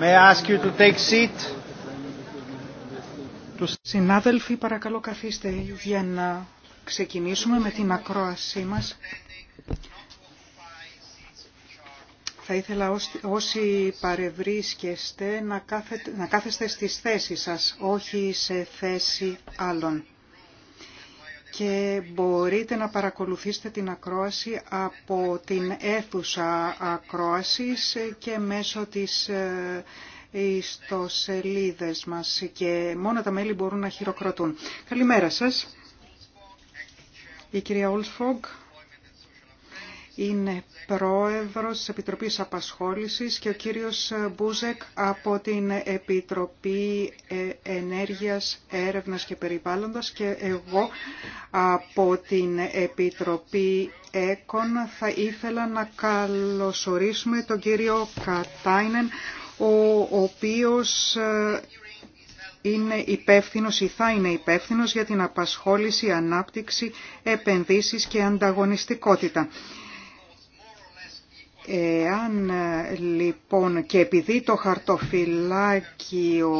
may ask you to take seat. Συνάδελφοι, παρακαλώ καθίστε για να ξεκινήσουμε με την ακρόασή μας. Θα ήθελα όσοι παρευρίσκεστε να, να κάθεστε στις θέσεις σας, όχι σε θέση άλλων και μπορείτε να παρακολουθήσετε την ακρόαση από την αίθουσα ακρόασης και μέσω της ε, ιστοσελίδες μας και μόνο τα μέλη μπορούν να χειροκροτούν. Καλημέρα σας. Η κυρία Ολσφογκ είναι πρόεδρος της Επιτροπής Απασχόλησης και ο κύριος Μπούζεκ από την Επιτροπή ε, Ενέργειας, Έρευνας και Περιβάλλοντας και εγώ από την Επιτροπή ΕΚΟΝ θα ήθελα να καλωσορίσουμε τον κύριο Κατάινεν ο οποίος ε, είναι υπεύθυνος ή θα είναι υπεύθυνος για την απασχόληση, ανάπτυξη, επενδύσεις και ανταγωνιστικότητα. Εάν λοιπόν και επειδή το χαρτοφυλάκιο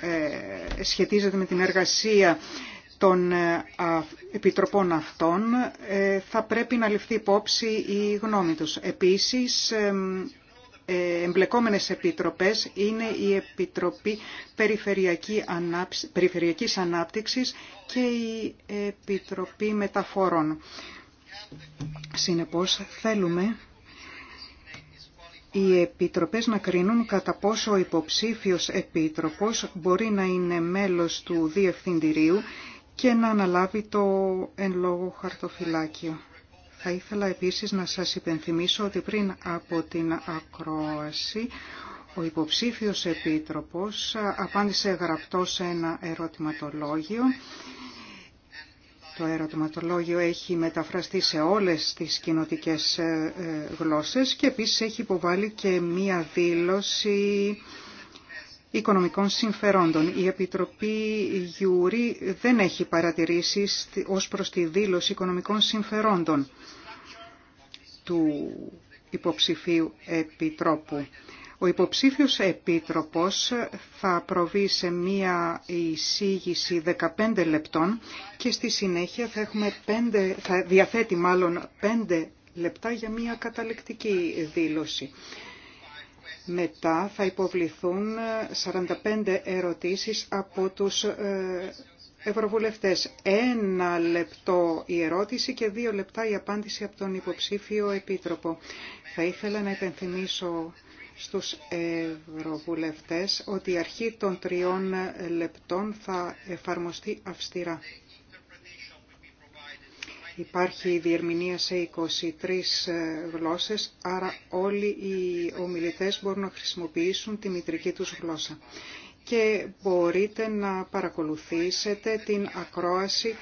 ε, σχετίζεται με την εργασία των ε, επιτροπών αυτών, ε, θα πρέπει να ληφθεί υπόψη η γνώμη τους. Επίσης, ε, εμπλεκόμενες επιτροπές είναι η Επιτροπή Περιφερειακής Ανάπτυξης και η Επιτροπή Μεταφορών. Συνεπώς, θέλουμε οι επιτροπές να κρίνουν κατά πόσο ο υποψήφιος επίτροπος μπορεί να είναι μέλος του διευθυντηρίου και να αναλάβει το εν λόγω χαρτοφυλάκιο. Θα ήθελα επίσης να σας υπενθυμίσω ότι πριν από την ακρόαση ο υποψήφιος επίτροπος απάντησε γραπτό σε ένα ερωτηματολόγιο το ερωτηματολόγιο έχει μεταφραστεί σε όλες τις κοινοτικές ε, ε, γλώσσες και επίσης έχει υποβάλει και μία δήλωση οικονομικών συμφερόντων. Η Επιτροπή Γιούρη δεν έχει παρατηρήσει ως προς τη δήλωση οικονομικών συμφερόντων του υποψηφίου επιτρόπου. Ο υποψήφιος επίτροπος θα προβεί σε μία εισήγηση 15 λεπτών και στη συνέχεια θα, έχουμε 5, θα διαθέτει μάλλον 5 λεπτά για μία καταλεκτική δήλωση. Μετά θα υποβληθούν 45 ερωτήσεις από τους ε, Ευρωβουλευτές. Ένα λεπτό η ερώτηση και δύο λεπτά η απάντηση από τον υποψήφιο επίτροπο. Θα ήθελα να υπενθυμίσω στους ευρωβουλευτές ότι η αρχή των τριών λεπτών θα εφαρμοστεί αυστηρά. Υπάρχει διερμηνία σε 23 γλώσσες, άρα όλοι οι ομιλητές μπορούν να χρησιμοποιήσουν τη μητρική τους γλώσσα. Και μπορείτε να παρακολουθήσετε την ακρόαση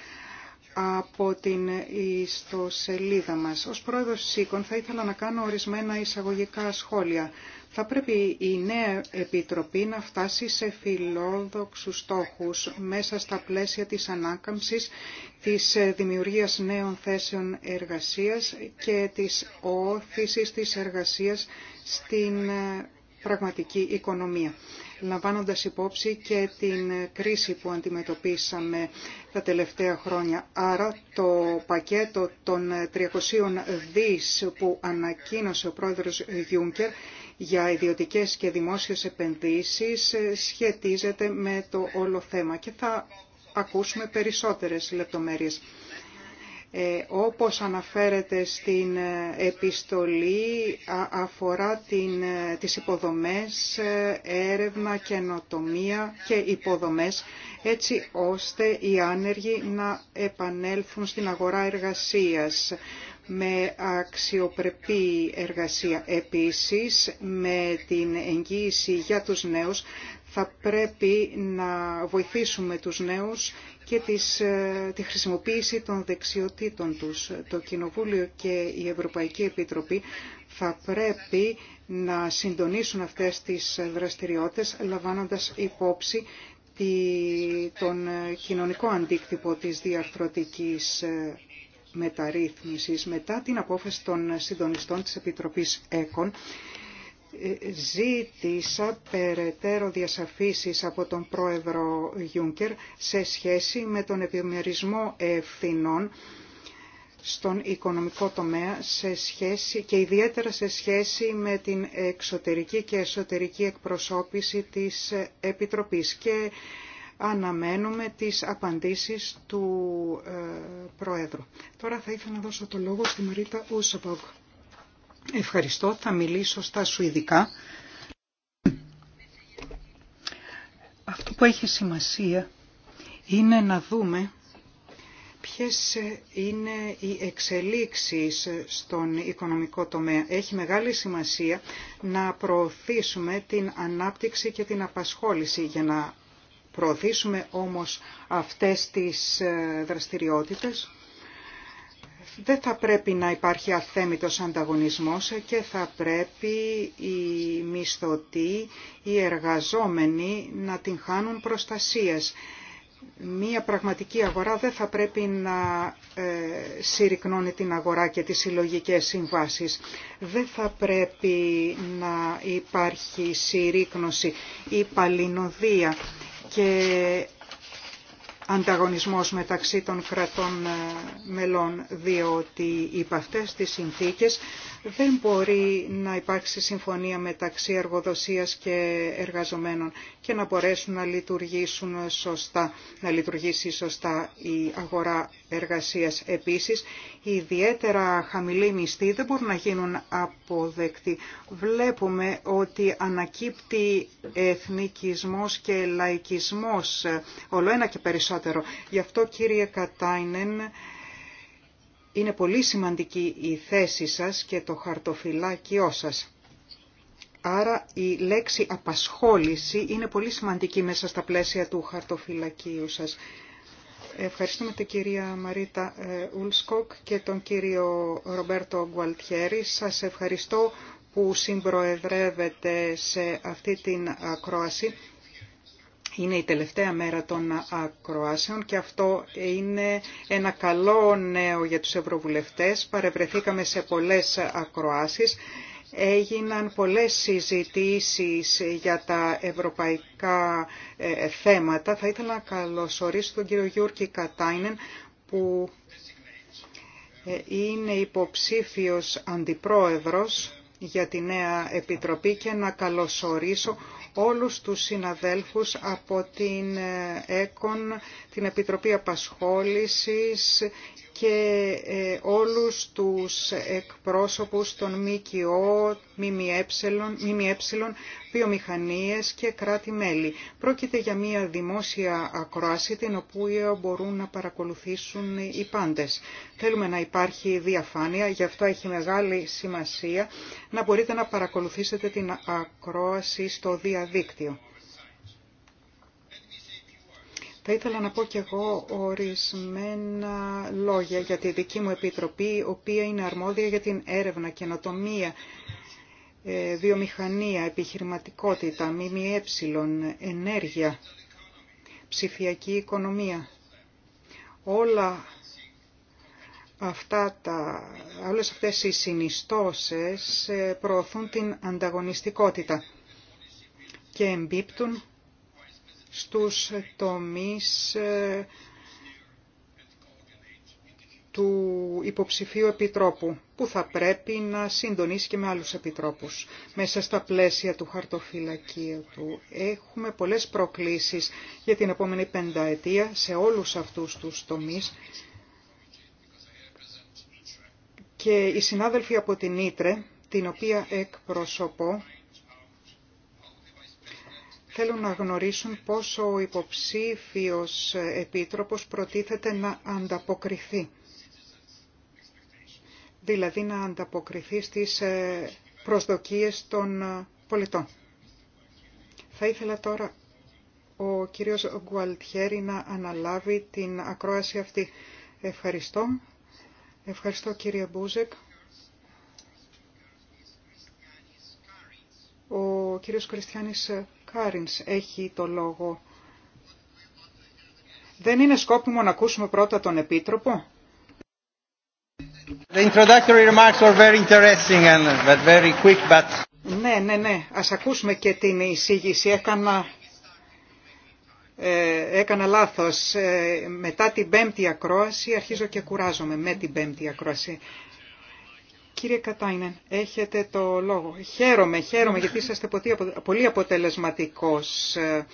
από την ιστοσελίδα μας. Ως πρόεδρος ΣΥΚΟΝ θα ήθελα να κάνω ορισμένα εισαγωγικά σχόλια θα πρέπει η νέα Επιτροπή να φτάσει σε φιλόδοξους στόχους μέσα στα πλαίσια της ανάκαμψης, της δημιουργίας νέων θέσεων εργασίας και της όθησης της εργασίας στην πραγματική οικονομία. Λαμβάνοντας υπόψη και την κρίση που αντιμετωπίσαμε τα τελευταία χρόνια. Άρα το πακέτο των 300 δις που ανακοίνωσε ο πρόεδρος Γιούγκερ για ιδιωτικές και δημόσιες επενδύσεις ε, σχετίζεται με το όλο θέμα και θα ακούσουμε περισσότερες λεπτομέρειες. Ε, όπως αναφέρεται στην ε, επιστολή, αφορά την, ε, τις υποδομές, έρευνα, καινοτομία και υποδομές, έτσι ώστε οι άνεργοι να επανέλθουν στην αγορά εργασίας με αξιοπρεπή εργασία. Επίσης, με την εγγύηση για τους νέους θα πρέπει να βοηθήσουμε τους νέους και ε, τη χρησιμοποίηση των δεξιοτήτων τους. Το Κοινοβούλιο και η Ευρωπαϊκή Επιτροπή θα πρέπει να συντονίσουν αυτές τις δραστηριότητες λαμβάνοντας υπόψη τη, τον κοινωνικό αντίκτυπο της διαρθρωτικής ε, μεταρρύθμισης μετά την απόφαση των συντονιστών της Επιτροπής ΕΚΟΝ ε, ζήτησα περαιτέρω διασαφήσεις από τον πρόεδρο Γιούγκερ σε σχέση με τον επιμερισμό ευθυνών στον οικονομικό τομέα σε σχέση, και ιδιαίτερα σε σχέση με την εξωτερική και εσωτερική εκπροσώπηση της Επιτροπής και αναμένουμε τις απαντήσεις του ε, Προέδρου. Τώρα θα ήθελα να δώσω το λόγο στη Μαρίτα Ούσεμπογκ. Ευχαριστώ, θα μιλήσω στα Σουηδικά. Αυτό που έχει σημασία είναι να δούμε ποιες είναι οι εξελίξεις στον οικονομικό τομέα. Έχει μεγάλη σημασία να προωθήσουμε την ανάπτυξη και την απασχόληση για να προωθήσουμε όμως αυτές τις ε, δραστηριότητες, δεν θα πρέπει να υπάρχει αθέμητος ανταγωνισμός και θα πρέπει οι μισθωτοί, οι εργαζόμενοι να την χάνουν προστασίας. Μία πραγματική αγορά δεν θα πρέπει να ε, συρρυκνώνει την αγορά και τις συλλογικέ συμβάσεις. Δεν θα πρέπει να υπάρχει συρρύκνωση ή παλινοδία και ανταγωνισμός μεταξύ των κρατών ε, μελών, διότι υπ' αυτές τις συνθήκες δεν μπορεί να υπάρξει συμφωνία μεταξύ εργοδοσίας και εργαζομένων και να μπορέσουν να λειτουργήσουν σωστά, να λειτουργήσει σωστά η αγορά εργασίας. Επίσης, οι ιδιαίτερα χαμηλοί μισθοί δεν μπορούν να γίνουν αποδεκτοί. Βλέπουμε ότι ανακύπτει εθνικισμός και λαϊκισμός, όλο ένα και περισσότερο. Γι' αυτό κύριε Κατάινεν, είναι πολύ σημαντική η θέση σας και το χαρτοφυλάκιό σας. Άρα η λέξη απασχόληση είναι πολύ σημαντική μέσα στα πλαίσια του χαρτοφυλακίου σας. Ευχαριστούμε την κυρία Μαρίτα ε, Ουλσκοκ και τον κύριο Ρομπέρτο Γκουαλτιέρη. Σας ευχαριστώ που συμπροεδρεύετε σε αυτή την ακρόαση είναι η τελευταία μέρα των ακροάσεων και αυτό είναι ένα καλό νέο για τους ευρωβουλευτές. Παρευρεθήκαμε σε πολλές ακροάσεις. Έγιναν πολλές συζητήσεις για τα ευρωπαϊκά ε, θέματα. Θα ήθελα να καλωσορίσω τον κύριο Γιούρκη Κατάινεν που ε, είναι υποψήφιος αντιπρόεδρος για τη νέα Επιτροπή και να καλωσορίσω όλους τους συναδέλφους από την ε, ΕΚΟΝ, την Επιτροπή Απασχόλησης και ε, όλους τους εκπρόσωπους των ΜΚΟ, ΜΜΕ, Βιομηχανίε και κράτη-μέλη. Πρόκειται για μια δημόσια ακρόαση την οποία μπορούν να παρακολουθήσουν οι πάντες. Θέλουμε να υπάρχει διαφάνεια, γι' αυτό έχει μεγάλη σημασία να μπορείτε να παρακολουθήσετε την ακρόαση στο διαδίκτυο. Θα ήθελα να πω κι εγώ ορισμένα λόγια για τη δική μου επιτροπή, η οποία είναι αρμόδια για την έρευνα, καινοτομία ε, βιομηχανία, επιχειρηματικότητα, ΜΜΕ, ενέργεια, ψηφιακή οικονομία. Όλα αυτά τα, όλες αυτές οι συνιστώσεις ε, προωθούν την ανταγωνιστικότητα και εμπίπτουν στους τομείς ε, του υποψηφίου επιτρόπου, που θα πρέπει να συντονίσει και με άλλους επιτρόπους. Μέσα στα πλαίσια του χαρτοφυλακίου του έχουμε πολλές προκλήσεις για την επόμενη πενταετία σε όλους αυτούς τους τομείς και οι συνάδελφοι από την Ήτρε, την οποία εκπροσωπώ, θέλουν να γνωρίσουν πόσο ο υποψήφιος επίτροπος προτίθεται να ανταποκριθεί δηλαδή να ανταποκριθεί στις ε, προσδοκίες των ε, πολιτών. Θα ήθελα τώρα ο κύριος Γκουαλτιέρη να αναλάβει την ακρόαση αυτή. Ευχαριστώ. Ευχαριστώ κύριε Μπούζεκ. Ο κύριος Κριστιανής Κάρινς έχει το λόγο. Δεν είναι σκόπιμο να ακούσουμε πρώτα τον Επίτροπο. The introductory remarks were very interesting and but very quick but... Ναι, ναι, ναι. Ας ακούσουμε και την εισήγηση. Έκανα, ε, έκανα λάθος. Ε, μετά την πέμπτη ακρόαση αρχίζω και κουράζομαι με την πέμπτη ακρόαση. Κύριε Κατάινεν, έχετε το λόγο. Χαίρομαι, χαίρομαι γιατί είσαστε πολύ αποτελεσματικός. Ε,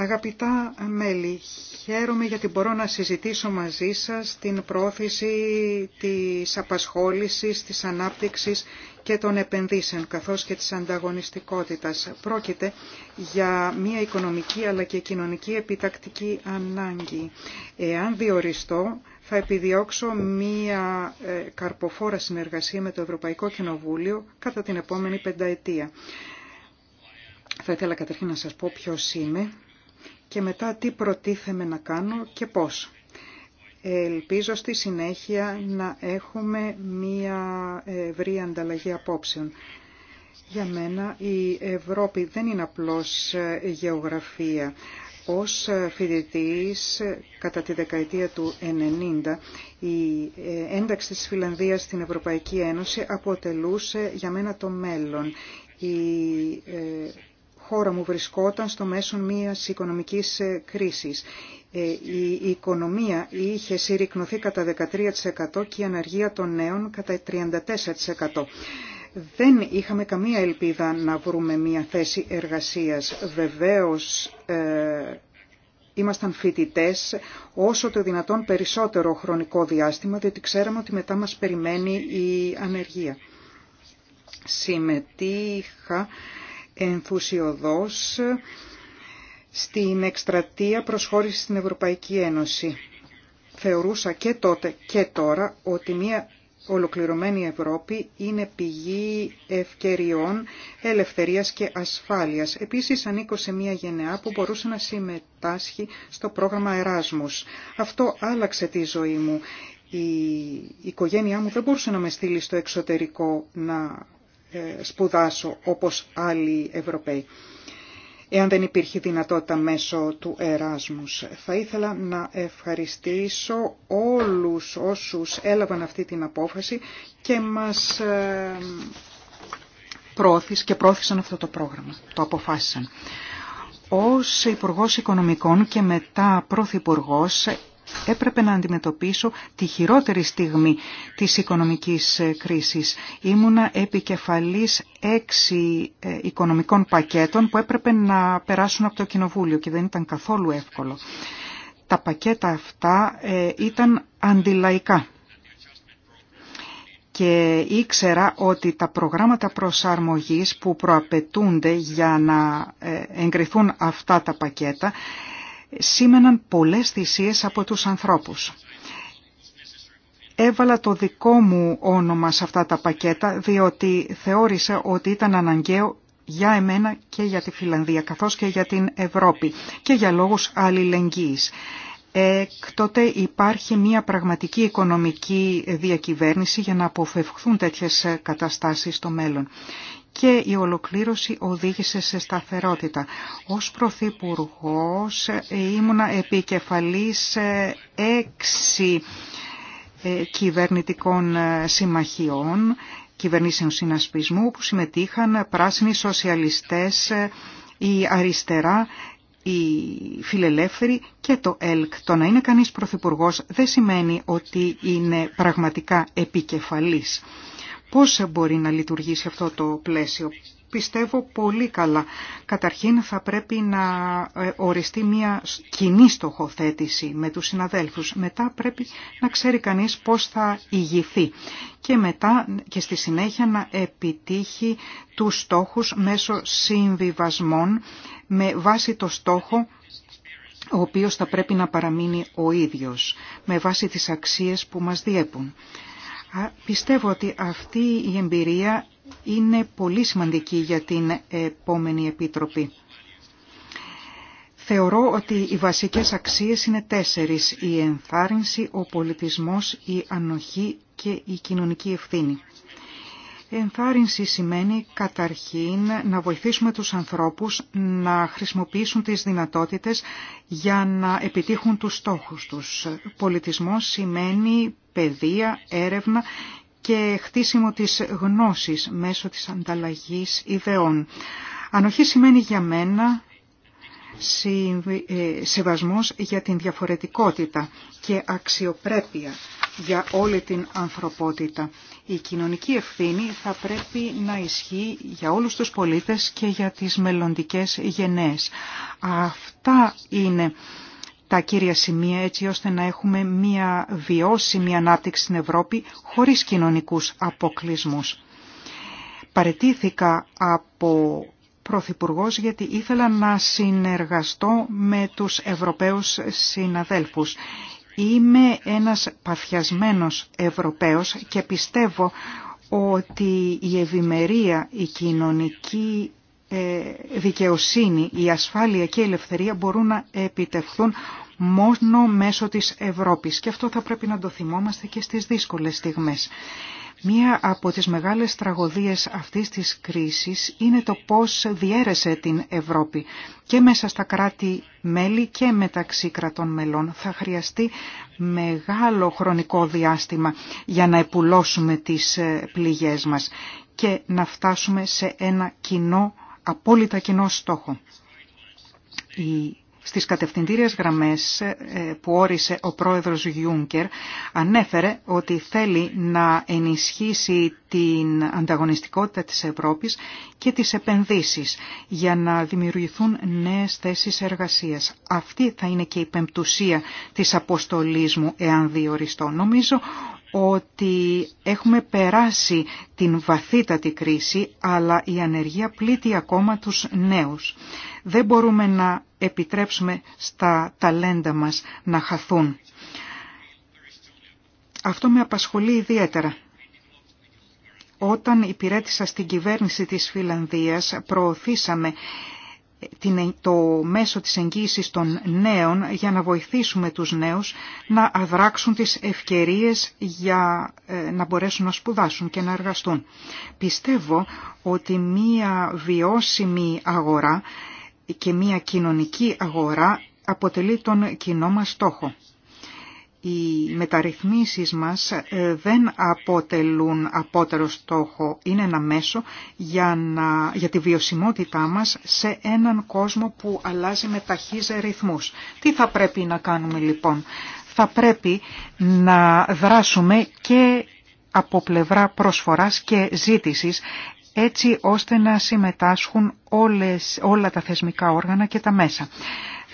Αγαπητά μέλη, χαίρομαι γιατί μπορώ να συζητήσω μαζί σας την πρόθεση της απασχόλησης, της ανάπτυξης και των επενδύσεων, καθώς και της ανταγωνιστικότητας. Πρόκειται για μια οικονομική αλλά και κοινωνική επιτακτική ανάγκη. Εάν διοριστώ, θα επιδιώξω μία ε, καρποφόρα συνεργασία με το Ευρωπαϊκό Κοινοβούλιο κατά την επόμενη πενταετία. Θα ήθελα καταρχήν να σας πω ποιος είμαι και μετά τι προτίθεμαι να κάνω και πώς. Ελπίζω στη συνέχεια να έχουμε μία ευρή ανταλλαγή απόψεων. Για μένα η Ευρώπη δεν είναι απλώς γεωγραφία. Ως φοιτητής κατά τη δεκαετία του 90, η ένταξη της Φιλανδίας στην Ευρωπαϊκή Ένωση αποτελούσε για μένα το μέλλον. Ε, χώρα μου βρισκόταν στο μέσο μιας οικονομικής ε, κρίσης. Ε, η οικονομία είχε συρρυκνωθεί κατά 13% και η αναργία των νέων κατά 34%. Δεν είχαμε καμία ελπίδα να βρούμε μια θέση εργασίας. Βεβαίως ε, ήμασταν φοιτητέ όσο το δυνατόν περισσότερο χρονικό διάστημα, διότι ξέραμε ότι μετά μας περιμένει η ανεργία. Συμμετείχα ενθουσιοδός στην εκστρατεία προσχώρησης στην Ευρωπαϊκή Ένωση. Θεωρούσα και τότε και τώρα ότι μια ολοκληρωμένη Ευρώπη είναι πηγή ευκαιριών, ελευθερίας και ασφάλειας. Επίσης ανήκω σε μια γενεά που μπορούσε να συμμετάσχει στο πρόγραμμα Εράσμους. Αυτό άλλαξε τη ζωή μου. Η οικογένειά μου δεν μπορούσε να με στείλει στο εξωτερικό να ε, σπουδάσω όπως άλλοι Ευρωπαίοι εάν δεν υπήρχε δυνατότητα μέσω του Εράσμους. Θα ήθελα να ευχαριστήσω όλους όσους έλαβαν αυτή την απόφαση και μας ε, πρόθυσαν και πρόθυσαν αυτό το πρόγραμμα, το αποφάσισαν. Ως Υπουργός Οικονομικών και μετά Πρωθυπουργός έπρεπε να αντιμετωπίσω τη χειρότερη στιγμή της οικονομικής ε, κρίσης. Ήμουνα επικεφαλής έξι ε, οικονομικών πακέτων που έπρεπε να περάσουν από το Κοινοβούλιο και δεν ήταν καθόλου εύκολο. Τα πακέτα αυτά ε, ήταν αντιλαϊκά και ήξερα ότι τα προγράμματα προσαρμογής που προαπαιτούνται για να εγκριθούν αυτά τα πακέτα σήμαιναν πολλές θυσίες από τους ανθρώπους. Έβαλα το δικό μου όνομα σε αυτά τα πακέτα διότι θεώρησα ότι ήταν αναγκαίο για εμένα και για τη Φιλανδία καθώς και για την Ευρώπη και για λόγους αλληλεγγύης. τότε υπάρχει μια πραγματική οικονομική διακυβέρνηση για να αποφευχθούν τέτοιες καταστάσεις στο μέλλον και η ολοκλήρωση οδήγησε σε σταθερότητα. Ως Πρωθυπουργός ήμουνα επικεφαλής έξι ε, κυβερνητικών ε, συμμαχιών, κυβερνήσεων συνασπισμού που συμμετείχαν πράσινοι σοσιαλιστές, ε, η αριστερά, η φιλελεύθερη και το ΕΛΚ. Το να είναι κανείς πρωθυπουργός δεν σημαίνει ότι είναι πραγματικά επικεφαλής πώς μπορεί να λειτουργήσει αυτό το πλαίσιο. Πιστεύω πολύ καλά. Καταρχήν θα πρέπει να ε, οριστεί μια κοινή στοχοθέτηση με τους συναδέλφους. Μετά πρέπει να ξέρει κανείς πώς θα ηγηθεί και μετά και στη συνέχεια να επιτύχει τους στόχους μέσω συμβιβασμών με βάση το στόχο ο οποίος θα πρέπει να παραμείνει ο ίδιος με βάση τις αξίες που μας διέπουν. Πιστεύω ότι αυτή η εμπειρία είναι πολύ σημαντική για την επόμενη Επίτροπη. Θεωρώ ότι οι βασικές αξίες είναι τέσσερις, η ενθάρρυνση, ο πολιτισμός, η ανοχή και η κοινωνική ευθύνη. Ενθάρρυνση σημαίνει καταρχήν να βοηθήσουμε τους ανθρώπους να χρησιμοποιήσουν τις δυνατότητες για να επιτύχουν τους στόχους τους. Πολιτισμός σημαίνει παιδεία, έρευνα και χτίσιμο της γνώσης μέσω της ανταλλαγής ιδεών. Ανοχή σημαίνει για μένα ε, σεβασμός για την διαφορετικότητα και αξιοπρέπεια για όλη την ανθρωπότητα. Η κοινωνική ευθύνη θα πρέπει να ισχύει για όλους τους πολίτες και για τις μελλοντικές γενναίες. Αυτά είναι τα κύρια σημεία έτσι ώστε να έχουμε μια βιώσιμη ανάπτυξη στην Ευρώπη χωρίς κοινωνικούς αποκλεισμούς. Παρετήθηκα από Πρωθυπουργός γιατί ήθελα να συνεργαστώ με τους Ευρωπαίους συναδέλφους. Είμαι ένας παθιασμένος Ευρωπαίος και πιστεύω ότι η ευημερία, η κοινωνική ε, δικαιοσύνη, η ασφάλεια και η ελευθερία μπορούν να επιτευχθούν μόνο μέσω της Ευρώπης. Και αυτό θα πρέπει να το θυμόμαστε και στις δύσκολες στιγμές. Μία από τις μεγάλες τραγωδίες αυτής της κρίσης είναι το πώς διέρεσε την Ευρώπη και μέσα στα κράτη-μέλη και μεταξύ κρατών μελών. Θα χρειαστεί μεγάλο χρονικό διάστημα για να επουλώσουμε τις ε, πληγές μας και να φτάσουμε σε ένα κοινό, απόλυτα κοινό στόχο στις κατευθυντήριες γραμμές ε, που όρισε ο πρόεδρος Γιούνκερ ανέφερε ότι θέλει να ενισχύσει την ανταγωνιστικότητα της Ευρώπης και τις επενδύσεις για να δημιουργηθούν νέες θέσεις εργασίας. Αυτή θα είναι και η πεμπτουσία της αποστολής μου εάν διοριστώ. Νομίζω ότι έχουμε περάσει την βαθύτατη κρίση, αλλά η ανεργία πλήττει ακόμα τους νέους. Δεν μπορούμε να επιτρέψουμε στα ταλέντα μας να χαθούν. Αυτό με απασχολεί ιδιαίτερα. Όταν υπηρέτησα στην κυβέρνηση της Φιλανδίας, προωθήσαμε το μέσο της εγγύησης των νέων για να βοηθήσουμε τους νέους να αδράξουν τις ευκαιρίες για ε, να μπορέσουν να σπουδάσουν και να εργαστούν. Πιστεύω ότι μία βιώσιμη αγορά και μία κοινωνική αγορά αποτελεί τον κοινό μας στόχο οι μεταρρυθμίσεις μας ε, δεν αποτελούν απότερο στόχο, είναι ένα μέσο για, να, για τη βιωσιμότητά μας σε έναν κόσμο που αλλάζει με ταχύς ρυθμούς. Τι θα πρέπει να κάνουμε λοιπόν. Θα πρέπει να δράσουμε και από πλευρά προσφοράς και ζήτησης έτσι ώστε να συμμετάσχουν όλες, όλα τα θεσμικά όργανα και τα μέσα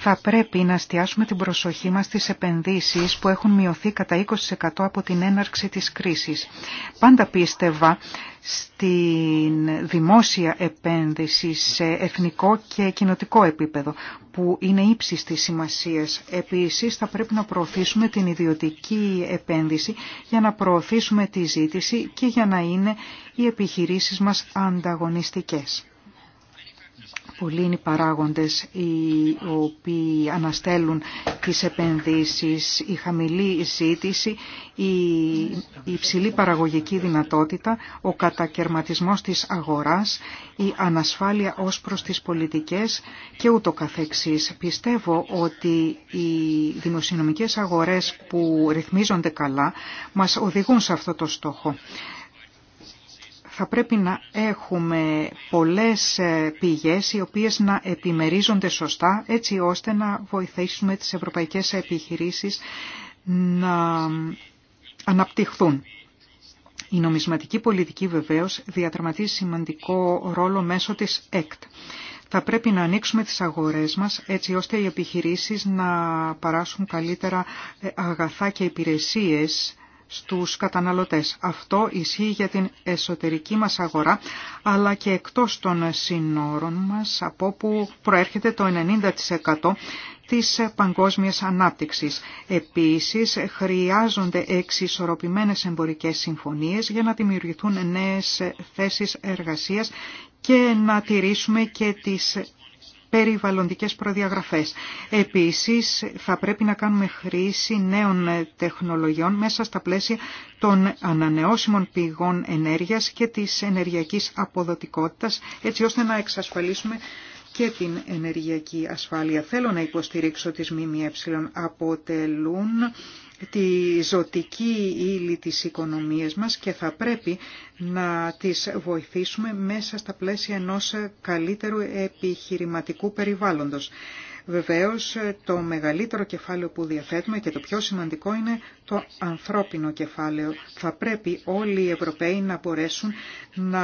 θα πρέπει να εστιάσουμε την προσοχή μας στις επενδύσεις που έχουν μειωθεί κατά 20% από την έναρξη της κρίσης. Πάντα πίστευα στην δημόσια επένδυση σε εθνικό και κοινοτικό επίπεδο, που είναι ύψης της σημασίας. Επίσης, θα πρέπει να προωθήσουμε την ιδιωτική επένδυση για να προωθήσουμε τη ζήτηση και για να είναι οι επιχειρήσεις μας ανταγωνιστικές. Πολλοί είναι οι παράγοντες οι οποίοι αναστέλουν τις επενδύσεις, η χαμηλή ζήτηση, η υψηλή παραγωγική δυνατότητα, ο κατακαιρματισμός της αγοράς, η ανασφάλεια ως προς τις πολιτικές και ούτω καθεξής. Πιστεύω ότι οι δημοσιονομικές αγορές που ρυθμίζονται καλά μας οδηγούν σε αυτό το στόχο θα πρέπει να έχουμε πολλές ε, πηγές οι οποίες να επιμερίζονται σωστά έτσι ώστε να βοηθήσουμε τις ευρωπαϊκές επιχειρήσεις να αναπτυχθούν. Η νομισματική πολιτική βεβαίως διατραματίζει σημαντικό ρόλο μέσω της ΕΚΤ. Θα πρέπει να ανοίξουμε τις αγορές μας έτσι ώστε οι επιχειρήσεις να παράσουν καλύτερα ε, αγαθά και υπηρεσίες στους καταναλωτές. Αυτό ισχύει για την εσωτερική μας αγορά, αλλά και εκτός των συνόρων μας, από όπου προέρχεται το 90% της παγκόσμιας ανάπτυξης. Επίσης, χρειάζονται εξισορροπημένες εμπορικές συμφωνίες για να δημιουργηθούν νέες θέσεις εργασίας και να τηρήσουμε και τις περιβαλλοντικές προδιαγραφές. Επίσης, θα πρέπει να κάνουμε χρήση νέων τεχνολογιών μέσα στα πλαίσια των ανανεώσιμων πηγών ενέργειας και της ενεργειακής αποδοτικότητας, έτσι ώστε να εξασφαλίσουμε και την ενεργειακή ασφάλεια. Θέλω να υποστηρίξω τις ΜΜΕ αποτελούν τη ζωτική ύλη της οικονομίας μας και θα πρέπει να τις βοηθήσουμε μέσα στα πλαίσια ενός καλύτερου επιχειρηματικού περιβάλλοντος. Βεβαίως το μεγαλύτερο κεφάλαιο που διαθέτουμε και το πιο σημαντικό είναι το ανθρώπινο κεφάλαιο. Θα πρέπει όλοι οι Ευρωπαίοι να μπορέσουν να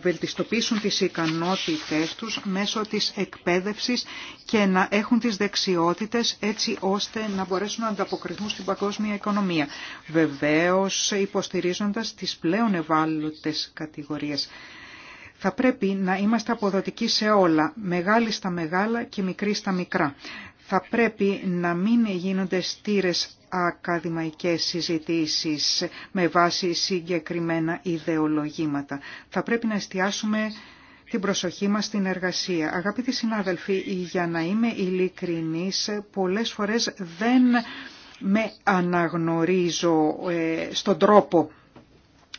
βελτιστοποιήσουν τις ικανότητές τους μέσω της εκπαίδευσης και να έχουν τις δεξιότητες έτσι ώστε να μπορέσουν να ανταποκριθούν στην παγκόσμια οικονομία. Βεβαίως υποστηρίζοντας τις πλέον ευάλωτες κατηγορίες. Θα πρέπει να είμαστε αποδοτικοί σε όλα, μεγάλοι στα μεγάλα και μικροί στα μικρά. Θα πρέπει να μην γίνονται στήρες ακαδημαϊκές συζητήσεις με βάση συγκεκριμένα ιδεολογήματα. Θα πρέπει να εστιάσουμε την προσοχή μας στην εργασία. Αγαπητοί συνάδελφοι, για να είμαι ειλικρινής, πολλές φορές δεν με αναγνωρίζω ε, στον τρόπο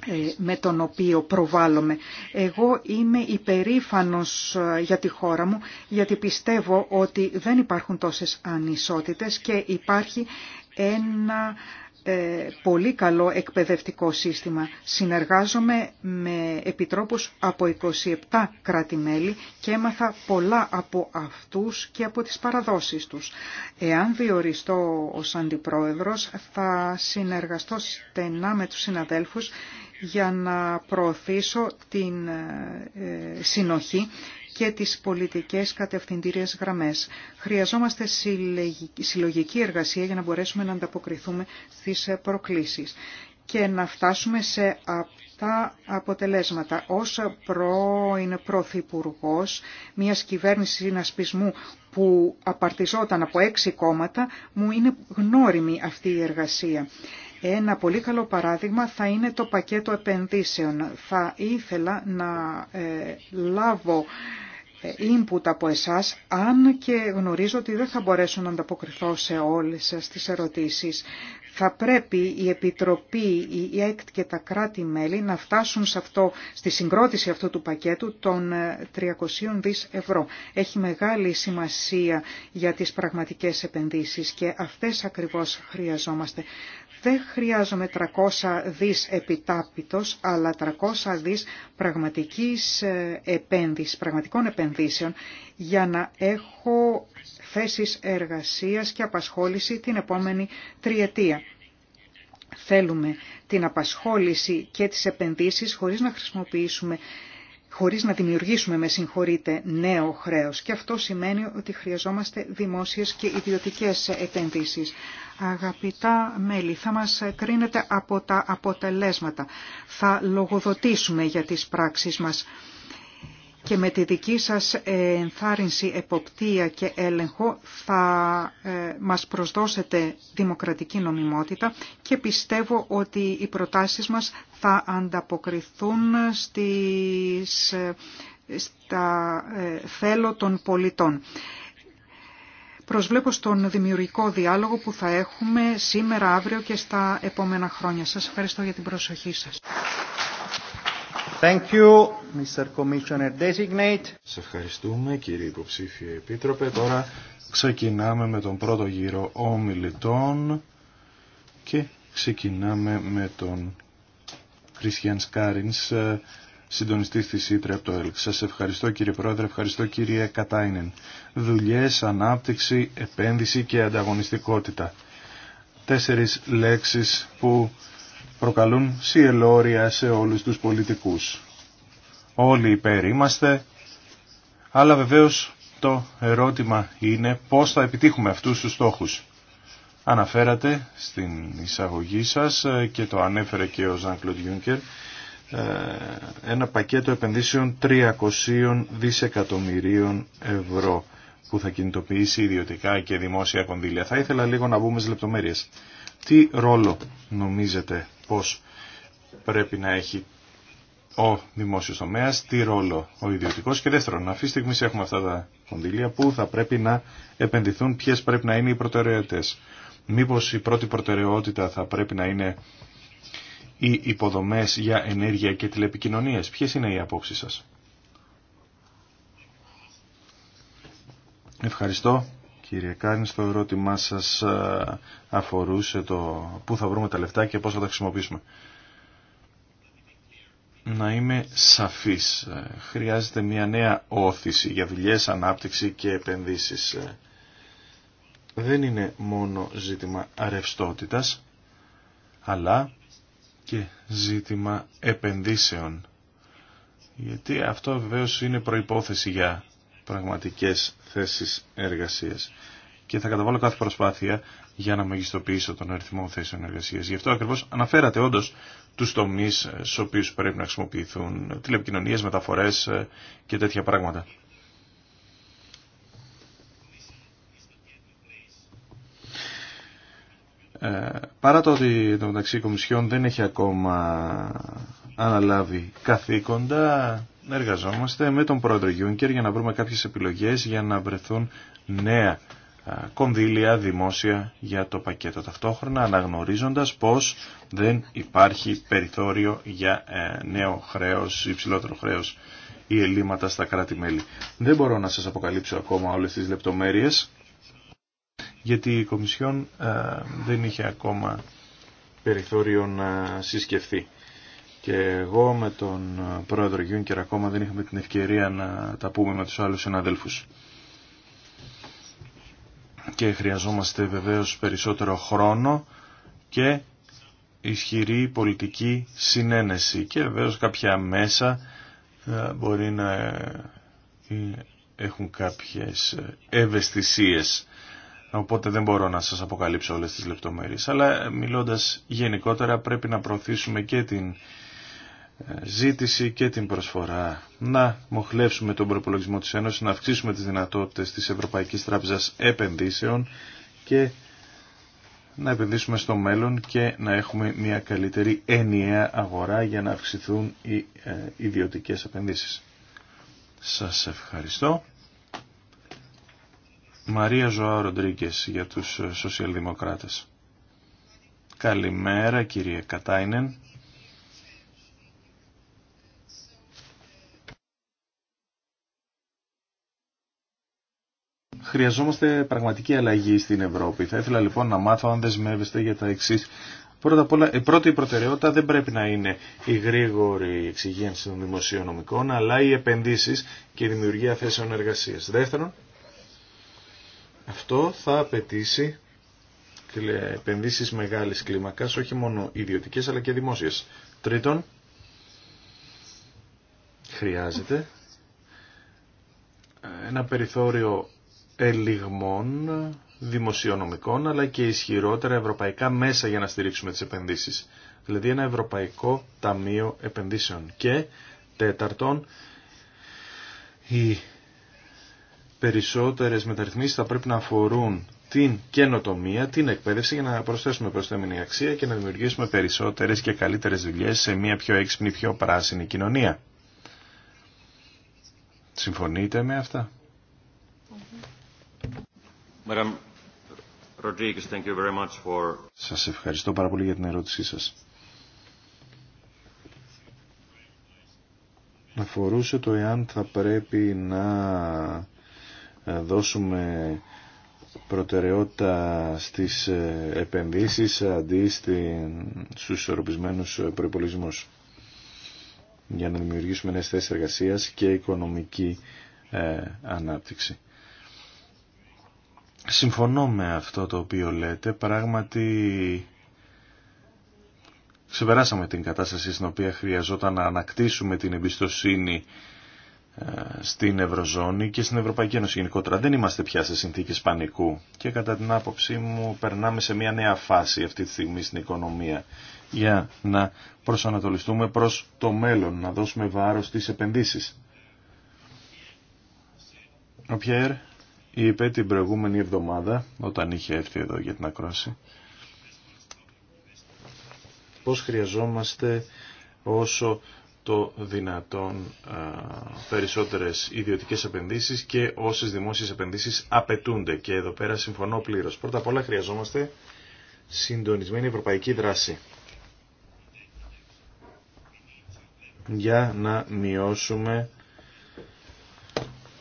ε, με τον οποίο προβάλλομαι. Εγώ είμαι υπερήφανος ε, για τη χώρα μου γιατί πιστεύω ότι δεν υπάρχουν τόσες ανισότητες και υπάρχει ένα ε, πολύ καλό εκπαιδευτικό σύστημα. Συνεργάζομαι με επιτρόπους από 27 κράτη-μέλη και έμαθα πολλά από αυτούς και από τις παραδόσεις τους. Εάν διοριστώ ως αντιπρόεδρος θα συνεργαστώ στενά με τους συναδέλφους για να προωθήσω την ε, συνοχή και τις πολιτικές κατευθυντήριες γραμμές. Χρειαζόμαστε συλλογική εργασία για να μπορέσουμε να ανταποκριθούμε στις ε, προκλήσεις και να φτάσουμε σε τα αποτελέσματα. Ως πρώην Πρωθυπουργό μια κυβέρνησης συνασπισμού που απαρτιζόταν από έξι κόμματα, μου είναι γνώριμη αυτή η εργασία. Ένα πολύ καλό παράδειγμα θα είναι το πακέτο επενδύσεων. Θα ήθελα να ε, λάβω input από εσάς, αν και γνωρίζω ότι δεν θα μπορέσω να ανταποκριθώ σε όλες σας τις ερωτήσεις. Θα πρέπει η Επιτροπή, η ΕΚΤ και τα κράτη-μέλη να φτάσουν σε αυτό, στη συγκρότηση αυτού του πακέτου των 300 ε, δις ευρώ. Έχει μεγάλη σημασία για τις πραγματικές επενδύσεις και αυτές ακριβώς χρειαζόμαστε. Δεν χρειάζομαι 300 δις επιτάπητος, αλλά 300 δις πραγματικής ε, επένδυσης, πραγματικών επενδύσεων για να έχω θέσεις εργασίας και απασχόληση την επόμενη τριετία. Θέλουμε την απασχόληση και τις επενδύσεις χωρίς να χρησιμοποιήσουμε χωρίς να δημιουργήσουμε, με συγχωρείτε, νέο χρέος. Και αυτό σημαίνει ότι χρειαζόμαστε δημόσιες και ιδιωτικές επενδύσεις. Αγαπητά μέλη, θα μας κρίνετε από τα αποτελέσματα. Θα λογοδοτήσουμε για τις πράξεις μας και με τη δική σας ε, ενθάρρυνση, εποπτεία και έλεγχο θα ε, μας προσδώσετε δημοκρατική νομιμότητα και πιστεύω ότι οι προτάσεις μας θα ανταποκριθούν στις, στα ε, θέλω των πολιτών. Προσβλέπω στον δημιουργικό διάλογο που θα έχουμε σήμερα, αύριο και στα επόμενα χρόνια. Σας ευχαριστώ για την προσοχή σας. Thank you, Mr. Commissioner Σε ευχαριστούμε κύριε υποψήφιε επίτροπε. Τώρα ξεκινάμε με τον πρώτο γύρο ομιλητών και ξεκινάμε με τον Χριστιαν Σκάρινς, ε, συντονιστής της Ήτρε από το ΕΛΚ. Σας ευχαριστώ κύριε Πρόεδρε, ευχαριστώ κύριε Κατάινεν. Δουλειές, ανάπτυξη, επένδυση και ανταγωνιστικότητα. Τέσσερις λέξεις που προκαλούν σιελόρια σε όλους τους πολιτικούς. Όλοι υπέρ είμαστε, αλλά βεβαίως το ερώτημα είναι πώς θα επιτύχουμε αυτούς τους στόχους. Αναφέρατε στην εισαγωγή σας ε, και το ανέφερε και ο Ζαν Κλοντ Γιούνκερ ένα πακέτο επενδύσεων 300 δισεκατομμυρίων ευρώ που θα κινητοποιήσει ιδιωτικά και δημόσια κονδύλια. Θα ήθελα λίγο να μπούμε στις λεπτομέρειες. Τι ρόλο νομίζετε πως πρέπει να έχει ο δημόσιος τομέας, τι ρόλο ο ιδιωτικός Και δεύτερον, αυτή τη στιγμή έχουμε αυτά τα κονδύλια που θα πρέπει να επενδυθούν, ποιε πρέπει να είναι οι προτεραιότητε. Μήπως η πρώτη προτεραιότητα θα πρέπει να είναι οι υποδομές για ενέργεια και τηλεπικοινωνίες. Ποιε είναι οι απόψει σας. Ευχαριστώ κύριε Κάριν, στο ερώτημά σας ε, αφορούσε το πού θα βρούμε τα λεφτά και πώς θα τα χρησιμοποιήσουμε. Να είμαι σαφής. Ε, χρειάζεται μια νέα όθηση για δουλειές, ανάπτυξη και επενδύσεις. Ε. Δεν είναι μόνο ζήτημα ρευστότητας, αλλά και ζήτημα επενδύσεων. Γιατί αυτό βεβαίως είναι προϋπόθεση για πραγματικές θέσεις εργασίας. Και θα καταβάλω κάθε προσπάθεια για να μεγιστοποιήσω τον αριθμό θέσεων εργασίας. Γι' αυτό ακριβώς αναφέρατε όντως τους τομείς ε, στους οποίους πρέπει να χρησιμοποιηθούν τηλεπικοινωνίες, μεταφορές ε, και τέτοια πράγματα. Ε, παρά το ότι το μεταξύ κομισιών δεν έχει ακόμα αναλάβει καθήκοντα, εργαζόμαστε με τον πρόεδρο Γιούνκερ για να βρούμε κάποιες επιλογές για να βρεθούν νέα κονδύλια δημόσια για το πακέτο ταυτόχρονα αναγνωρίζοντας πως δεν υπάρχει περιθώριο για ε, νέο χρέος, υψηλότερο χρέος ή ελλείμματα στα κράτη-μέλη. Δεν μπορώ να σας αποκαλύψω ακόμα όλες τις λεπτομέρειες γιατί η Κομισιόν ε, δεν είχε ακόμα περιθώριο να συσκεφθεί και εγώ με τον ε, πρόεδρο Γιούνκερ ακόμα δεν είχαμε την ευκαιρία να τα πούμε με τους άλλους συναδέλφους. Και χρειαζόμαστε βεβαίως περισσότερο χρόνο και ισχυρή πολιτική συνένεση και βεβαίως κάποια μέσα ε, μπορεί να ε, έχουν κάποιες ευαισθησίες. Οπότε δεν μπορώ να σας αποκαλύψω όλες τις λεπτομέρειες. Αλλά μιλώντας γενικότερα πρέπει να προωθήσουμε και την ζήτηση και την προσφορά. Να μοχλεύσουμε τον προπολογισμό της Ένωσης, να αυξήσουμε τις δυνατότητες της Ευρωπαϊκής Τράπεζας Επενδύσεων και να επενδύσουμε στο μέλλον και να έχουμε μια καλύτερη ενιαία αγορά για να αυξηθούν οι ε, ιδιωτικές επενδύσεις. Σας ευχαριστώ. Μαρία Ζωά Ροντρίγκες για τους ε, σοσιαλδημοκράτες. Καλημέρα κύριε Κατάινεν. Χρειαζόμαστε πραγματική αλλαγή στην Ευρώπη. Θα ήθελα λοιπόν να μάθω αν δεσμεύεστε για τα εξή. Πρώτα απ' όλα, η πρώτη προτεραιότητα δεν πρέπει να είναι η γρήγορη εξυγίανση των δημοσιονομικών, αλλά οι επενδύσεις και η δημιουργία θέσεων εργασία. Δεύτερον, αυτό θα απαιτήσει επενδύσεις μεγάλη κλίμακα, όχι μόνο ιδιωτικέ, αλλά και δημόσιε. Τρίτον, χρειάζεται ένα περιθώριο ελιγμών δημοσιονομικών αλλά και ισχυρότερα ευρωπαϊκά μέσα για να στηρίξουμε τις επενδύσεις. Δηλαδή ένα Ευρωπαϊκό Ταμείο Επενδύσεων. Και τέταρτον, οι περισσότερες μεταρρυθμίσεις θα πρέπει να αφορούν την καινοτομία, την εκπαίδευση για να προσθέσουμε προσθέμενη αξία και να δημιουργήσουμε περισσότερες και καλύτερες δουλειές σε μια πιο έξυπνη, πιο πράσινη κοινωνία. Συμφωνείτε με αυτά. Σας ευχαριστώ πάρα πολύ για την ερώτησή σας. Αφορούσε το εάν θα πρέπει να ε, δώσουμε προτεραιότητα στις ε, επενδύσεις αντί στους ισορροπισμένους ε, προϋπολογισμούς για να δημιουργήσουμε νέες θέσεις εργασίας και οικονομική ανάπτυξη. Συμφωνώ με αυτό το οποίο λέτε. Πράγματι ξεπεράσαμε την κατάσταση στην οποία χρειαζόταν να ανακτήσουμε την εμπιστοσύνη ε, στην Ευρωζώνη και στην Ευρωπαϊκή Ένωση γενικότερα. Δεν είμαστε πια σε συνθήκες πανικού και κατά την άποψή μου περνάμε σε μια νέα φάση αυτή τη στιγμή στην οικονομία για να προσανατολιστούμε προς το μέλλον, να δώσουμε βάρος στις επενδύσεις. Ο Πιέρ είπε την προηγούμενη εβδομάδα, όταν είχε έρθει εδώ για την ακρόαση, πώς χρειαζόμαστε όσο το δυνατόν περισσότερες ιδιωτικές επενδύσεις και όσες δημόσιες επενδύσεις απαιτούνται. Και εδώ πέρα συμφωνώ πλήρως. Πρώτα απ' όλα χρειαζόμαστε συντονισμένη ευρωπαϊκή δράση για να μειώσουμε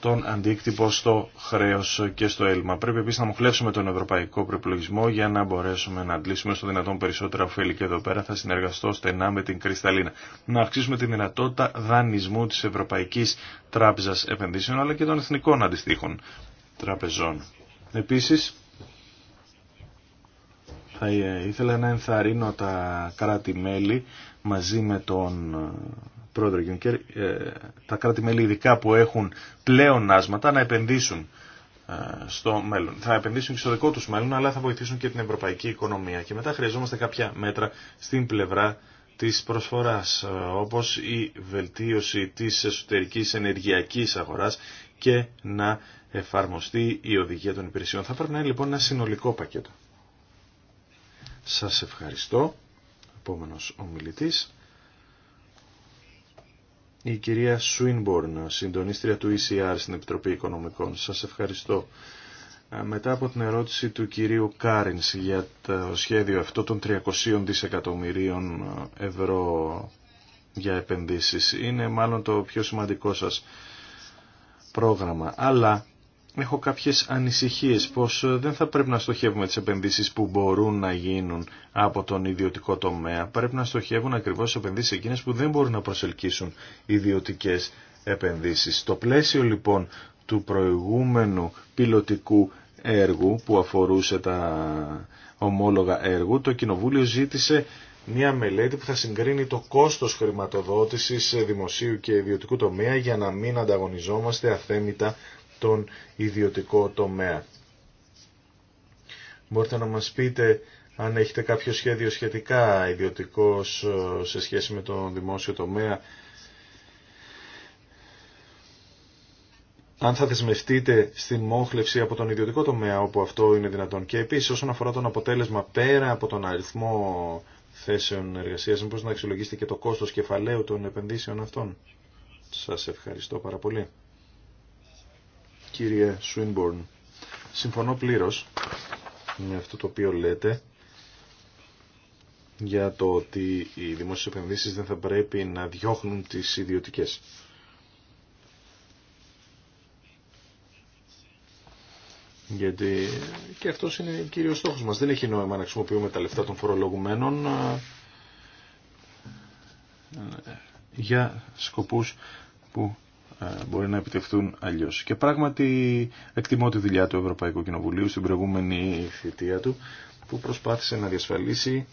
τον αντίκτυπο στο χρέος και στο έλλειμμα. Πρέπει επίσης να μοχλεύσουμε τον ευρωπαϊκό προπολογισμό για να μπορέσουμε να αντλήσουμε στο δυνατόν περισσότερα ωφέλη και εδώ πέρα θα συνεργαστώ στενά με την Κρυσταλίνα. Να αυξήσουμε τη δυνατότητα δανεισμού της Ευρωπαϊκής Τράπεζας Επενδύσεων αλλά και των εθνικών αντιστοίχων τραπεζών. Επίσης, θα ήθελα να ενθαρρύνω τα κράτη-μέλη μαζί με τον πρόεδρο Γιούνκερ, ε, τα κράτη-μέλη ειδικά που έχουν πλέον άσματα να επενδύσουν ε, στο μέλλον. Θα επενδύσουν και στο δικό τους μέλλον, αλλά θα βοηθήσουν και την ευρωπαϊκή οικονομία. Και μετά χρειαζόμαστε κάποια μέτρα στην πλευρά της προσφοράς, ε, όπως η βελτίωση της εσωτερικής ενεργειακής αγοράς και να εφαρμοστεί η οδηγία των υπηρεσιών. Θα πρέπει να είναι λοιπόν ένα συνολικό πακέτο. Σας ευχαριστώ. Επόμενος ομιλητής η κυρία Σουίνμπορν, συντονίστρια του ECR στην Επιτροπή Οικονομικών. Σας ευχαριστώ. Ε, μετά από την ερώτηση του κυρίου Κάρινς για το σχέδιο αυτό των 300 δισεκατομμυρίων ε, ευρώ για επενδύσεις, είναι μάλλον το πιο σημαντικό σας πρόγραμμα. Αλλά έχω κάποιες ανησυχίες πως ε, δεν θα πρέπει να στοχεύουμε τις επενδύσεις που μπορούν να γίνουν από τον ιδιωτικό τομέα. Πρέπει να στοχεύουν ακριβώς τις επενδύσεις εκείνες που δεν μπορούν να προσελκύσουν ιδιωτικές επενδύσεις. Το πλαίσιο λοιπόν του προηγούμενου πιλωτικού έργου που αφορούσε τα ομόλογα έργου, το Κοινοβούλιο ζήτησε μια μελέτη που θα συγκρίνει το κόστος χρηματοδότησης δημοσίου και ιδιωτικού τομέα για να μην ανταγωνιζόμαστε αθέμητα τον ιδιωτικό τομέα. Μπορείτε να μας πείτε αν έχετε κάποιο σχέδιο σχετικά ιδιωτικός ε, σε σχέση με τον δημόσιο τομέα. Αν θα δεσμευτείτε στη μόχλευση από τον ιδιωτικό τομέα όπου αυτό είναι δυνατόν. Και επίσης όσον αφορά τον αποτέλεσμα πέρα από τον αριθμό θέσεων εργασίας, μήπως να αξιολογήσετε και το κόστος κεφαλαίου των επενδύσεων αυτών. Σας ευχαριστώ πάρα πολύ κύριε Σουίνμπορν. Συμφωνώ πλήρως με αυτό το οποίο λέτε για το ότι οι δημόσιες επενδύσεις δεν θα πρέπει να διώχνουν τις ιδιωτικές. Γιατί και αυτός είναι ο κύριος στόχος μας. Δεν έχει νόημα να χρησιμοποιούμε τα λεφτά των φορολογουμένων ε, ε, για σκοπούς που ε, μπορεί να επιτευχθούν αλλιώ. Και πράγματι εκτιμώ τη δουλειά του Ευρωπαϊκού Κοινοβουλίου στην προηγούμενη θητεία του που προσπάθησε να διασφαλίσει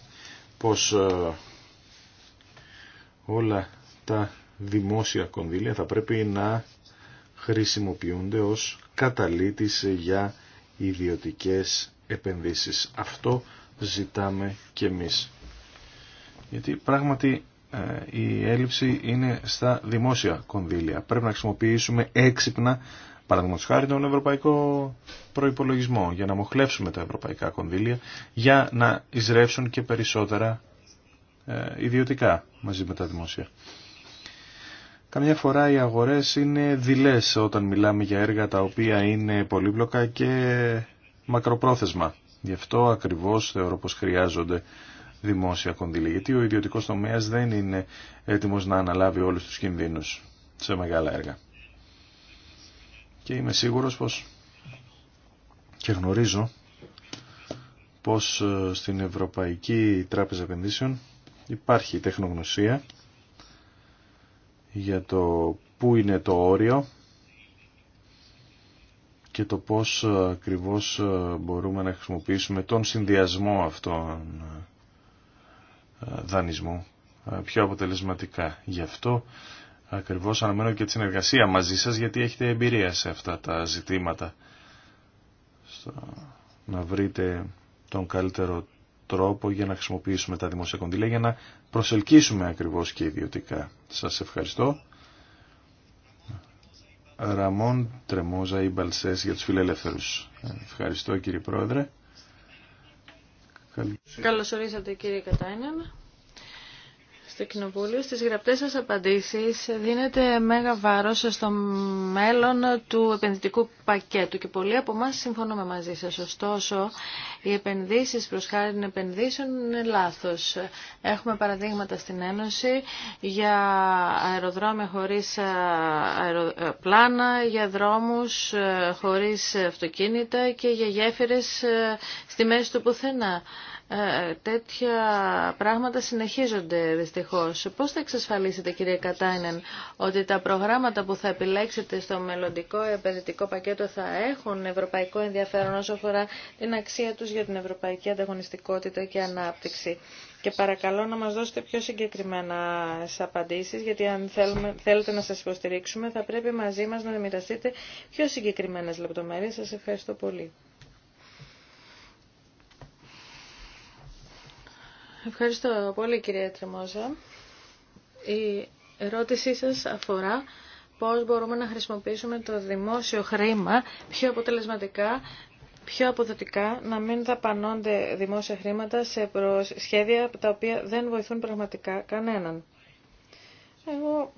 πως ε, όλα τα δημόσια κονδύλια θα πρέπει να χρησιμοποιούνται ως καταλήτης για ιδιωτικές επενδύσεις. Αυτό ζητάμε και εμείς. Γιατί πράγματι ε, η έλλειψη είναι στα δημόσια κονδύλια. Πρέπει να χρησιμοποιήσουμε έξυπνα, παραδείγματο χάρη, τον ευρωπαϊκό προπολογισμό για να μοχλεύσουμε τα ευρωπαϊκά κονδύλια για να εισρεύσουν και περισσότερα ε, ιδιωτικά μαζί με τα δημόσια. Καμιά φορά οι αγορές είναι δειλές όταν μιλάμε για έργα τα οποία είναι πολύπλοκα και μακροπρόθεσμα. Γι' αυτό ακριβώς θεωρώ πως χρειάζονται δημόσια κονδύλια. Γιατί ο ιδιωτικό τομέα δεν είναι έτοιμο να αναλάβει όλου του κινδύνου σε μεγάλα έργα. Και είμαι σίγουρο πω και γνωρίζω πως ε, στην Ευρωπαϊκή Τράπεζα Επενδύσεων υπάρχει τεχνογνωσία για το πού είναι το όριο και το πώς ε, ακριβώς ε, μπορούμε να χρησιμοποιήσουμε τον συνδυασμό αυτών δανεισμού ε, πιο αποτελεσματικά. Γι' αυτό ακριβώς αναμένω και τη συνεργασία μαζί σας γιατί έχετε εμπειρία σε αυτά τα ζητήματα. να βρείτε τον καλύτερο τρόπο για να χρησιμοποιήσουμε τα δημόσια κονδύλια για να προσελκύσουμε ακριβώς και ιδιωτικά. Σας ευχαριστώ. Ραμόν Τρεμόζα ή Μπαλσές για τους φιλελεύθερους. Ευχαριστώ κύριε Πρόεδρε. Καλώς ορίσατε κύριε Κατάινεν στο Κοινοβούλιο, στις γραπτές σας απαντήσεις δίνεται μέγα βάρος στο μέλλον του επενδυτικού πακέτου και πολλοί από εμά συμφωνούμε μαζί σας. Ωστόσο, οι επενδύσεις προς χάρη επενδύσεων είναι λάθος. Έχουμε παραδείγματα στην Ένωση για αεροδρόμια χωρίς ε, ε, πλάνα, για δρόμους ε, χωρίς αυτοκίνητα και για γέφυρες στη μέση του πουθενά. Ε, τέτοια πράγματα συνεχίζονται δυστυχώς. Πώς θα εξασφαλίσετε κύριε Κατάινεν ότι τα προγράμματα που θα επιλέξετε στο μελλοντικό επενδυτικό πακέτο θα έχουν ευρωπαϊκό ενδιαφέρον όσο αφορά την αξία τους για την ευρωπαϊκή ανταγωνιστικότητα και ανάπτυξη. Και παρακαλώ να μας δώσετε πιο συγκεκριμένα απαντήσεις, γιατί αν θέλετε να σας υποστηρίξουμε θα πρέπει μαζί μας να μοιραστείτε πιο συγκεκριμένες λεπτομέρειες. Σας ευχαριστώ πολύ. Ευχαριστώ πολύ κυρία Τρεμόζα. Η ερώτησή σας αφορά πώς μπορούμε να χρησιμοποιήσουμε το δημόσιο χρήμα πιο αποτελεσματικά, πιο αποδοτικά, να μην δαπανώνται δημόσια χρήματα σε σχέδια τα οποία δεν βοηθούν πραγματικά κανέναν. Εγώ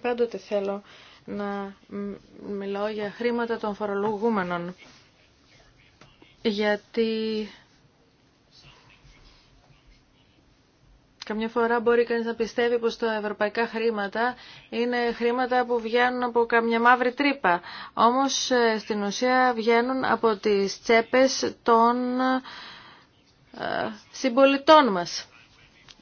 πάντοτε θέλω να μιλάω για χρήματα των φορολογούμενων, γιατί Καμιά φορά μπορεί κανείς να πιστεύει πως τα ευρωπαϊκά χρήματα είναι χρήματα που βγαίνουν από καμιά μαύρη τρύπα. Όμως ε, στην ουσία βγαίνουν από τις τσέπες των ε, συμπολιτών μας.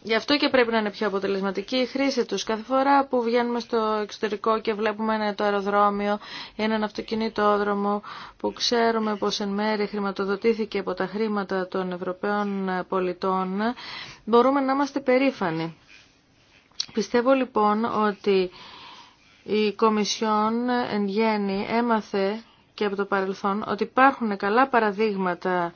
Γι' αυτό και πρέπει να είναι πιο αποτελεσματική η χρήση τους. Κάθε φορά που βγαίνουμε στο εξωτερικό και βλέπουμε ένα το αεροδρόμιο ή έναν αυτοκινητόδρομο που ξέρουμε πως εν μέρει χρηματοδοτήθηκε από τα χρήματα των Ευρωπαίων πολιτών, μπορούμε να είμαστε περήφανοι. Πιστεύω λοιπόν ότι η Κομισιόν εν γέννη έμαθε και από το παρελθόν ότι υπάρχουν καλά παραδείγματα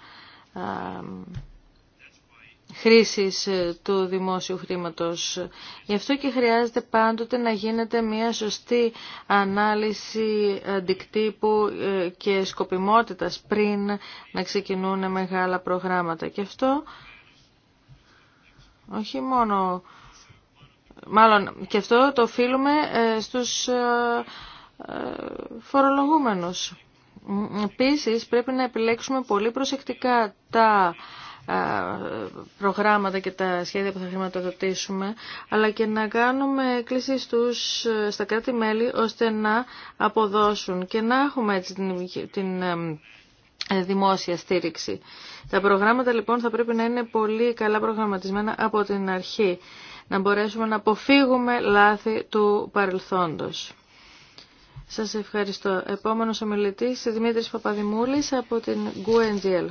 χρήσης ε, του δημόσιου χρήματος. Γι' αυτό και χρειάζεται πάντοτε να γίνεται μια σωστή ανάλυση αντικτύπου ε, και σκοπιμότητας πριν να ξεκινούν μεγάλα προγράμματα. Και αυτό όχι μόνο... Μάλλον και αυτό το οφείλουμε ε, στους φορολογούμενους. Επίσης πρέπει να επιλέξουμε πολύ προσεκτικά τα προγράμματα και τα σχέδια που θα χρηματοδοτήσουμε, αλλά και να κάνουμε κλίση στους, στα κράτη-μέλη ώστε να αποδώσουν και να έχουμε έτσι την, ε, δημόσια στήριξη. Τα προγράμματα λοιπόν θα πρέπει να είναι πολύ καλά προγραμματισμένα από την αρχή, να μπορέσουμε να αποφύγουμε λάθη του παρελθόντος. Σας ευχαριστώ. Επόμενος ομιλητής, Δημήτρης Παπαδημούλης από την GUNGL.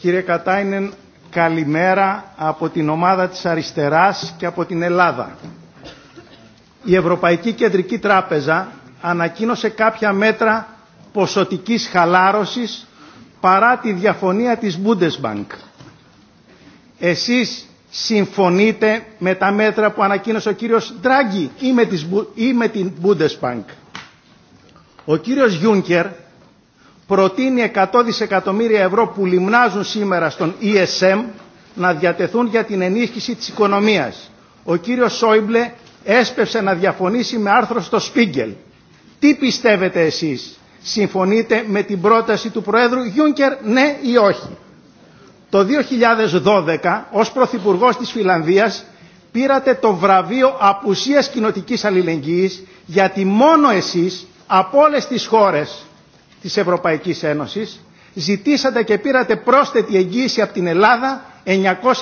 Κύριε Κατάινεν, καλημέρα από την ομάδα της Αριστεράς και από την Ελλάδα. Η Ευρωπαϊκή Κεντρική Τράπεζα ανακοίνωσε κάποια μέτρα ποσοτικής χαλάρωσης παρά τη διαφωνία της Bundesbank. Εσείς συμφωνείτε με τα μέτρα που ανακοίνωσε ο κύριος Ντράγκη ή με, την Bundesbank. Ο κύριος Γιούνκερ προτείνει 100 δισεκατομμύρια ευρώ που λιμνάζουν σήμερα στον ESM να διατεθούν για την ενίσχυση της οικονομίας. Ο κύριος Σόιμπλε έσπευσε να διαφωνήσει με άρθρο στο Σπίγκελ. Τι πιστεύετε εσείς, συμφωνείτε με την πρόταση του Προέδρου Γιούνκερ, ναι ή όχι. Το 2012 ως Πρωθυπουργό της Φιλανδίας πήρατε το βραβείο απουσίας κοινοτικής αλληλεγγύης γιατί μόνο εσείς από όλες τις χώρες της Ευρωπαϊκής Ένωσης, ζητήσατε και πήρατε πρόσθετη εγγύηση από την Ελλάδα 900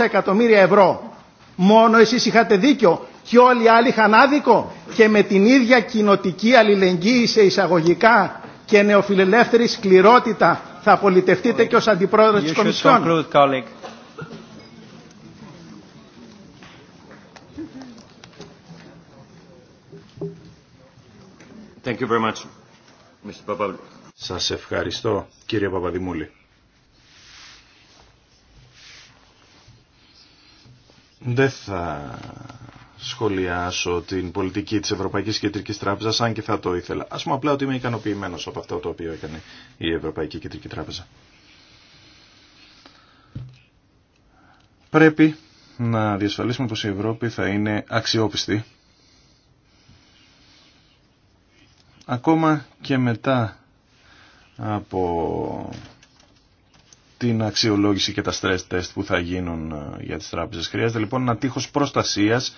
εκατομμύρια ευρώ. Μόνο εσείς είχατε δίκιο και όλοι οι άλλοι είχαν άδικο και με την ίδια κοινοτική αλληλεγγύη σε εισαγωγικά και νεοφιλελεύθερη σκληρότητα θα πολιτευτείτε και ως αντιπρόεδρος της Κομισιόν. Thank you very much, Mr. Σας ευχαριστώ κύριε Παπαδημούλη. Δεν θα σχολιάσω την πολιτική της Ευρωπαϊκής Κεντρικής Τράπεζας, αν και θα το ήθελα. Ας πούμε απλά ότι είμαι ικανοποιημένος από αυτό το οποίο έκανε η Ευρωπαϊκή Κεντρική Τράπεζα. Πρέπει να διασφαλίσουμε πως η Ευρώπη θα είναι αξιόπιστη. Ακόμα και μετά από την αξιολόγηση και τα stress test που θα γίνουν ε, για τις τράπεζες. Χρειάζεται λοιπόν ένα τείχος προστασίας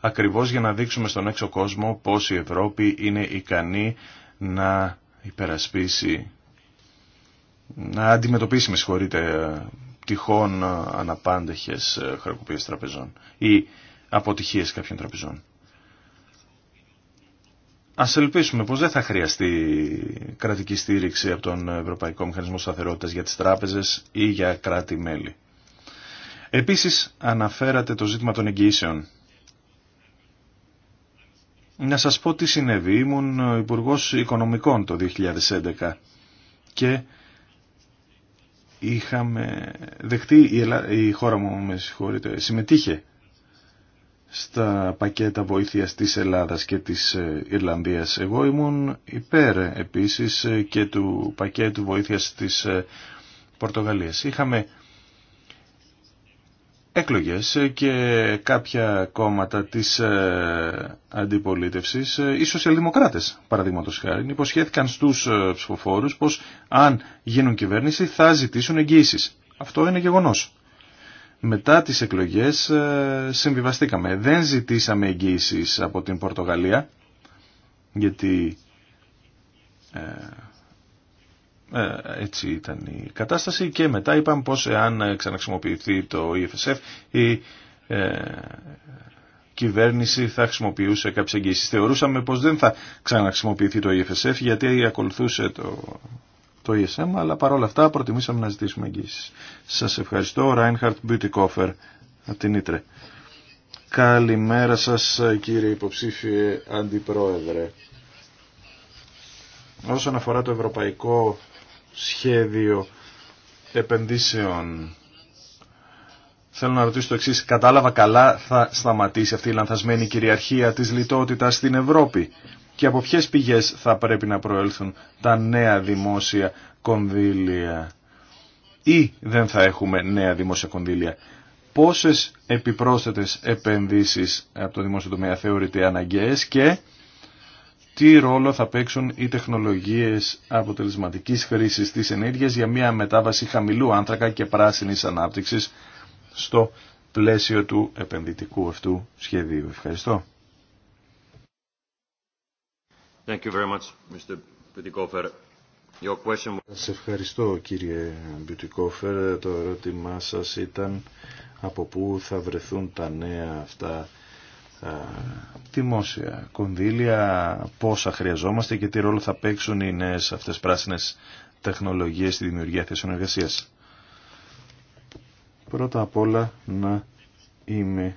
ακριβώς για να δείξουμε στον έξω κόσμο πως η Ευρώπη είναι ικανή να υπερασπίσει, να αντιμετωπίσει, με συγχωρείτε, ε, τυχόν ε, αναπάντεχες χρεοκοπίες τραπεζών ή αποτυχίες κάποιων τραπεζών. Ας ελπίσουμε πως δεν θα χρειαστεί κρατική στήριξη από τον Ευρωπαϊκό Μηχανισμό Σταθερότητας για τις τράπεζες ή για κράτη-μέλη. Επίσης αναφέρατε το ζήτημα των εγγύσεων. Να σας πω τι συνέβη. Ήμουν υπουργό Οικονομικών το 2011 και είχαμε δεχτεί, η, η χώρα μου με συμμετείχε στα πακέτα βοήθειας της Ελλάδας και της ε, Ιρλανδίας. Εγώ ήμουν υπέρ ε, επίσης ε, και του πακέτου βοήθειας της Πορτογαλίας. Είχαμε εκλογές και κάποια κόμματα της αντιπολίτευσης, οι σοσιαλδημοκράτες παραδείγματος χάρη, υποσχέθηκαν στους ψηφοφόρους πως αν γίνουν κυβέρνηση θα ζητήσουν εγγύησεις. Αυτό είναι γεγονός μετά τις εκλογές ε, συμβιβαστήκαμε. Δεν ζητήσαμε εγγύησεις από την Πορτογαλία, γιατί ε, ε, έτσι ήταν η κατάσταση και μετά είπαμε πως εάν ξαναχρησιμοποιηθεί το EFSF η ε, κυβέρνηση θα χρησιμοποιούσε κάποιες εγγύησεις. Θεωρούσαμε πως δεν θα ξαναχρησιμοποιηθεί το EFSF γιατί ακολουθούσε το το ESM, αλλά παρόλα αυτά προτιμήσαμε να ζητήσουμε εγγύησεις. Σας ευχαριστώ, Reinhard Bütikofer, από την Ήτρε. Καλημέρα σας κύριε υποψήφιε Αντιπρόεδρε. Όσον αφορά το ευρωπαϊκό σχέδιο επενδύσεων, θέλω να ρωτήσω το εξής. Κατάλαβα καλά θα σταματήσει αυτή η λανθασμένη κυριαρχία της λιτότητας στην Ευρώπη και από ποιες πηγές θα πρέπει να προέλθουν τα νέα δημόσια κονδύλια ή δεν θα έχουμε νέα δημόσια κονδύλια. Πόσες επιπρόσθετες επενδύσεις από το δημόσιο τομέα θεωρείται αναγκαίες και τι ρόλο θα παίξουν οι τεχνολογίες αποτελεσματικής χρήσης της ενέργειας για μια μετάβαση χαμηλού άνθρακα και πράσινης ανάπτυξης στο πλαίσιο του επενδυτικού αυτού σχεδίου. Ευχαριστώ. Σα ευχαριστώ κύριε Μπιουτικόφερ. Το ερώτημά σας ήταν από πού θα βρεθούν τα νέα αυτά δημόσια κονδύλια, πόσα χρειαζόμαστε και τι ρόλο θα παίξουν οι νέες αυτές πράσινες τεχνολογίες στη δημιουργία θέσεων εργασία. Πρώτα απ' όλα να είμαι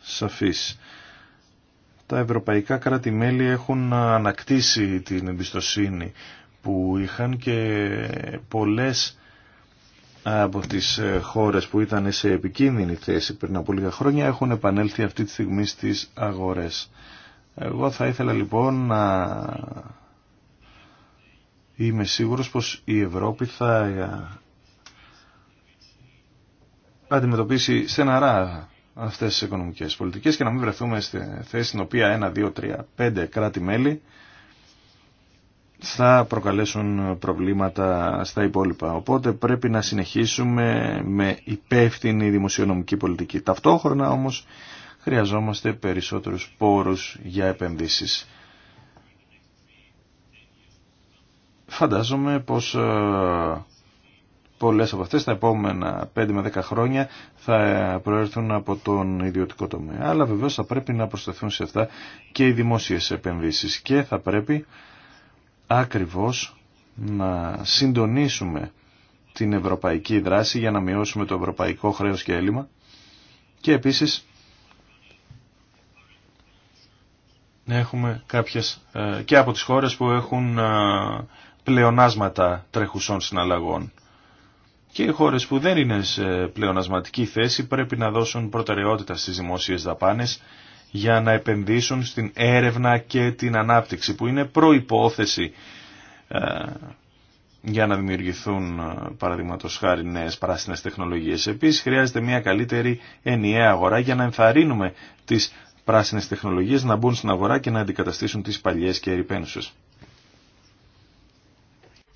σαφής τα ευρωπαϊκά κράτη-μέλη έχουν ανακτήσει την εμπιστοσύνη που είχαν και πολλές από τις ε, χώρες που ήταν σε επικίνδυνη θέση πριν από λίγα χρόνια έχουν επανέλθει αυτή τη στιγμή στις αγορές. Εγώ θα ήθελα λοιπόν να είμαι σίγουρος πως η Ευρώπη θα ε, αντιμετωπίσει στεναρά αυτές τις οικονομικές πολιτικές και να μην βρεθούμε στη θέση στην οποία ενα ένα, δύο, τρία, κράτη-μέλη θα προκαλέσουν προβλήματα στα υπόλοιπα. Οπότε πρέπει να συνεχίσουμε με υπεύθυνη δημοσιονομική πολιτική. Ταυτόχρονα όμως χρειαζόμαστε περισσότερους πόρους για επενδύσεις. Φαντάζομαι πως ε, πολλές από αυτές τα επόμενα 5 με 10 χρόνια θα προέρθουν από τον ιδιωτικό τομέα. Αλλά βεβαίως θα πρέπει να προσθεθούν σε αυτά και οι δημόσιες επενδύσεις και θα πρέπει ακριβώς να συντονίσουμε την ευρωπαϊκή δράση για να μειώσουμε το ευρωπαϊκό χρέος και έλλειμμα και επίσης να έχουμε κάποιες ε, και από τις χώρες που έχουν ε, πλεονάσματα τρεχουσών συναλλαγών και οι χώρες που δεν είναι σε πλεονασματική θέση πρέπει να δώσουν προτεραιότητα στις δημόσιες δαπάνες για να επενδύσουν στην έρευνα και την ανάπτυξη που είναι προϋπόθεση ε, για να δημιουργηθούν ε, παραδείγματος χάρη νέες πράσινες τεχνολογίες. Επίσης χρειάζεται μια καλύτερη ενιαία αγορά για να ενθαρρύνουμε τις πράσινες τεχνολογίες να μπουν στην αγορά και να αντικαταστήσουν τις παλιές και ερυπένουσες.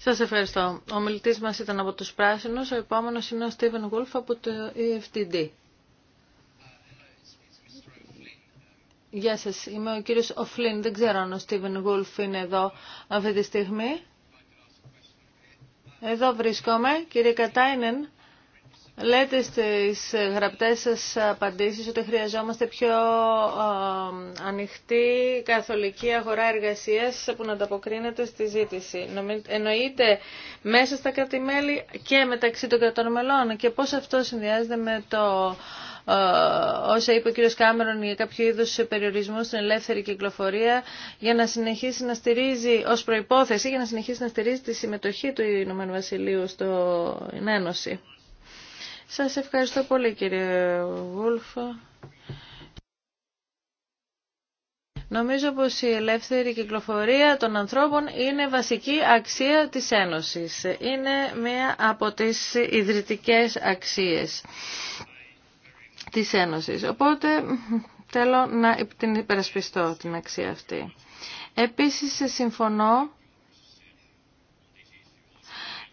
Σας ευχαριστώ. Ο μιλητής μας ήταν από τους Πράσινους, ο επόμενος είναι ο Στίβεν Γουλφ από το EFTD. Γεια σας, είμαι ο κύριος Οφλίν. Δεν ξέρω αν ο Στίβεν Γουλφ είναι εδώ αυτή τη στιγμή. Εδώ βρίσκομαι, κύριε Κατάινεν. Λέτε στις γραπτές σας απαντήσεις ότι χρειαζόμαστε πιο ανοιχτή καθολική αγορά εργασίας που να ανταποκρίνεται στη ζήτηση. Εννοείται μέσα στα κρατη και μεταξύ των κρατών μελών και πώς αυτό συνδυάζεται με το όσα είπε ο κ. Κάμερον για κάποιο είδους περιορισμού στην ελεύθερη κυκλοφορία για να συνεχίσει να στηρίζει ως προϋπόθεση για να συνεχίσει να στηρίζει τη συμμετοχή του Ηνωμένου Βασιλείου στην Ένωση. Σας ευχαριστώ πολύ κύριε Βούλφα. Νομίζω πως η ελεύθερη κυκλοφορία των ανθρώπων είναι βασική αξία της Ένωσης. Είναι μία από τις ιδρυτικές αξίες της Ένωσης. Οπότε θέλω να την υπερασπιστώ την αξία αυτή. Επίσης συμφωνώ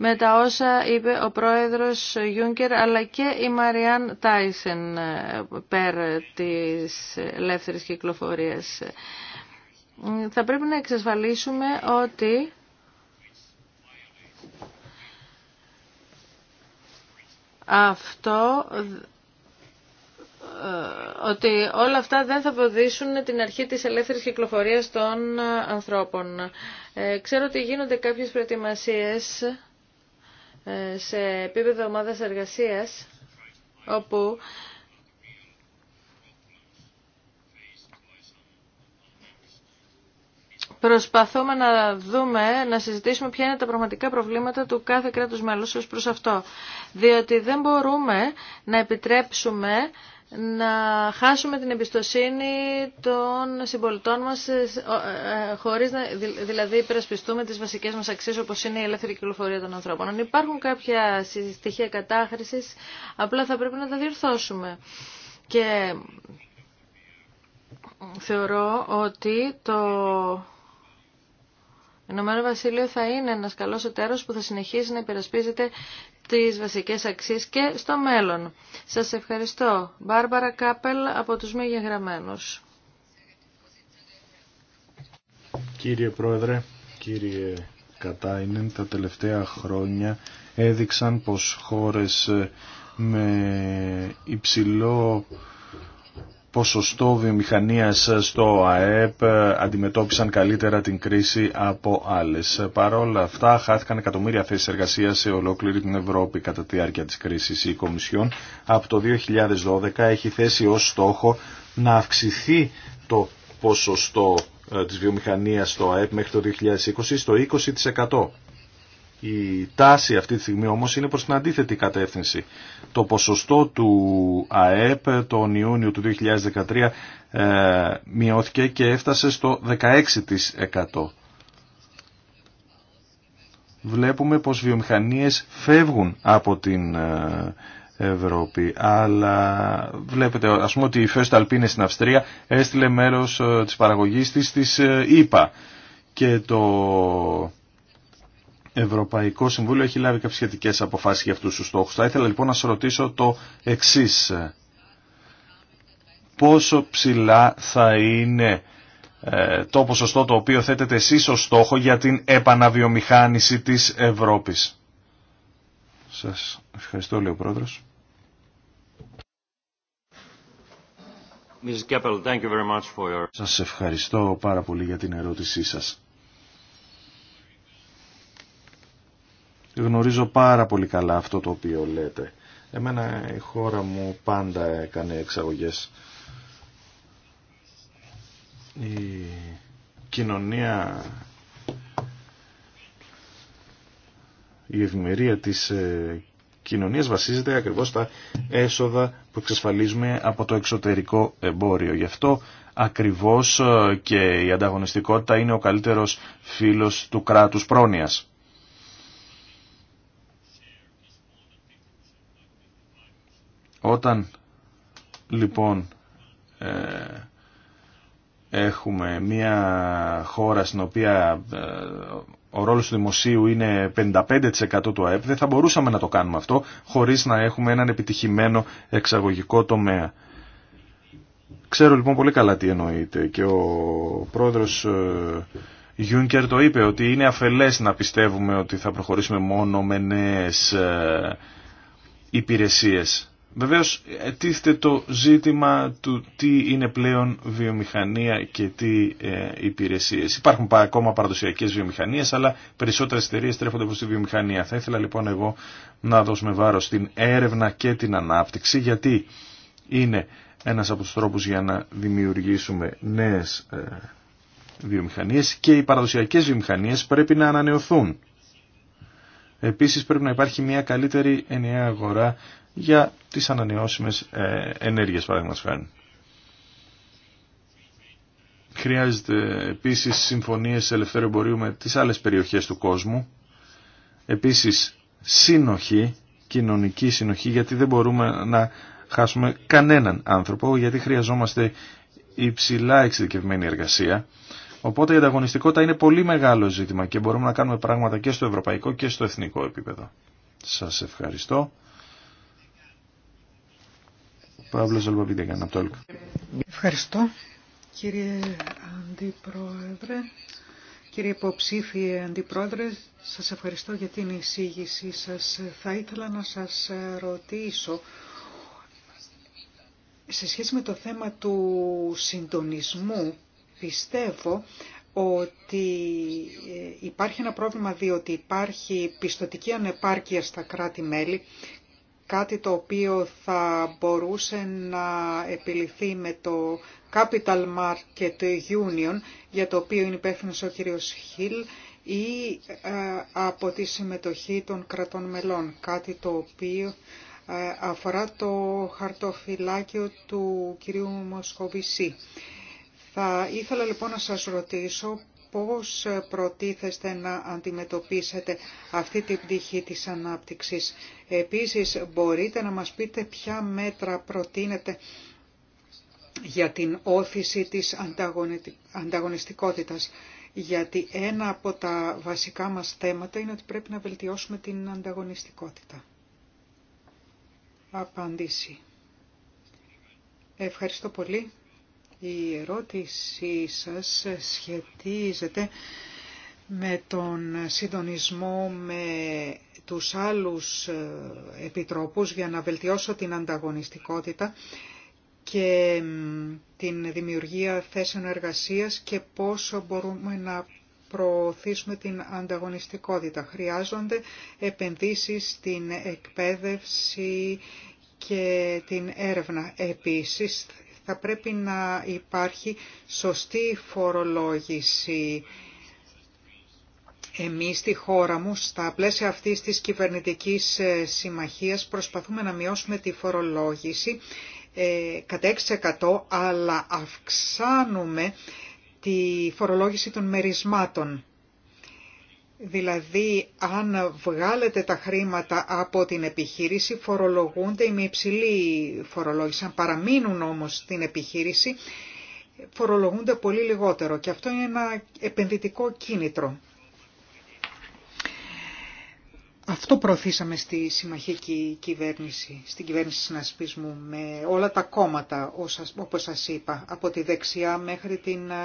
με τα όσα είπε ο πρόεδρος Γιούγκερ αλλά και η Μαριάν Τάισεν ε, πέρα της ελεύθερης κυκλοφορίας. Θα πρέπει να εξασφαλίσουμε ότι αυτό ε, ότι όλα αυτά δεν θα βοηθήσουν την αρχή της ελεύθερης κυκλοφορίας των ανθρώπων. Ε, ξέρω ότι γίνονται κάποιες προετοιμασίες ε, σε επίπεδο ομάδας εργασίας, όπου προσπαθούμε να δούμε, να συζητήσουμε ποια είναι τα πραγματικά προβλήματα του κάθε κράτους μέλους ως προς αυτό. Διότι δεν μπορούμε να επιτρέψουμε να χάσουμε την εμπιστοσύνη των συμπολιτών μας ε, ε, χωρίς να δηλαδή υπερασπιστούμε τις βασικές μας αξίες όπως είναι η ελεύθερη κυκλοφορία των ανθρώπων. Αν υπάρχουν κάποια στοιχεία κατάχρησης απλά θα πρέπει να τα διορθώσουμε. Και θεωρώ ότι το Ηνωμένο Βασίλειο θα είναι ένας καλός εταίρος που θα συνεχίσει να υπερασπίζεται τις βασικές αξίες και στο μέλλον. Σας ευχαριστώ. Μπάρμπαρα Κάπελ από τους μη γεγραμμένους. Κύριε Πρόεδρε, κύριε Κατάινεν, τα τελευταία χρόνια έδειξαν πως χώρες με υψηλό ποσοστό βιομηχανίας στο ΑΕΠ ε, αντιμετώπισαν καλύτερα την κρίση από άλλες. Παρόλα αυτά χάθηκαν εκατομμύρια θέσεις εργασίας σε ολόκληρη την Ευρώπη κατά τη διάρκεια της κρίσης. Η Κομισιόν από το 2012 έχει θέσει ως στόχο να αυξηθεί το ποσοστό ε, της βιομηχανίας στο ΑΕΠ μέχρι το 2020 στο 20%. Η τάση αυτή τη στιγμή όμως είναι προς την αντίθετη κατεύθυνση. Το ποσοστό του ΑΕΠ τον Ιούνιο του 2013 ε, μειώθηκε και έφτασε στο 16%. Βλέπουμε πως βιομηχανίες φεύγουν από την ε, Ευρώπη, αλλά βλέπετε ας πούμε ότι η First Alpine στην Αυστρία έστειλε μέρος ε, της παραγωγής της της ε, ΗΠΑ και το Ευρωπαϊκό Συμβούλιο έχει λάβει κάποιες σχετικές αποφάσεις για αυτούς τους στόχους. Θα ήθελα λοιπόν να σα ρωτήσω το εξή: Πόσο ψηλά θα είναι ε, το ποσοστό το οποίο θέτετε εσείς ως στόχο για την επαναβιομηχάνηση της Ευρώπης. Σας ευχαριστώ, λέει ο Πρόεδρος. Σας ευχαριστώ πάρα πολύ για την ερώτησή σας. Γνωρίζω πάρα πολύ καλά αυτό το οποίο λέτε. Εμένα η χώρα μου πάντα έκανε εξαγωγές. Η κοινωνία, η ευημερία της ε, κοινωνίας βασίζεται ακριβώς στα έσοδα που εξασφαλίζουμε από το εξωτερικό εμπόριο. Γι' αυτό ακριβώς ε, και η ανταγωνιστικότητα είναι ο καλύτερος φίλος του κράτους πρόνοιας. Όταν λοιπόν ε, έχουμε μια χώρα στην οποία ε, ο ρόλος του δημοσίου είναι 55% του ΑΕΠ, δεν θα μπορούσαμε να το κάνουμε αυτό χωρίς να έχουμε έναν επιτυχημένο εξαγωγικό τομέα. Ξέρω λοιπόν πολύ καλά τι εννοείται και ο πρόεδρος ε, Γιούνκερ το είπε ότι είναι αφελές να πιστεύουμε ότι θα προχωρήσουμε μόνο με νέες ε, υπηρεσίες Βεβαίως τίθεται το ζήτημα του τι είναι πλέον βιομηχανία και τι ε, υπηρεσίες. Υπάρχουν ακόμα παραδοσιακές βιομηχανίες, αλλά περισσότερες εταιρείε τρέφονται προς τη βιομηχανία. Θα ήθελα λοιπόν εγώ να δώσουμε βάρος στην έρευνα και την ανάπτυξη, γιατί είναι ένας από τους τρόπους για να δημιουργήσουμε νέες ε, βιομηχανίες και οι παραδοσιακές βιομηχανίες πρέπει να ανανεωθούν. Επίσης πρέπει να υπάρχει μια καλύτερη ενιαία αγορά για τις ανανεώσιμες ε, ενέργειες παραδείγματος χάρη. Χρειάζεται επίσης συμφωνίες ελευθεριομπορίου εμπορίου με τις άλλες περιοχές του κόσμου. Επίσης σύνοχη, κοινωνική συνοχή, γιατί δεν μπορούμε να χάσουμε κανέναν άνθρωπο, γιατί χρειαζόμαστε υψηλά εξειδικευμένη εργασία. Οπότε η ανταγωνιστικότητα είναι πολύ μεγάλο ζήτημα και μπορούμε να κάνουμε πράγματα και στο ευρωπαϊκό και στο εθνικό επίπεδο. Σας ευχαριστώ. Παύλος από Ευχαριστώ. Κύριε Αντιπρόεδρε, κύριε υποψήφιε Αντιπρόεδρε, σας ευχαριστώ για την εισήγησή σας. Θα ήθελα να σας ρωτήσω σε σχέση με το θέμα του συντονισμού πιστεύω ότι ε, υπάρχει ένα πρόβλημα διότι υπάρχει πιστοτική ανεπάρκεια στα κράτη-μέλη κάτι το οποίο θα μπορούσε να επιληθεί με το Capital Market Union, για το οποίο είναι υπεύθυνο ο κύριος Χιλ, ή ε, από τη συμμετοχή των κρατών μελών, κάτι το οποίο ε, αφορά το χαρτοφυλάκιο του κυρίου Μοσχοβησή. Θα ήθελα λοιπόν να σας ρωτήσω πώς προτίθεστε να αντιμετωπίσετε αυτή την πτυχή της ανάπτυξης. Επίσης, μπορείτε να μας πείτε ποια μέτρα προτείνετε για την όθηση της ανταγωνιστικότητας. Γιατί ένα από τα βασικά μας θέματα είναι ότι πρέπει να βελτιώσουμε την ανταγωνιστικότητα. Απάντηση. Ευχαριστώ πολύ. Η ερώτησή σας σχετίζεται με τον συντονισμό με τους άλλους ε, επιτρόπους για να βελτιώσω την ανταγωνιστικότητα και την δημιουργία θέσεων εργασίας και πόσο μπορούμε να προωθήσουμε την ανταγωνιστικότητα. Χρειάζονται επενδύσεις στην εκπαίδευση και την έρευνα. Επίσης, θα πρέπει να υπάρχει σωστή φορολόγηση. Εμείς στη χώρα μου, στα πλαίσια αυτής της κυβερνητικής ε, συμμαχίας, προσπαθούμε να μειώσουμε τη φορολόγηση ε, κατά 6% αλλά αυξάνουμε τη φορολόγηση των μερισμάτων Δηλαδή, αν βγάλετε τα χρήματα από την επιχείρηση, φορολογούνται ή με υψηλή φορολόγηση. Αν παραμείνουν όμως στην επιχείρηση, φορολογούνται πολύ λιγότερο. Και αυτό είναι ένα επενδυτικό κίνητρο. Αυτό προωθήσαμε στη συμμαχική κυβέρνηση, στην κυβέρνηση συνασπισμού με όλα τα κόμματα, όπως σας είπα, από τη δεξιά μέχρι την ε,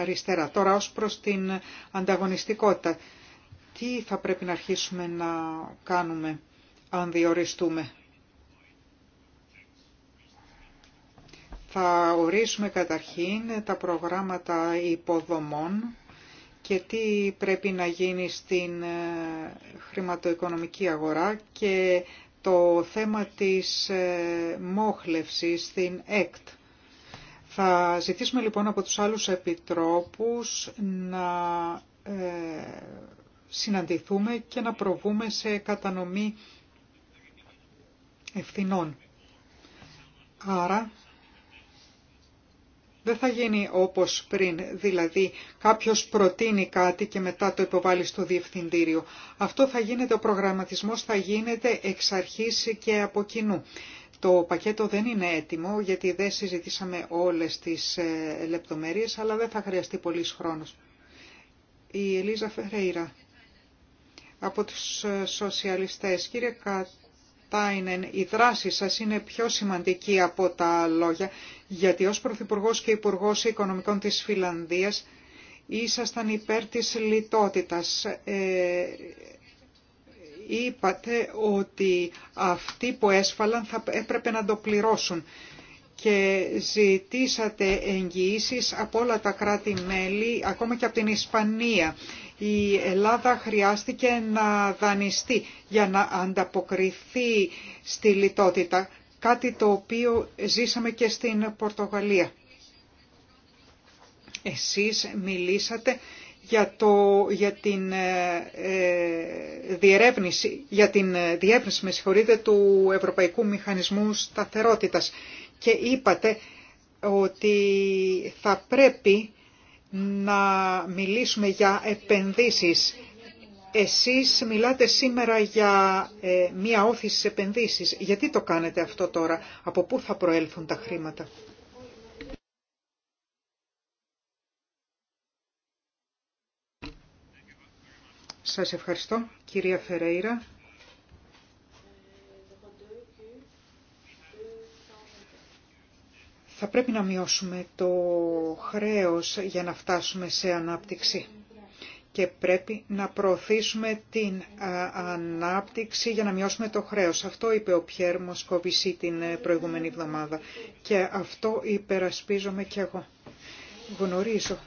αριστερά. Τώρα ως προς την ανταγωνιστικότητα τι θα πρέπει να αρχίσουμε να κάνουμε αν διοριστούμε. Θα ορίσουμε καταρχήν τα προγράμματα υποδομών και τι πρέπει να γίνει στην ε, χρηματοοικονομική αγορά και το θέμα της ε, μόχλευσης στην ΕΚΤ. Θα ζητήσουμε λοιπόν από τους άλλους επιτρόπους να ε, συναντηθούμε και να προβούμε σε κατανομή ευθυνών. Άρα δεν θα γίνει όπως πριν, δηλαδή κάποιος προτείνει κάτι και μετά το υποβάλλει στο διευθυντήριο. Αυτό θα γίνεται, ο προγραμματισμός θα γίνεται εξ αρχής και από κοινού. Το πακέτο δεν είναι έτοιμο γιατί δεν συζητήσαμε όλες τις ε, λεπτομέρειες αλλά δεν θα χρειαστεί πολύς χρόνος. Η Ελίζα Φερέιρα από τους ε, σοσιαλιστές. Κύριε Κατάινεν, η δράση σας είναι πιο σημαντική από τα λόγια, γιατί ως Πρωθυπουργό και υπουργό Οικονομικών της Φιλανδίας ήσασταν υπέρ της λιτότητας. Ε, είπατε ότι αυτοί που έσφαλαν θα έπρεπε να το πληρώσουν και ζητήσατε εγγυήσεις από όλα τα κράτη-μέλη, ακόμα και από την Ισπανία, η Ελλάδα χρειάστηκε να δανειστεί για να ανταποκριθεί στη λιτότητα, κάτι το οποίο ζήσαμε και στην Πορτογαλία. Εσείς μιλήσατε για, το, για την ε, ε για την ε, διεύρυνση, με συγχωρείτε, του Ευρωπαϊκού Μηχανισμού Σταθερότητας και είπατε ότι θα πρέπει να μιλήσουμε για επενδύσεις. Εσείς μιλάτε σήμερα για ε, μία όθηση επενδύσεις. Γιατί το κάνετε αυτό τώρα, από πού θα προέλθουν τα χρήματα. Σας ευχαριστώ, κυρία Φερέιρα. Θα πρέπει να μειώσουμε το χρέος για να φτάσουμε σε ανάπτυξη και πρέπει να προωθήσουμε την ανάπτυξη για να μειώσουμε το χρέος. Αυτό είπε ο Πιέρ Κοβισή την ε, προηγούμενη εβδομάδα και αυτό υπερασπίζομαι κι εγώ. Γνωρίζω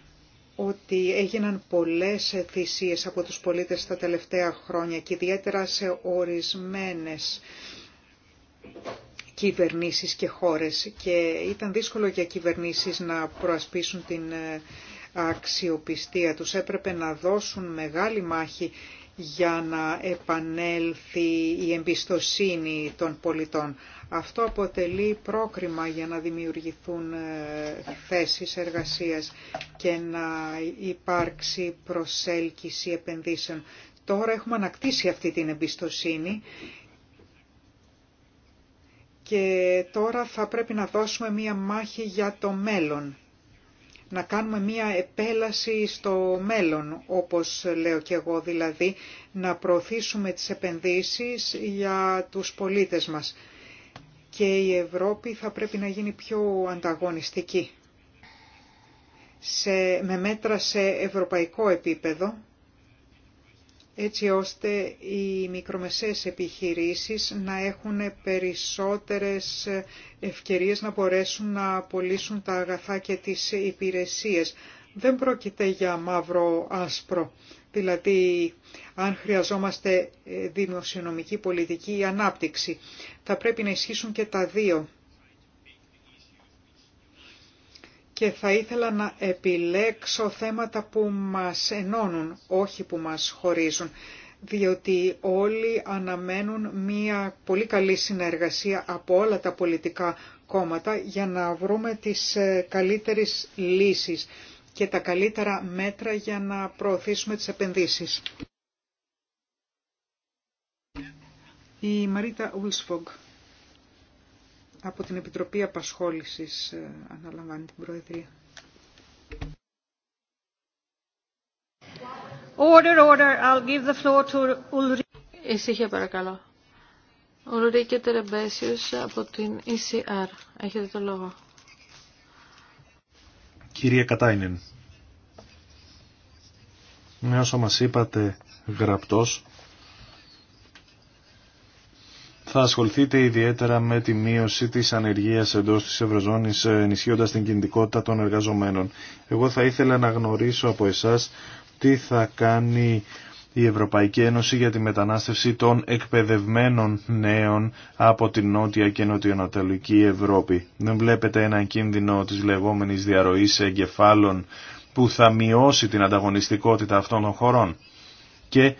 ότι έγιναν πολλές θυσίες από τους πολίτες τα τελευταία χρόνια και ιδιαίτερα σε ορισμένες κυβερνήσεις και χώρες και ήταν δύσκολο για κυβερνήσεις να προασπίσουν την ε, αξιοπιστία τους. Έπρεπε να δώσουν μεγάλη μάχη για να επανέλθει η εμπιστοσύνη των πολιτών. Αυτό αποτελεί πρόκριμα για να δημιουργηθούν ε, θέσεις εργασίας και να υπάρξει προσέλκυση επενδύσεων. Τώρα έχουμε ανακτήσει αυτή την εμπιστοσύνη και τώρα θα πρέπει να δώσουμε μία μάχη για το μέλλον. Να κάνουμε μία επέλαση στο μέλλον, όπως λέω και εγώ δηλαδή, να προωθήσουμε τις επενδύσεις για τους πολίτες μας. Και η Ευρώπη θα πρέπει να γίνει πιο ανταγωνιστική. Σε, με μέτρα σε ευρωπαϊκό επίπεδο έτσι ώστε οι μικρομεσαίες επιχειρήσεις να έχουν περισσότερες ευκαιρίες να μπορέσουν να πωλήσουν τα αγαθά και τις υπηρεσίες. Δεν πρόκειται για μαύρο άσπρο, δηλαδή αν χρειαζόμαστε δημοσιονομική πολιτική ή ανάπτυξη. Θα πρέπει να ισχύσουν και τα δύο και θα ήθελα να επιλέξω θέματα που μας ενώνουν, όχι που μας χωρίζουν, διότι όλοι αναμένουν μία πολύ καλή συνεργασία από όλα τα πολιτικά κόμματα για να βρούμε τις ε, καλύτερες λύσεις και τα καλύτερα μέτρα για να προωθήσουμε τις επενδύσεις. Η Μαρίτα Ουλσφογκ από την Επιτροπή Απασχόλησης ε, αναλαμβάνει την Προεδρία. Order, order. I'll give the floor to Ulrike. Ησυχία παρακαλώ. Ulrike Terebesius από την ECR. Έχετε το λόγο. Κυρία Κατάινεν, με όσο μας είπατε γραπτός, θα ασχοληθείτε ιδιαίτερα με τη μείωση της ανεργίας εντός της Ευρωζώνης ε, ενισχύοντας την κινητικότητα των εργαζομένων. Εγώ θα ήθελα να γνωρίσω από εσάς τι θα κάνει η Ευρωπαϊκή Ένωση για τη μετανάστευση των εκπαιδευμένων νέων από την Νότια και Νοτιοανατολική Ευρώπη. Δεν βλέπετε έναν κίνδυνο της λεγόμενης διαρροής εγκεφάλων που θα μειώσει την ανταγωνιστικότητα αυτών των χωρών. Και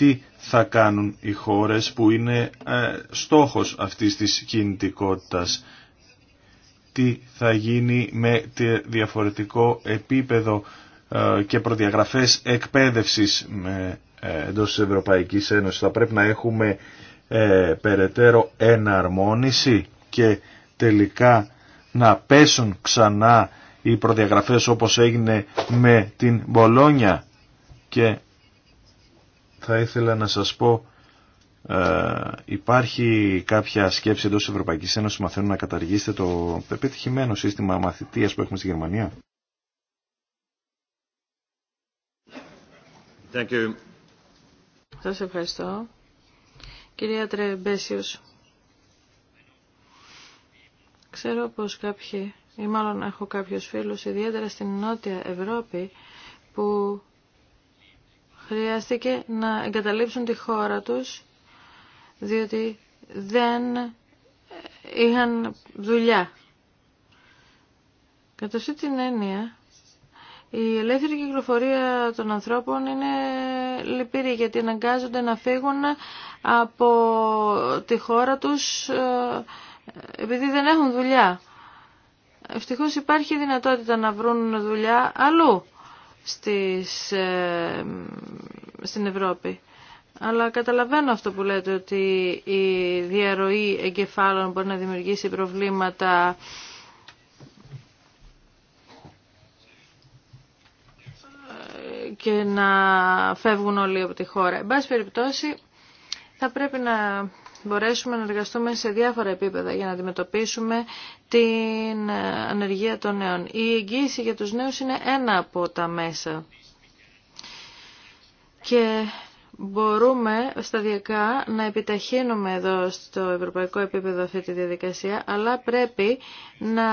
τι θα κάνουν οι χώρες που είναι ε, στόχος αυτής της κινητικότητας. Τι θα γίνει με διαφορετικό επίπεδο ε, και προδιαγραφές εκπαίδευσης ε, εντός της Ευρωπαϊκής Ένωσης. Θα πρέπει να έχουμε περαιτέρω εναρμόνιση και τελικά να πέσουν ξανά οι προδιαγραφές όπως έγινε με την Μπολόνια και θα ήθελα να σας πω ε, υπάρχει κάποια σκέψη εντός της Ευρωπαϊκής Ένωσης που μαθαίνουν να καταργήσετε το επιτυχημένο σύστημα μαθητείας που έχουμε στη Γερμανία. Thank you. Σας ευχαριστώ. Κυρία Τρεμπέσιος, ξέρω πως κάποιοι, ή μάλλον έχω κάποιους φίλους, ιδιαίτερα στην Νότια Ευρώπη, που χρειάστηκε να εγκαταλείψουν τη χώρα τους διότι δεν είχαν δουλειά. Κατά αυτή την έννοια, η ελεύθερη κυκλοφορία των ανθρώπων είναι λυπηρή γιατί αναγκάζονται να φύγουν από τη χώρα τους ε, επειδή δεν έχουν δουλειά. Ευτυχώς υπάρχει δυνατότητα να βρουν δουλειά αλλού στις, ε, στην Ευρώπη. Αλλά καταλαβαίνω αυτό που λέτε ότι η διαρροή εγκεφάλων μπορεί να δημιουργήσει προβλήματα και να φεύγουν όλοι από τη χώρα. Εν πάση περιπτώσει θα πρέπει να μπορέσουμε να εργαστούμε σε διάφορα επίπεδα για να αντιμετωπίσουμε την ανεργία των νέων. Η εγγύηση για τους νέους είναι ένα από τα μέσα. Και μπορούμε σταδιακά να επιταχύνουμε εδώ στο ευρωπαϊκό επίπεδο αυτή τη διαδικασία, αλλά πρέπει να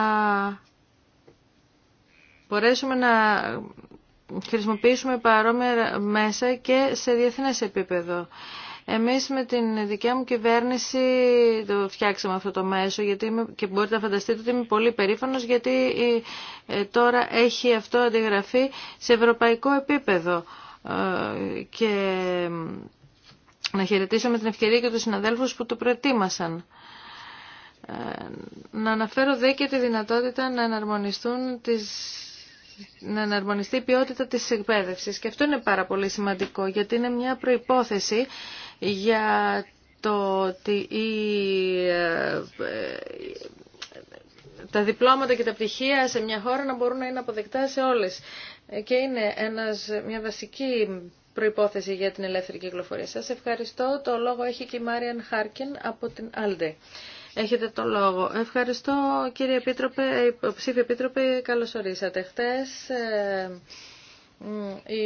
μπορέσουμε να χρησιμοποιήσουμε παρόμοια μέσα και σε διεθνές επίπεδο. Εμείς με την δικιά μου κυβέρνηση το φτιάξαμε αυτό το μέσο γιατί και μπορείτε να φανταστείτε ότι είμαι πολύ περήφανος γιατί ε, τώρα έχει αυτό αντιγραφεί σε ευρωπαϊκό επίπεδο. Ε, και να χαιρετήσω με την ευκαιρία και τους συναδέλφους που το προετοίμασαν ε, να αναφέρω δε και τη δυνατότητα να εναρμονιστούν τις να αναρμονιστεί η ποιότητα της εκπαίδευσης. Και αυτό είναι πάρα πολύ σημαντικό, γιατί είναι μια προϋπόθεση για το ότι ε, ε, τα διπλώματα και τα πτυχία σε μια χώρα να μπορούν να είναι αποδεκτά σε όλες. Ε, και είναι ένας, μια βασική προϋπόθεση για την ελεύθερη κυκλοφορία. Σας ευχαριστώ. Το λόγο έχει και η Μάριαν Χάρκιν από την Άλντε. Έχετε το λόγο. Ευχαριστώ κύριε Επίτροπε, Υποψήφιοι Επίτροπε, καλώς ορίσατε. Χτες ε, η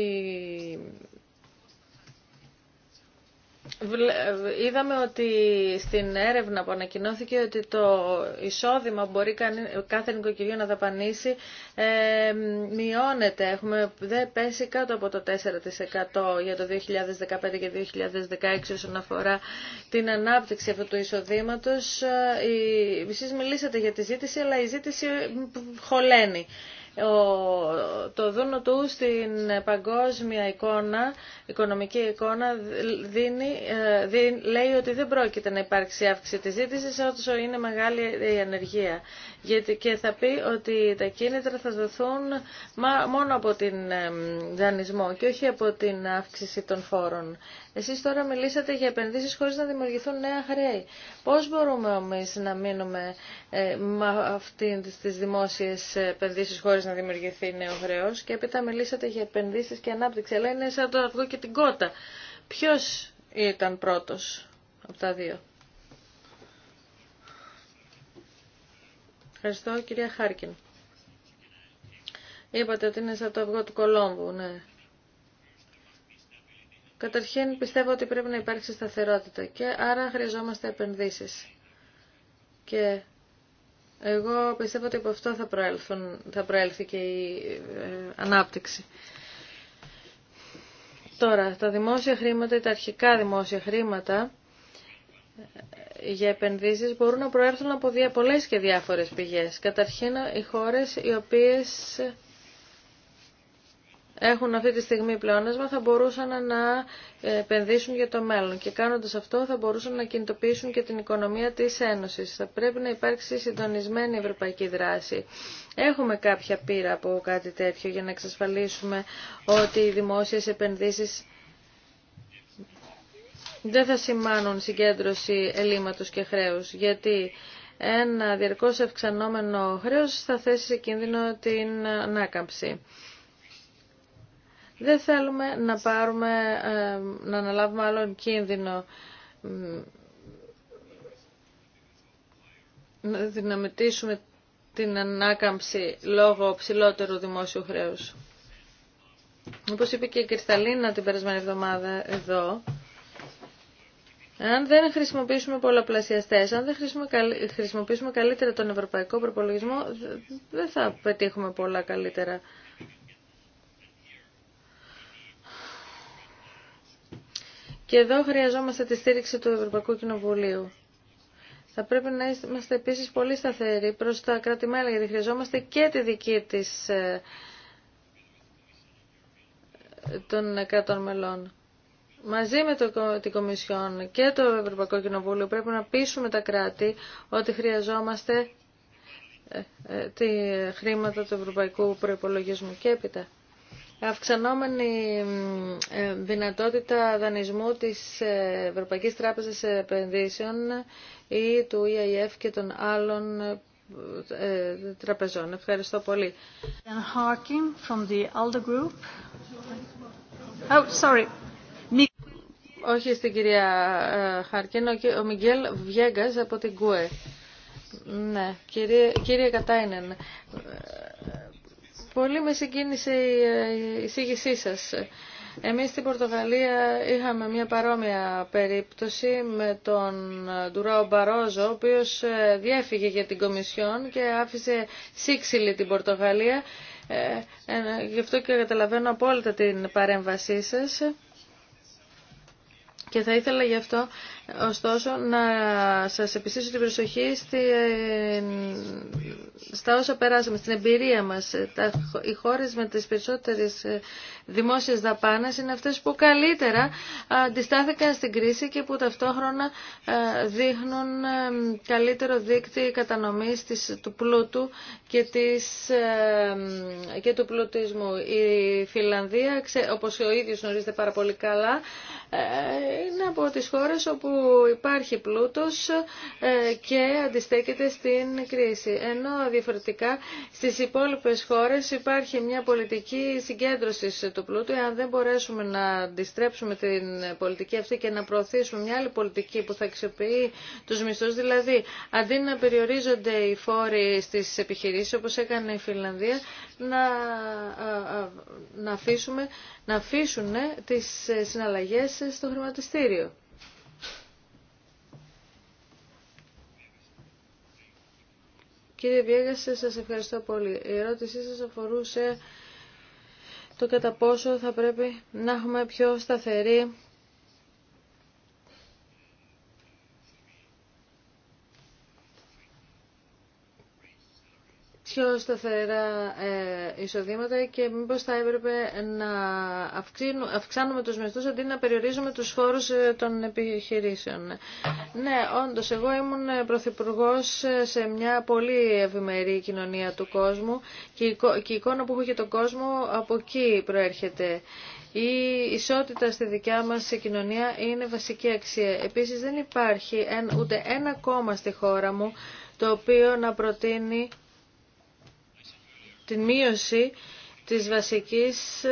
Είδαμε ότι στην έρευνα που ανακοινώθηκε ότι το εισόδημα που μπορεί κάθε νοικοκυριό να δαπανίσει ε, μειώνεται. Έχουμε δεν πέσει κάτω από το 4% για το 2015 και 2016 όσον αφορά την ανάπτυξη αυτού του εισοδήματος. Ε, εσείς μιλήσατε για τη ζήτηση, αλλά η ζήτηση χωλαίνει το δούνο του στην παγκόσμια εικόνα, οικονομική εικόνα δίνει, ε, λέει ότι δεν πρόκειται να υπάρξει αύξηση της ζήτησης όσο είναι μεγάλη η ανεργία. Γιατί και θα πει ότι τα κίνητρα θα δοθούν μόνο από την δανεισμό και όχι από την αύξηση των φόρων. Εσείς τώρα μιλήσατε για επενδύσεις χωρίς να δημιουργηθούν νέα χρέη. Πώς μπορούμε να μείνουμε ε, με αυτές τις δημόσιες επενδύσεις χωρίς να δημιουργηθεί νέο χρέος και έπειτα μιλήσατε για επενδύσεις και ανάπτυξη, αλλά είναι σαν το αυγό και την κότα. Ποιος ήταν πρώτος από τα δύο. Ευχαριστώ κυρία Χάρκιν. Είπατε ότι είναι σαν το αυγό του Κολόμβου, ναι. Καταρχήν πιστεύω ότι πρέπει να υπάρξει σταθερότητα και άρα χρειαζόμαστε επενδύσεις. Και εγώ πιστεύω ότι από αυτό θα, προέλθουν, προέλθει και η ε, ανάπτυξη. Τώρα, τα δημόσια χρήματα τα αρχικά δημόσια χρήματα ε, για επενδύσεις μπορούν να προέρθουν από πολλές και διάφορες πηγές. Καταρχήν, οι χώρες οι οποίες έχουν αυτή τη στιγμή πλεόνασμα θα μπορούσαν να επενδύσουν για το μέλλον και κάνοντας αυτό θα μπορούσαν να κινητοποιήσουν και την οικονομία της Ένωσης. Θα πρέπει να υπάρξει συντονισμένη ευρωπαϊκή δράση. Έχουμε κάποια πείρα από κάτι τέτοιο για να εξασφαλίσουμε ότι οι δημόσιες επενδύσεις δεν θα σημάνουν συγκέντρωση ελλείμματος και χρέους, γιατί ένα διαρκώς αυξανόμενο χρέος θα θέσει σε κίνδυνο την ανάκαμψη. Δεν θέλουμε να, πάρουμε, να αναλάβουμε άλλον κίνδυνο να δυναμητήσουμε την ανάκαμψη λόγω ψηλότερου δημόσιου χρέους. Όπως είπε και η Κρυσταλίνα την περασμένη εβδομάδα εδώ, αν δεν χρησιμοποιήσουμε πολλαπλασιαστές, αν δεν χρησιμοποιήσουμε καλύτερα τον ευρωπαϊκό προπολογισμό, δεν θα πετύχουμε πολλά καλύτερα. Και εδώ χρειαζόμαστε τη στήριξη του Ευρωπαϊκού Κοινοβουλίου. Θα πρέπει να είμαστε επίσης πολύ σταθεροί προς τα κρατη μέλη. γιατί χρειαζόμαστε και τη δική της ε, των κρατών μελών. Μαζί με το, την Κομισιόν και το Ευρωπαϊκό Κοινοβούλιο πρέπει να πείσουμε τα κράτη ότι χρειαζόμαστε ε, ε, τη χρήματα του Ευρωπαϊκού Προϋπολογισμού και έπειτα αυξανόμενη ε, δυνατότητα δανεισμού της ε, Ευρωπαϊκής Τράπεζας Επενδύσεων ή του EIF και των άλλων ε, τραπεζών. Ευχαριστώ πολύ. Oh, Όχι στην κυρία Χαρκίν, ο Μιγγέλ Βιέγκας από την ΚΟΕ. Ναι, κύριε, κύριε Κατάινεν, Πολύ με συγκίνησε ε, η εισήγησή σας. Εμείς στην Πορτογαλία είχαμε μια παρόμοια περίπτωση με τον Ντουράο Μπαρόζο, ο οποίος ε, διέφυγε για την Κομισιόν και άφησε σύξυλη την Πορτογαλία. Ε, γι' αυτό και καταλαβαίνω απόλυτα την παρέμβασή σας. Και θα ήθελα γι' αυτό Ωστόσο, να σας επιστήσω την προσοχή στη, στα όσα περάσαμε, στην εμπειρία μας. Τα, οι χώρες με τις περισσότερες ε, δημόσιες δαπάνες είναι αυτές που καλύτερα ε, αντιστάθηκαν στην κρίση και που ταυτόχρονα ε, δείχνουν καλύτερο δίκτυο κατανομής του πλούτου και, και του πλουτισμού. Η Φιλανδία, όπως ο ίδιος γνωρίζετε πάρα πολύ καλά, είναι από τις χώρες όπου υπάρχει πλούτος ε, και αντιστέκεται στην κρίση. Ενώ διαφορετικά στις υπόλοιπες χώρες υπάρχει μια πολιτική συγκέντρωση του πλούτου. Αν δεν μπορέσουμε να αντιστρέψουμε την πολιτική αυτή και να προωθήσουμε μια άλλη πολιτική που θα αξιοποιεί τους μισθούς, δηλαδή αντί να περιορίζονται οι φόροι στις επιχειρήσεις όπως έκανε η Φιλανδία, να, να, αφήσουμε, να αφήσουν τις συναλλαγές στο χρηματιστήριο. Κύριε Βιέγα, σας ευχαριστώ πολύ. Η ερώτησή σας αφορούσε το κατά πόσο θα πρέπει να έχουμε πιο σταθερή πιο σταθερά ε, εισοδήματα και μήπως θα έπρεπε να αυξάνουμε τους μισθού αντί να περιορίζουμε τους φόρους ε, των επιχειρήσεων. Ναι, όντως, εγώ ήμουν πρωθυπουργό σε μια πολύ ευημερή κοινωνία του κόσμου και η εικόνα που έχω για τον κόσμο από εκεί προέρχεται. Η ισότητα στη δικιά μας κοινωνία είναι βασική αξία. Επίσης δεν υπάρχει ούτε ένα κόμμα στη χώρα μου το οποίο να προτείνει την μείωση της βασικής,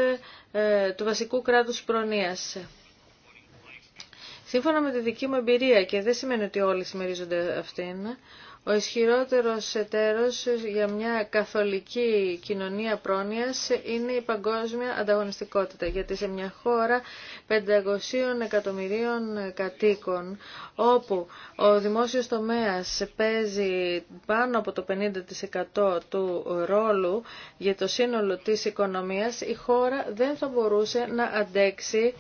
ε, του βασικού κράτους προνοίας. Σύμφωνα με τη δική μου εμπειρία, και δεν σημαίνει ότι όλοι συμμερίζονται αυτήν, ο ισχυρότερος εταίρος για μια καθολική κοινωνία πρόνοιας είναι η παγκόσμια ανταγωνιστικότητα, γιατί σε μια χώρα 500 εκατομμυρίων κατοίκων, όπου ο δημόσιος τομέας παίζει πάνω από το 50% του ρόλου για το σύνολο της οικονομίας, η χώρα δεν θα μπορούσε να αντέξει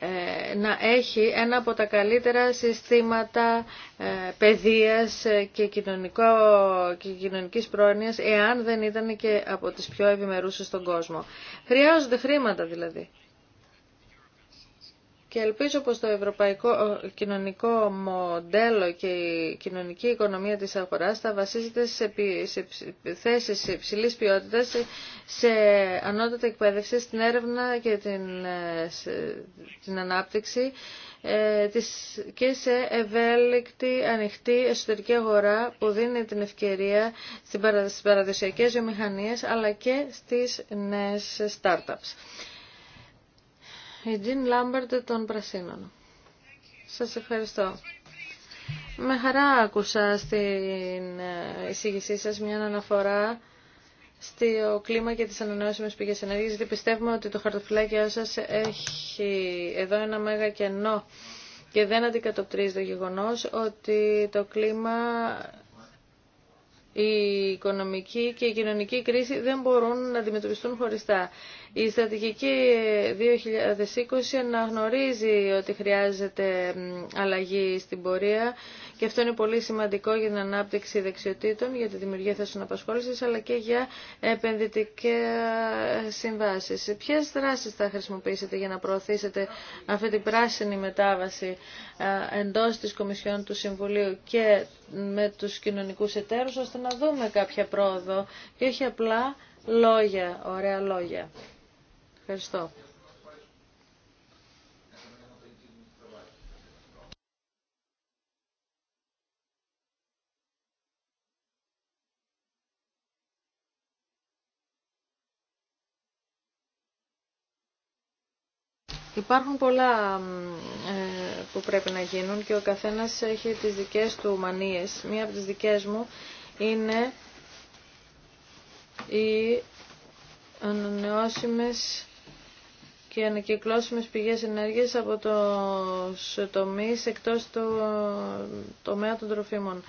ε, να έχει ένα από τα καλύτερα συστήματα ε, παιδείας ε, και, κοινωνικό, και κοινωνικής πρόνοιας, εάν δεν ήταν και από τις πιο ευημερούσες στον κόσμο. Χρειάζονται χρήματα δηλαδή και ελπίζω πως το ευρωπαϊκό κοινωνικό μοντέλο και η κοινωνική οικονομία της αγοράς θα βασίζεται σε, σε θέσεις υψηλής ποιότητας, σε ανώτατα εκπαίδευση, στην έρευνα και την, την ανάπτυξη ε, και σε ευέλικτη, ανοιχτή εσωτερική αγορά που δίνει την ευκαιρία στις παραδοσιακές βιομηχανίες αλλά και στις νέες startups. Η Τζιν Λάμπερτ των Πρασίνων. Σας ευχαριστώ. Με χαρά άκουσα στην ε, εισήγησή σας μια αναφορά στο κλίμα και τις ανανεώσιμες πηγές ενέργειας, γιατί πιστεύουμε ότι το χαρτοφυλάκιό σας έχει εδώ ένα μέγα κενό και δεν αντικατοπτρίζει το γεγονός ότι το κλίμα, η οικονομική και η κοινωνική κρίση δεν μπορούν να αντιμετωπιστούν χωριστά. Η στρατηγική 2020 αναγνωρίζει ότι χρειάζεται αλλαγή στην πορεία και αυτό είναι πολύ σημαντικό για την ανάπτυξη δεξιοτήτων, για τη δημιουργία θέσεων απασχόληση αλλά και για επενδυτικέ συμβάσει. Ποιε δράσει θα χρησιμοποιήσετε για να προωθήσετε αυτή την πράσινη μετάβαση ε, εντό τη Κομισιόν του Συμβουλίου και με του κοινωνικού εταίρου ώστε να δούμε κάποια πρόοδο και όχι απλά λόγια, ωραία λόγια. Ευχαριστώ. Υπάρχουν πολλά ε, που πρέπει να γίνουν και ο καθένας έχει τις δικές του μανίες. Μία από τις δικές μου είναι οι ανανεώσιμες και ανακυκλώσιμες πηγές ενέργειας από το τομείς εκτός του τομέα των τροφίμων.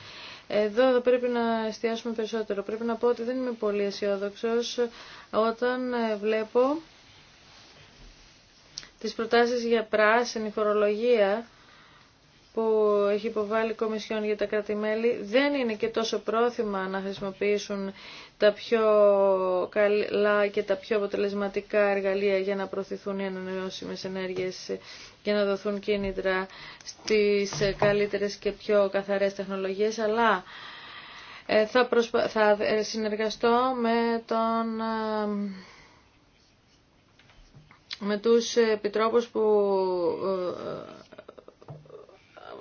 Εδώ πρέπει να εστιάσουμε περισσότερο. Πρέπει να πω ότι δεν είμαι πολύ αισιόδοξο όταν βλέπω τις προτάσεις για πράσινη φορολογία που έχει υποβάλει η Κομισιόν για τα κράτη-μέλη δεν είναι και τόσο πρόθυμα να χρησιμοποιήσουν τα πιο καλά και τα πιο αποτελεσματικά εργαλεία για να προωθηθούν οι ανανεώσιμες ενέργειες και να δοθούν κίνητρα στις καλύτερες και πιο καθαρές τεχνολογίες, αλλά ε, θα, θα ε, συνεργαστώ με τον ε, με τους επιτρόπους που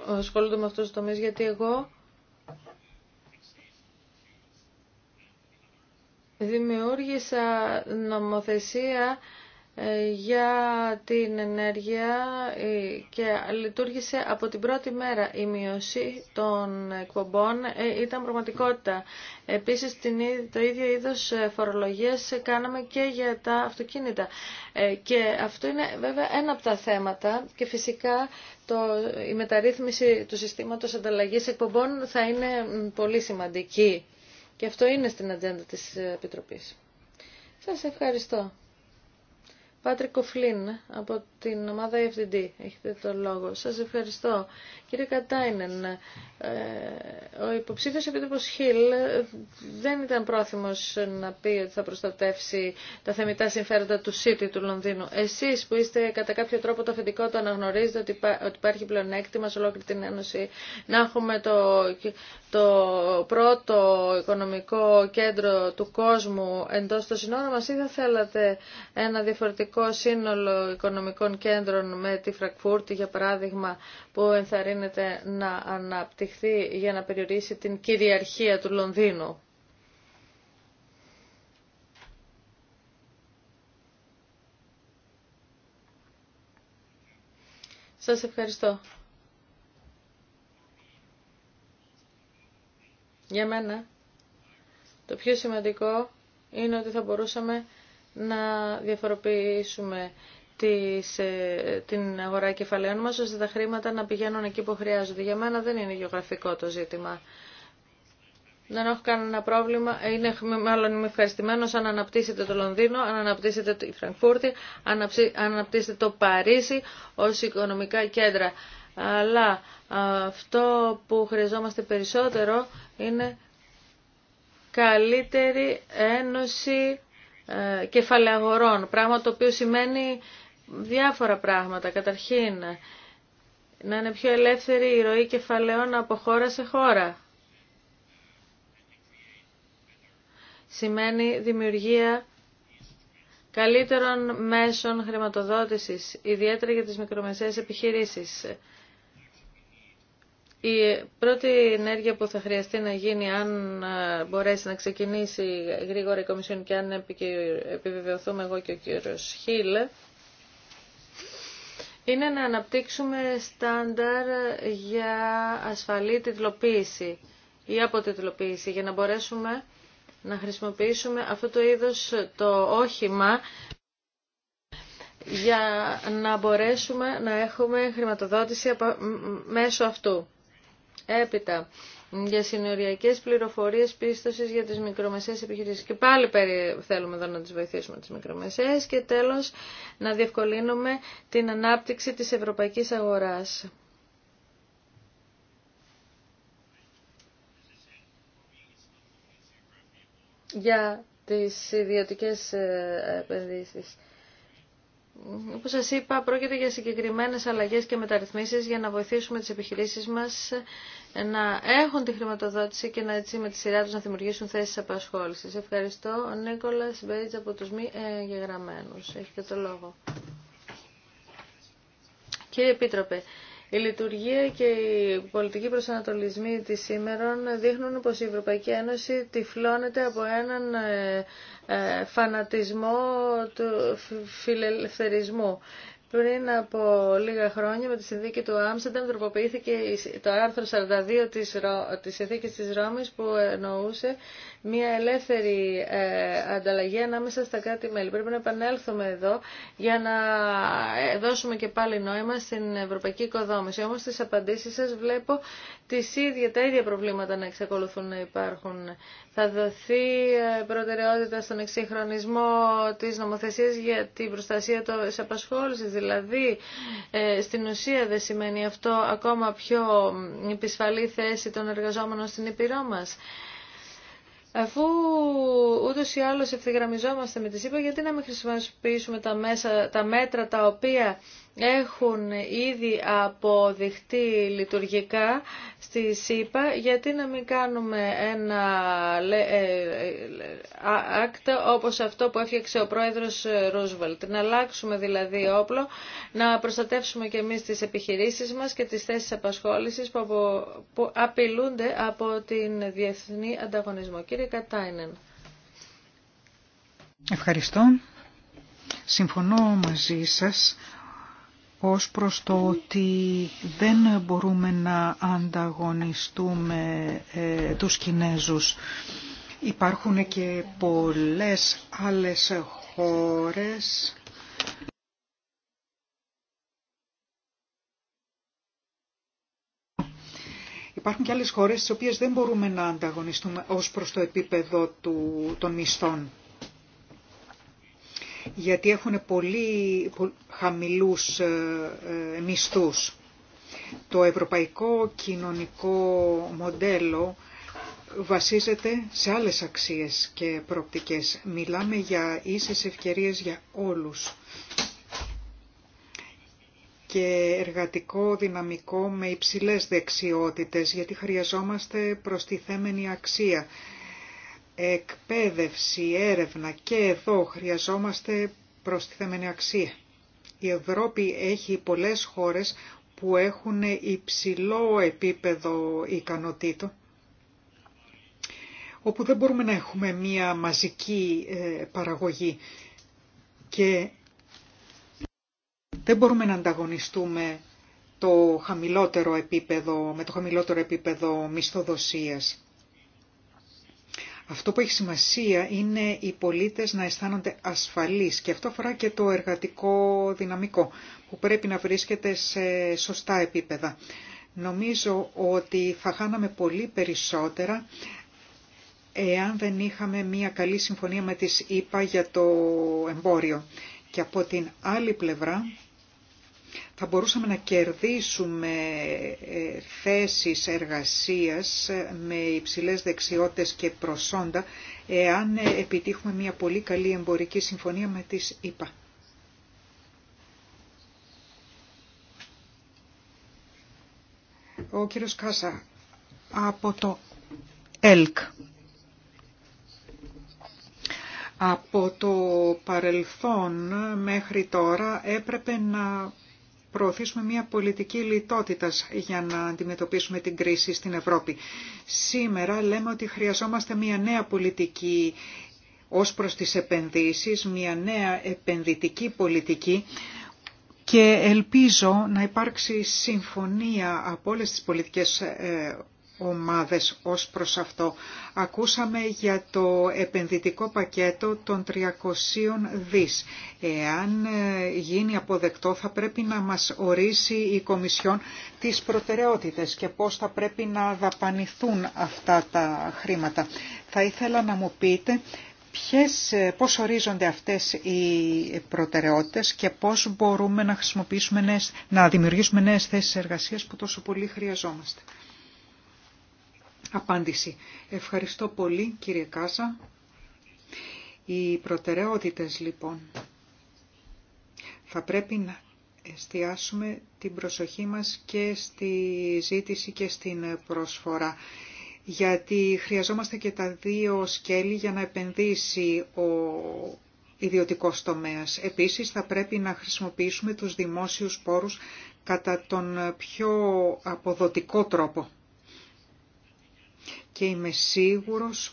ασχολούνται με αυτού του τομεί, γιατί εγώ δημιούργησα νομοθεσία ε, για την ενέργεια ε, και λειτουργήσε από την πρώτη μέρα η μείωση των εκπομπών ε, ήταν πραγματικότητα. Επίσης το ίδιο είδος φορολογίες κάναμε και για τα αυτοκίνητα. Και αυτό είναι βέβαια ένα από τα θέματα και φυσικά το, η μεταρρύθμιση του συστήματος ανταλλαγής εκπομπών θα είναι πολύ σημαντική. Και αυτό είναι στην ατζέντα της Επιτροπής. Σας ευχαριστώ. Πάτρικο Φλίν από την ομάδα FDD. Έχετε το λόγο. Σας ευχαριστώ. Κύριε Κατάινεν, ε, ο υποψήφιος επίτροπος Χιλ ε, δεν ήταν πρόθυμος να πει ότι θα προστατεύσει τα θεμητά συμφέροντα του City του Λονδίνου. Εσείς που είστε κατά κάποιο τρόπο το αφεντικό το αναγνωρίζετε ότι υπάρχει πλεονέκτημα σε ολόκληρη την Ένωση να έχουμε το, το πρώτο οικονομικό κέντρο του κόσμου εντός των συνόρων μας ή θα θέλατε ένα διαφορετικό Ευρωπαϊκό Σύνολο Οικονομικών Κέντρων με τη Φραγκφούρτη, για παράδειγμα, που ενθαρρύνεται να αναπτυχθεί για να περιορίσει την κυριαρχία του Λονδίνου. Σας ευχαριστώ. Για μένα, το πιο σημαντικό είναι ότι θα μπορούσαμε να διαφοροποιήσουμε ε, την αγορά κεφαλαίων μας, ώστε τα χρήματα να πηγαίνουν εκεί που χρειάζονται. Για μένα δεν είναι γεωγραφικό το ζήτημα. Δεν έχω κανένα πρόβλημα. Είναι, μάλλον είμαι ευχαριστημένο αν αναπτύσσετε το Λονδίνο, αν αναπτύσσετε τη Φραγκφούρτη, αν αναπτύσσετε το Παρίσι ως οικονομικά κέντρα. Αλλά αυτό που χρειαζόμαστε περισσότερο είναι καλύτερη ένωση ε, αγορών, πράγμα το οποίο σημαίνει διάφορα πράγματα. Καταρχήν, να είναι πιο ελεύθερη η ροή κεφαλαίων από χώρα σε χώρα. Σημαίνει δημιουργία καλύτερων μέσων χρηματοδότησης, ιδιαίτερα για τις μικρομεσαίες επιχειρήσεις. Η πρώτη ενέργεια που θα χρειαστεί να γίνει αν ε, μπορέσει να ξεκινήσει γρήγορα η Κομισιόν και αν επιβεβαιωθούμε εγώ και ο κύριος Χίλ είναι να αναπτύξουμε στάνταρ για ασφαλή τιτλοποίηση ή αποτιτλοποίηση για να μπορέσουμε να χρησιμοποιήσουμε αυτό το είδος το όχημα για να μπορέσουμε να έχουμε χρηματοδότηση μέσω αυτού. Έπειτα, για συνοριακές πληροφορίες πίστοσης για τις μικρομεσαίες επιχειρήσεις. Και πάλι θέλουμε εδώ να τις βοηθήσουμε τις μικρομεσαίες και τέλος να διευκολύνουμε την ανάπτυξη της ευρωπαϊκής αγοράς. για τις ιδιωτικές ε, επενδύσεις. Όπως σας είπα, πρόκειται για συγκεκριμένες αλλαγές και μεταρρυθμίσεις για να βοηθήσουμε τις επιχειρήσεις μας να έχουν τη χρηματοδότηση και να έτσι με τη σειρά τους να δημιουργήσουν θέσεις απασχόλησης. Ευχαριστώ. Ο Νίκολας Μπέιτς από τους μη εγγεγραμμένους. Έχετε το λόγο. Κύριε Επίτροπε, η λειτουργία και οι πολιτικοί προσανατολισμοί τη σήμερα δείχνουν πως η Ευρωπαϊκή Ένωση τυφλώνεται από έναν ε, ε, φανατισμό του φιλελευθερισμού. Πριν από λίγα χρόνια με τη συνθήκη του Άμστερνταμ τροποποιήθηκε το άρθρο 42 της, της συνθήκης της Ρώμης που εννοούσε μια ελεύθερη ε, ανταλλαγή ανάμεσα στα κράτη-μέλη. Πρέπει να επανέλθουμε εδώ για να ε, δώσουμε και πάλι νόημα στην ευρωπαϊκή οικοδόμηση. Όμως στις απαντήσεις σας βλέπω τις ίδια, τα ίδια προβλήματα να εξακολουθούν να υπάρχουν. Θα δοθεί ε, προτεραιότητα στον εξυγχρονισμό της νομοθεσίας για την προστασία της απασχόλησης. Δηλαδή, στην ουσία δεν σημαίνει αυτό ακόμα πιο επισφαλή θέση των εργαζόμενων στην Ήπειρό μας. Αφού ούτω ή άλλω ευθυγραμμιζόμαστε με τη ΣΥΠΑ, γιατί να μην χρησιμοποιήσουμε τα, μέσα, τα μέτρα τα οποία έχουν ήδη αποδειχτεί λειτουργικά στη ΣΥΠΑ, γιατί να μην κάνουμε ένα ε, ε, άκτα όπως αυτό που έφτιαξε ο πρόεδρος Ρούσβελτ. Να αλλάξουμε δηλαδή όπλο, να προστατεύσουμε και εμείς τις επιχειρήσεις μας και τις θέσεις απασχόλησης που απειλούνται από την διεθνή ανταγωνισμό. Κύριε Κατάινεν. Ευχαριστώ. Συμφωνώ μαζί σας ως προς το ότι δεν μπορούμε να ανταγωνιστούμε ε, τους Κινέζους. Υπάρχουν και πολλές άλλες χώρες Υπάρχουν και άλλες χώρες στις οποίες δεν μπορούμε να ανταγωνιστούμε ως προς το επίπεδο του, των μισθών γιατί έχουν πολύ χαμηλούς ε, ε, μισθούς. Το ευρωπαϊκό κοινωνικό μοντέλο βασίζεται σε άλλες αξίες και προοπτικές. Μιλάμε για ίσες ευκαιρίες για όλους και εργατικό δυναμικό με υψηλές δεξιότητες, γιατί χρειαζόμαστε προστιθέμενη αξία εκπαίδευση, έρευνα και εδώ χρειαζόμαστε προστιθέμενη αξία. Η Ευρώπη έχει πολλές χώρες που έχουν υψηλό επίπεδο ικανοτήτων, όπου δεν μπορούμε να έχουμε μία μαζική ε, παραγωγή και δεν μπορούμε να ανταγωνιστούμε το χαμηλότερο επίπεδο, με το χαμηλότερο επίπεδο μισθοδοσίας. Αυτό που έχει σημασία είναι οι πολίτες να αισθάνονται ασφαλείς και αυτό αφορά και το εργατικό δυναμικό που πρέπει να βρίσκεται σε σωστά επίπεδα. Νομίζω ότι θα χάναμε πολύ περισσότερα εάν δεν είχαμε μια καλή συμφωνία με τις ΗΠΑ για το εμπόριο. Και από την άλλη πλευρά θα μπορούσαμε να κερδίσουμε ε, θέσεις εργασίας ε, με υψηλές δεξιότητες και προσόντα εάν ε, επιτύχουμε μια πολύ καλή εμπορική συμφωνία με τις Ιπα. Ο κύριος Κάσα από το ΕΛΚ. Από το παρελθόν μέχρι τώρα έπρεπε να προωθήσουμε μια πολιτική λιτότητας για να αντιμετωπίσουμε την κρίση στην Ευρώπη. Σήμερα λέμε ότι χρειαζόμαστε μια νέα πολιτική ως προς τις επενδύσεις, μια νέα επενδυτική πολιτική και ελπίζω να υπάρξει συμφωνία από όλες τις πολιτικές ε, ομάδες ως προς αυτό. Ακούσαμε για το επενδυτικό πακέτο των 300 δις. Εάν ε, γίνει αποδεκτό θα πρέπει να μας ορίσει η Κομισιόν τις προτεραιότητες και πώς θα πρέπει να δαπανηθούν αυτά τα χρήματα. Θα ήθελα να μου πείτε ποιες, ε, πώς ορίζονται αυτές οι προτεραιότητες και πώς μπορούμε να, χρησιμοποιήσουμε να δημιουργήσουμε νέες θέσεις εργασίας που τόσο πολύ χρειαζόμαστε απάντηση. Ευχαριστώ πολύ κύριε Κάσα. Οι προτεραιότητες λοιπόν. Θα πρέπει να εστιάσουμε την προσοχή μας και στη ζήτηση και στην προσφορά. Γιατί χρειαζόμαστε και τα δύο σκέλη για να επενδύσει ο ιδιωτικός τομέας. Επίσης θα πρέπει να χρησιμοποιήσουμε τους δημόσιους πόρους κατά τον πιο αποδοτικό τρόπο και είμαι σίγουρος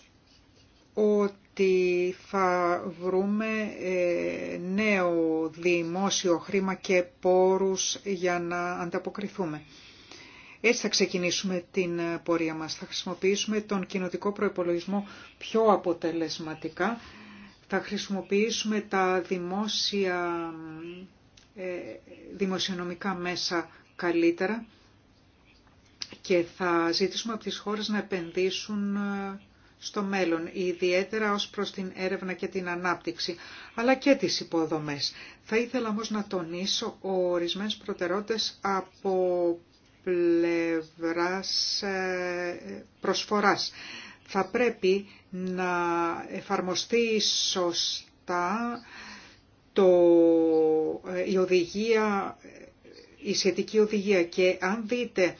ότι θα βρούμε ε, νέο δημόσιο χρήμα και πόρους για να ανταποκριθούμε. Έτσι θα ξεκινήσουμε την πορεία μας. Θα χρησιμοποιήσουμε τον κοινοτικό προϋπολογισμό πιο αποτελεσματικά. Θα χρησιμοποιήσουμε τα δημόσια, ε, δημοσιονομικά μέσα καλύτερα και θα ζητήσουμε από τις χώρες να επενδύσουν ε, στο μέλλον, ιδιαίτερα ως προς την έρευνα και την ανάπτυξη, αλλά και τις υποδομές. Θα ήθελα όμως να τονίσω ορισμένες προτερότητες από πλευράς ε, προσφοράς. Θα πρέπει να εφαρμοστεί σωστά το, ε, η οδηγία, η σχετική οδηγία και αν δείτε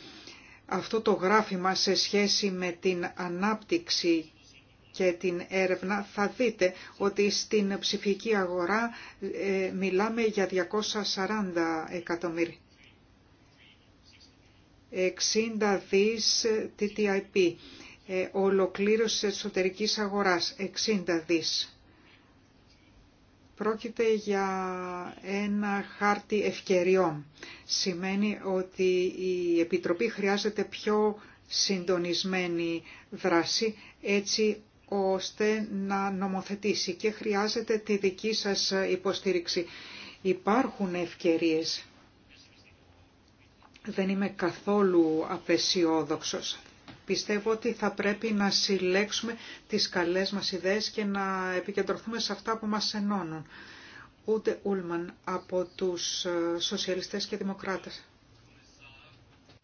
αυτό το γράφημα σε σχέση με την ανάπτυξη και την έρευνα θα δείτε ότι στην ψηφική αγορά ε, μιλάμε για 240 εκατομμύρια. 60 δις TTIP, ε, ε, ολοκλήρωση εσωτερικής αγοράς 60 δις. Πρόκειται για ένα χάρτη ευκαιριών. Σημαίνει ότι η Επιτροπή χρειάζεται πιο συντονισμένη δράση έτσι ώστε να νομοθετήσει και χρειάζεται τη δική σας υποστήριξη. Υπάρχουν ευκαιρίες. Δεν είμαι καθόλου απεσιόδοξος. Πιστεύω ότι θα πρέπει να συλλέξουμε τις καλές μας ιδέες και να επικεντρωθούμε σε αυτά που μας ενώνουν. Ούτε Ούλμαν από τους ε, σοσιαλιστές και δημοκράτες.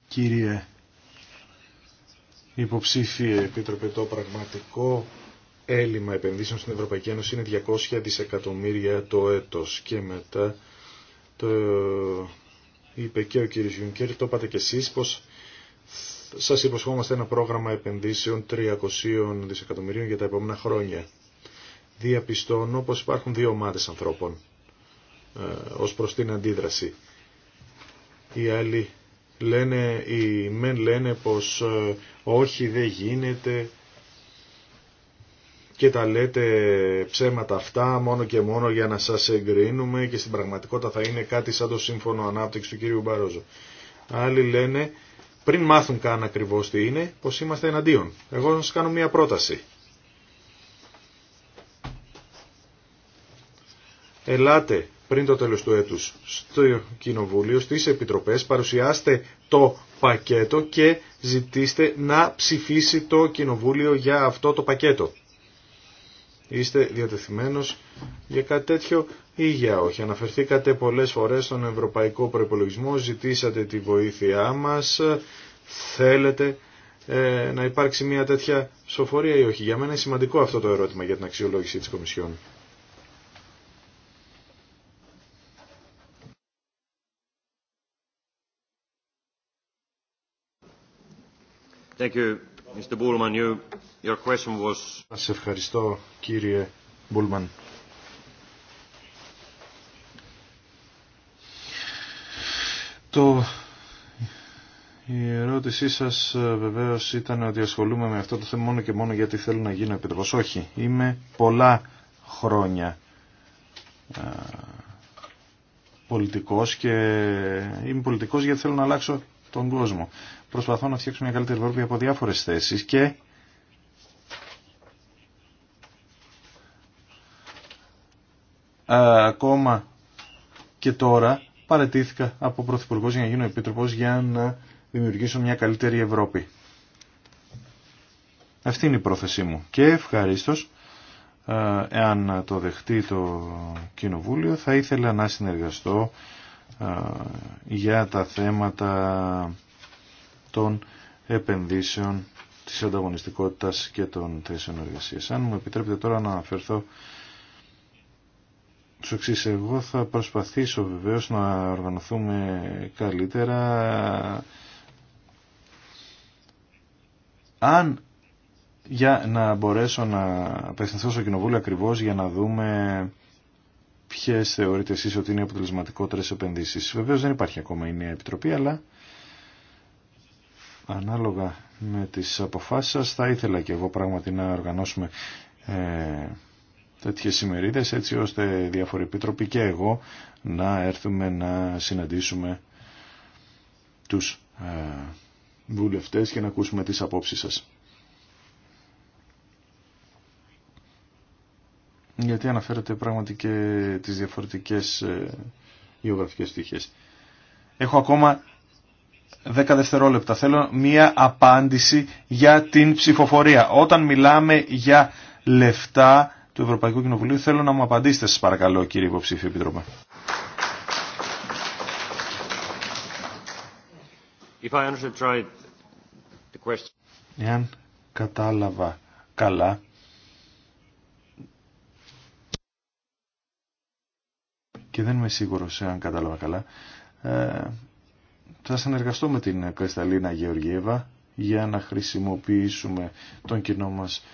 Κύριε υποψήφιε επίτροπε, το πραγματικό έλλειμμα επενδύσεων στην Ευρωπαϊκή Ένωση είναι 200 δισεκατομμύρια το έτος και μετά το είπε και ο κύριος Γιουνκέρ, το είπατε και εσείς σας υποσχόμαστε ένα πρόγραμμα επενδύσεων 300 δισεκατομμυρίων για τα επόμενα χρόνια. Διαπιστώνω πως υπάρχουν δύο ομάδες ανθρώπων ε, ως προς την αντίδραση. Οι άλλοι λένε, οι μεν λένε πως ε, όχι δεν γίνεται και τα λέτε ψέματα αυτά μόνο και μόνο για να σας εγκρίνουμε και στην πραγματικότητα θα είναι κάτι σαν το σύμφωνο ανάπτυξη του κύριου Μπαρόζο. Άλλοι λένε πριν μάθουν καν ακριβώ τι είναι, πως είμαστε εναντίον. Εγώ σας κάνω μία πρόταση. Ελάτε πριν το τέλο του έτους στο Κοινοβούλιο, στις Επιτροπές, παρουσιάστε το πακέτο και ζητήστε να ψηφίσει το Κοινοβούλιο για αυτό το πακέτο είστε διατεθειμένος για κάτι τέτοιο ή για όχι. Αναφερθήκατε πολλές φορές στον ευρωπαϊκό προϋπολογισμό, ζητήσατε τη βοήθειά μας, θέλετε ε, να υπάρξει μια τέτοια σοφορία ή όχι. Για μένα είναι σημαντικό αυτό το ερώτημα για την αξιολόγηση της Κομισιόν. Thank you. Mr. Σας ευχαριστώ κύριε Μπούλμαν. Το... Η ερώτησή σας ε, βεβαίως ήταν ότι ασχολούμαι με αυτό το θέμα μόνο και μόνο γιατί θέλω να γίνω επιτροπός. Όχι, είμαι πολλά χρόνια ε, πολιτικός και είμαι πολιτικός γιατί θέλω να αλλάξω τον κόσμο. Προσπαθώ να φτιάξω μια καλύτερη Ευρώπη από διάφορες θέσεις και ακόμα και τώρα παρετήθηκα από Πρωθυπουργός για να γίνω Επίτροπος για να δημιουργήσω μια καλύτερη Ευρώπη. Αυτή είναι η πρόθεσή μου και ευχαρίστω εάν το δεχτεί το Κοινοβούλιο θα ήθελα να συνεργαστώ για τα θέματα των επενδύσεων της ανταγωνιστικότητας και των θέσεων εργασίας. Αν μου επιτρέπετε τώρα να αναφερθώ στο εξή εγώ θα προσπαθήσω βεβαίως να οργανωθούμε καλύτερα αν για να μπορέσω να απευθυνθώ στο κοινοβούλιο ακριβώς για να δούμε Ποιε θεωρείτε εσείς ότι είναι οι αποτελεσματικότερε επενδύσεις. Βεβαίως δεν υπάρχει ακόμα η νέα επιτροπή, αλλά ανάλογα με τις αποφάσεις σα θα ήθελα και εγώ πράγματι να οργανώσουμε ε, τέτοιες ημερίδες έτσι ώστε διάφοροι επίτροποι και εγώ να έρθουμε να συναντήσουμε τους ε, βουλευτές και να ακούσουμε τι απόψει σα. γιατί αναφέρεται πράγματι και τις διαφορετικές ε, γεωγραφικές στοιχείες. Έχω ακόμα 10 δευτερόλεπτα. Θέλω μία απάντηση για την ψηφοφορία. Όταν μιλάμε για λεφτά του Ευρωπαϊκού Κοινοβουλίου, θέλω να μου απαντήσετε σας παρακαλώ κύριε υποψήφιο επιτροπέ. Εάν κατάλαβα καλά, και δεν είμαι σίγουρος αν κατάλαβα καλά. Ε, θα συνεργαστώ με την Κρυσταλίνα Γεωργίευα για να χρησιμοποιήσουμε τον κοινό μας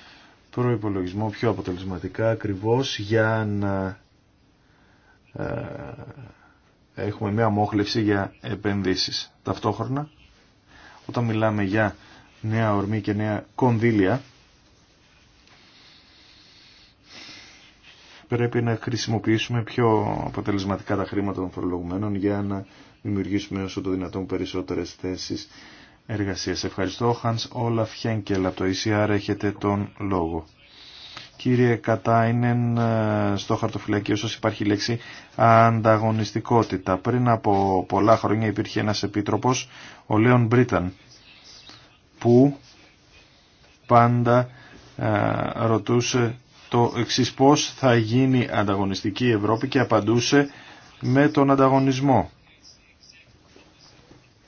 προϋπολογισμό πιο αποτελεσματικά ακριβώς για να ε, έχουμε μια μόχλευση για επενδύσεις. Ταυτόχρονα, όταν μιλάμε για νέα ορμή και νέα κονδύλια, πρέπει να χρησιμοποιήσουμε πιο αποτελεσματικά τα χρήματα των φορολογουμένων για να δημιουργήσουμε όσο το δυνατόν περισσότερες θέσεις εργασίας. Ευχαριστώ. Hans Olaf Henkel από το ECR έχετε τον λόγο. Κύριε Κατάινεν, στο χαρτοφυλακείο σας υπάρχει η λέξη ανταγωνιστικότητα. Πριν από πολλά χρόνια υπήρχε ένας επίτροπος, ο Λέων Μπρίταν, που πάντα ε, ρωτούσε το εξή θα γίνει ανταγωνιστική η Ευρώπη και απαντούσε με τον ανταγωνισμό.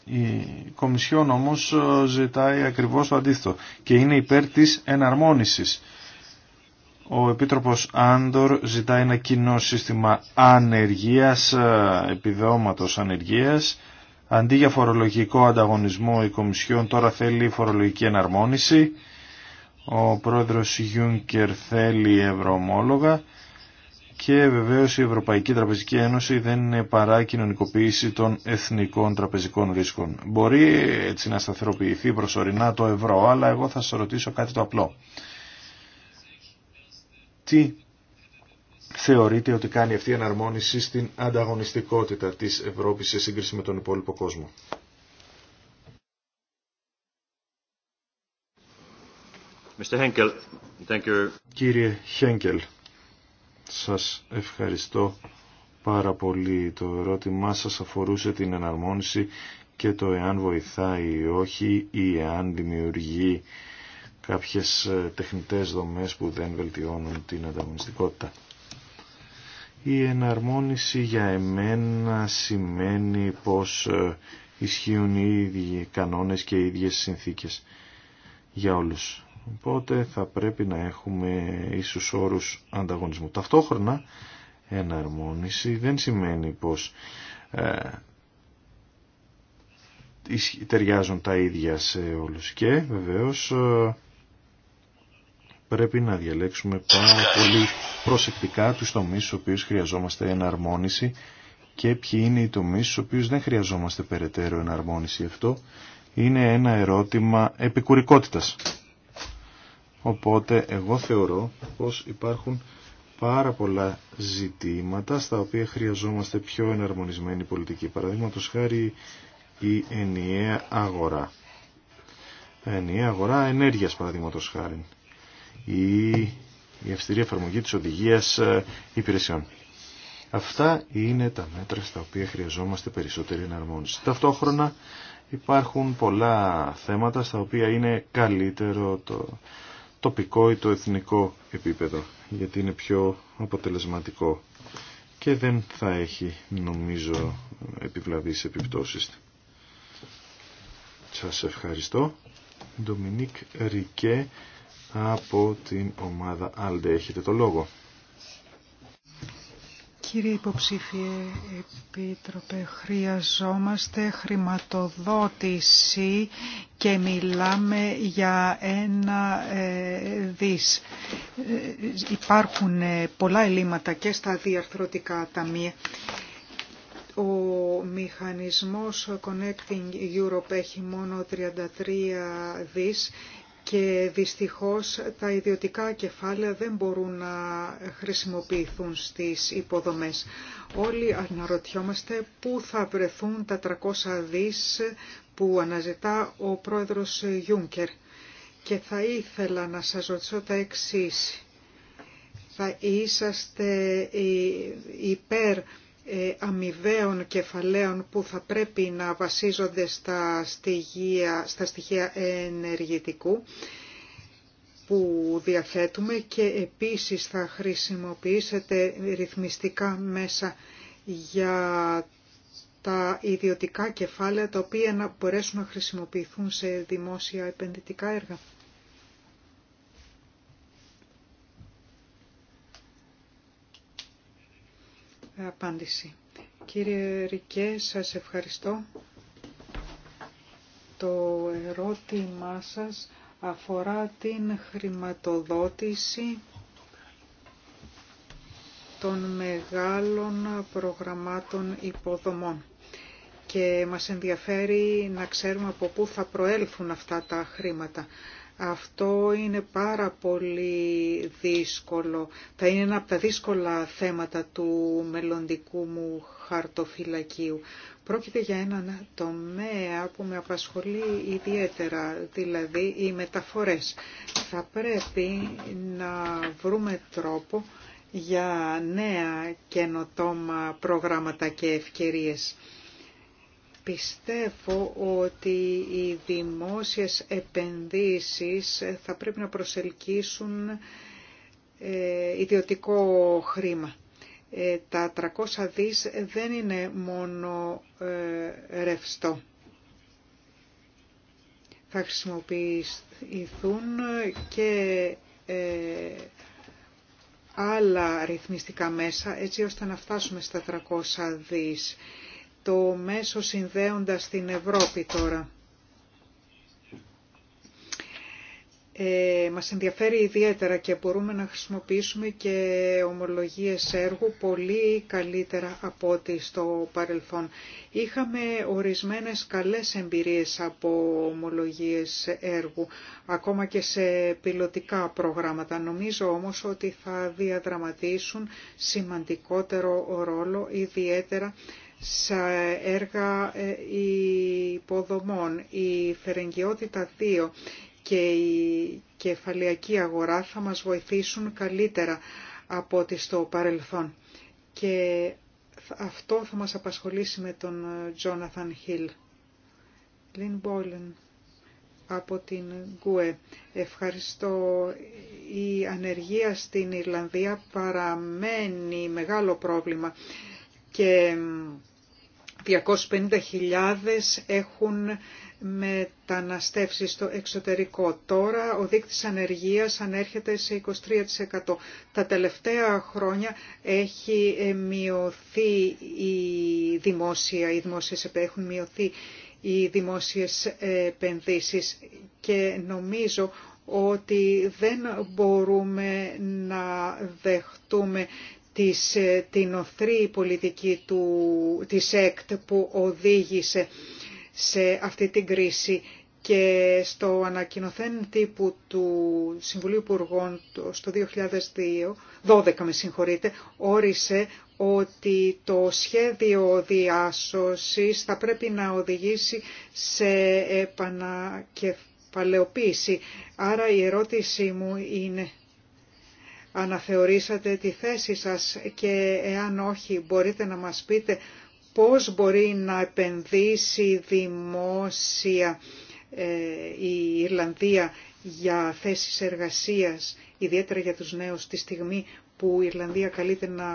Η Κομισιόν όμως ε, ζητάει ακριβώς το αντίθετο και είναι υπέρ της εναρμόνισης. Ο Επίτροπος Άντορ ζητάει ένα κοινό σύστημα ανεργίας, ε, επιδόματος ανεργίας. Αντί για φορολογικό ανταγωνισμό η Κομισιόν τώρα θέλει φορολογική εναρμόνιση. Ο πρόεδρος Γιούνκερ θέλει ευρωομόλογα και βεβαίως η Ευρωπαϊκή Τραπεζική Ένωση δεν είναι παρά κοινωνικοποίηση των εθνικών τραπεζικών ρίσκων. Μπορεί έτσι να σταθεροποιηθεί προσωρινά το ευρώ, αλλά εγώ θα σας ρωτήσω κάτι το απλό. Τι θεωρείτε ότι κάνει αυτή η εναρμόνιση στην ανταγωνιστικότητα της Ευρώπης σε σύγκριση με τον υπόλοιπο κόσμο. Κύριε Χένκελ, σας ευχαριστώ πάρα πολύ. Το ερώτημά σας αφορούσε την εναρμόνιση και το εάν βοηθάει ή όχι ή εάν δημιουργεί κάποιες ε, τεχνητές δομές που δεν βελτιώνουν την ανταγωνιστικότητα. Η εναρμόνιση για εμένα σημαίνει πως ε, ισχύουν οι ίδιοι κανόνες και οι ίδιες συνθήκες για όλους. Οπότε θα πρέπει να έχουμε ίσους όρους ανταγωνισμού. Ταυτόχρονα, εναρμόνιση δεν σημαίνει πως ε, ταιριάζουν τα ίδια σε όλους. Και βεβαίως ε, πρέπει να διαλέξουμε πάρα πολύ προσεκτικά τους τομείς στους οποίους χρειαζόμαστε εναρμόνιση και ποιοι είναι οι τομείς στους οποίους δεν χρειαζόμαστε περαιτέρω εναρμόνιση. Αυτό είναι ένα ερώτημα επικουρικότητας. Οπότε εγώ θεωρώ πως υπάρχουν πάρα πολλά ζητήματα στα οποία χρειαζόμαστε πιο εναρμονισμένη πολιτική. Παραδείγματο χάρη η ενιαία αγορά. Η Ενιαία αγορά ενέργειας παραδείγματο χάρη. Ή η αυστηρή εφαρμογή της οδηγίας ε, υπηρεσιών. Αυτά είναι τα μέτρα στα οποία χρειαζόμαστε περισσότερη εναρμόνιση. Ταυτόχρονα υπάρχουν πολλά θέματα στα οποία είναι καλύτερο το τοπικό ή το εθνικό επίπεδο, γιατί είναι πιο αποτελεσματικό και δεν θα έχει, νομίζω, επιβλαβείς επιπτώσεις. Σας ευχαριστώ. Ντομινίκ Ρικέ από την ομάδα Άλντε έχετε το λόγο. Κύριε Υποψήφιε Επίτροπε, χρειαζόμαστε χρηματοδότηση και μιλάμε για ένα ε, δις. Ε, υπάρχουν ε, πολλά ελλείμματα και στα διαρθρωτικά ταμεία. Ο μηχανισμός Connecting Europe έχει μόνο 33 δις και δυστυχώς τα ιδιωτικά κεφάλαια δεν μπορούν να χρησιμοποιηθούν στις υποδομές. Όλοι αναρωτιόμαστε πού θα βρεθούν τα 300 δις που αναζητά ο πρόεδρος Γιούνκερ. Και θα ήθελα να σας ρωτήσω τα εξής. Θα είσαστε ε, υπέρ ε, αμοιβαίων κεφαλαίων που θα πρέπει να βασίζονται στα στοιχεία, στα στοιχεία ενεργητικού που διαθέτουμε και επίσης θα χρησιμοποιήσετε ρυθμιστικά μέσα για τα ιδιωτικά κεφάλαια τα οποία να μπορέσουν να χρησιμοποιηθούν σε δημόσια επενδυτικά έργα. απάντηση. Κύριε Ρικέ, σας ευχαριστώ. Το ερώτημά σας αφορά την χρηματοδότηση των μεγάλων προγραμμάτων υποδομών. Και μας ενδιαφέρει να ξέρουμε από πού θα προέλθουν αυτά τα χρήματα. Αυτό είναι πάρα πολύ δύσκολο. Θα είναι ένα από τα δύσκολα θέματα του μελλοντικού μου χαρτοφυλακίου. Πρόκειται για ένα τομέα που με απασχολεί ιδιαίτερα, δηλαδή οι μεταφορές. Θα πρέπει να βρούμε τρόπο για νέα καινοτόμα προγράμματα και ευκαιρίες. Πιστεύω ότι οι δημόσιες επενδύσεις θα πρέπει να προσελκύσουν ε, ιδιωτικό χρήμα. Ε, τα 300 δις δεν είναι μόνο ε, ρευστό. Θα χρησιμοποιηθούν και άλλα ρυθμιστικά μέσα έτσι ώστε να φτάσουμε στα 300 δις το μέσο συνδέοντας την Ευρώπη τώρα. Ε, μας ενδιαφέρει ιδιαίτερα και μπορούμε να χρησιμοποιήσουμε και ομολογίες έργου πολύ καλύτερα από ό,τι στο παρελθόν. Είχαμε ορισμένες καλές εμπειρίες από ομολογίες έργου, ακόμα και σε πιλωτικά προγράμματα. Νομίζω όμως ότι θα διαδραματίσουν σημαντικότερο ρόλο, ιδιαίτερα σε έργα ε, υποδομών. Η Φερεγγιότητα 2 και η κεφαλιακή αγορά θα μας βοηθήσουν καλύτερα από ό,τι στο παρελθόν. Και αυτό θα μας απασχολήσει με τον ε, Τζόναθαν Χιλ. Λίν Μπόλεν από την Γκουέ. Ευχαριστώ. Η ανεργία στην Ιρλανδία παραμένει μεγάλο πρόβλημα και 250.000 έχουν μεταναστεύσει στο εξωτερικό. Τώρα ο δείκτης ανεργίας ανέρχεται σε 23%. Τα τελευταία χρόνια έχει ε, μειωθεί η δημόσια, οι δημόσιες, έχουν μειωθεί οι δημόσιες επενδύσεις και νομίζω ότι δεν μπορούμε να δεχτούμε της, ε, την οθρή πολιτική του, της ΕΚΤ που οδήγησε σε αυτή την κρίση και στο ανακοινωθέν τύπου του Συμβουλίου Υπουργών στο 2012, 12, με συγχωρείτε, όρισε ότι το σχέδιο διάσωσης θα πρέπει να οδηγήσει σε επανακεφαλαιοποίηση. Άρα η ερώτησή μου είναι αναθεωρήσατε τη θέση σας και εάν όχι μπορείτε να μας πείτε πώς μπορεί να επενδύσει δημόσια ε, η Ιρλανδία για θέσεις εργασίας, ιδιαίτερα για τους νέους τη στιγμή που η Ιρλανδία καλείται να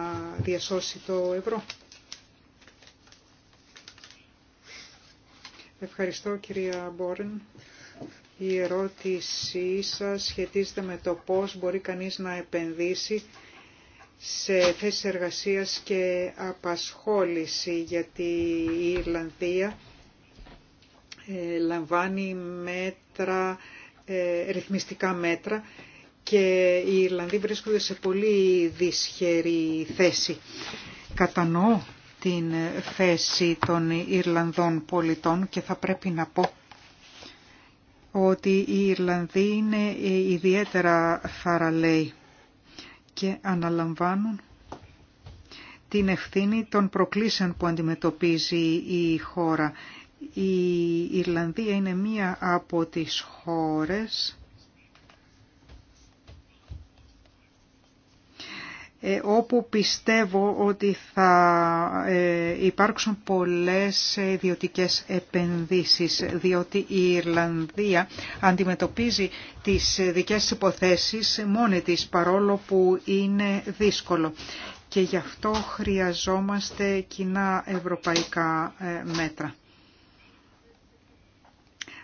διασώσει το ευρώ. Ευχαριστώ κυρία Μπόρεν. Η ερώτησή σας σχετίζεται με το πώς μπορεί κανείς να επενδύσει σε θέσεις εργασίας και απασχόληση, γιατί η Ιρλανδία ε, λαμβάνει μέτρα, ε, ρυθμιστικά μέτρα και οι Ιρλανδοί βρίσκονται σε πολύ δυσχερή θέση. Κατανοώ την θέση των Ιρλανδών πολιτών και θα πρέπει να πω ότι οι Ιρλανδοί είναι ε, ιδιαίτερα θαραλέοι και αναλαμβάνουν την ευθύνη των προκλήσεων που αντιμετωπίζει η χώρα. Η Ιρλανδία είναι μία από τις χώρες Ε, όπου πιστεύω ότι θα ε, υπάρξουν πολλές ιδιωτικές επενδύσεις, διότι η Ιρλανδία αντιμετωπίζει τις δικές υποθέσεις μόνη της, παρόλο που είναι δύσκολο. Και γι' αυτό χρειαζόμαστε κοινά ευρωπαϊκά ε, μέτρα.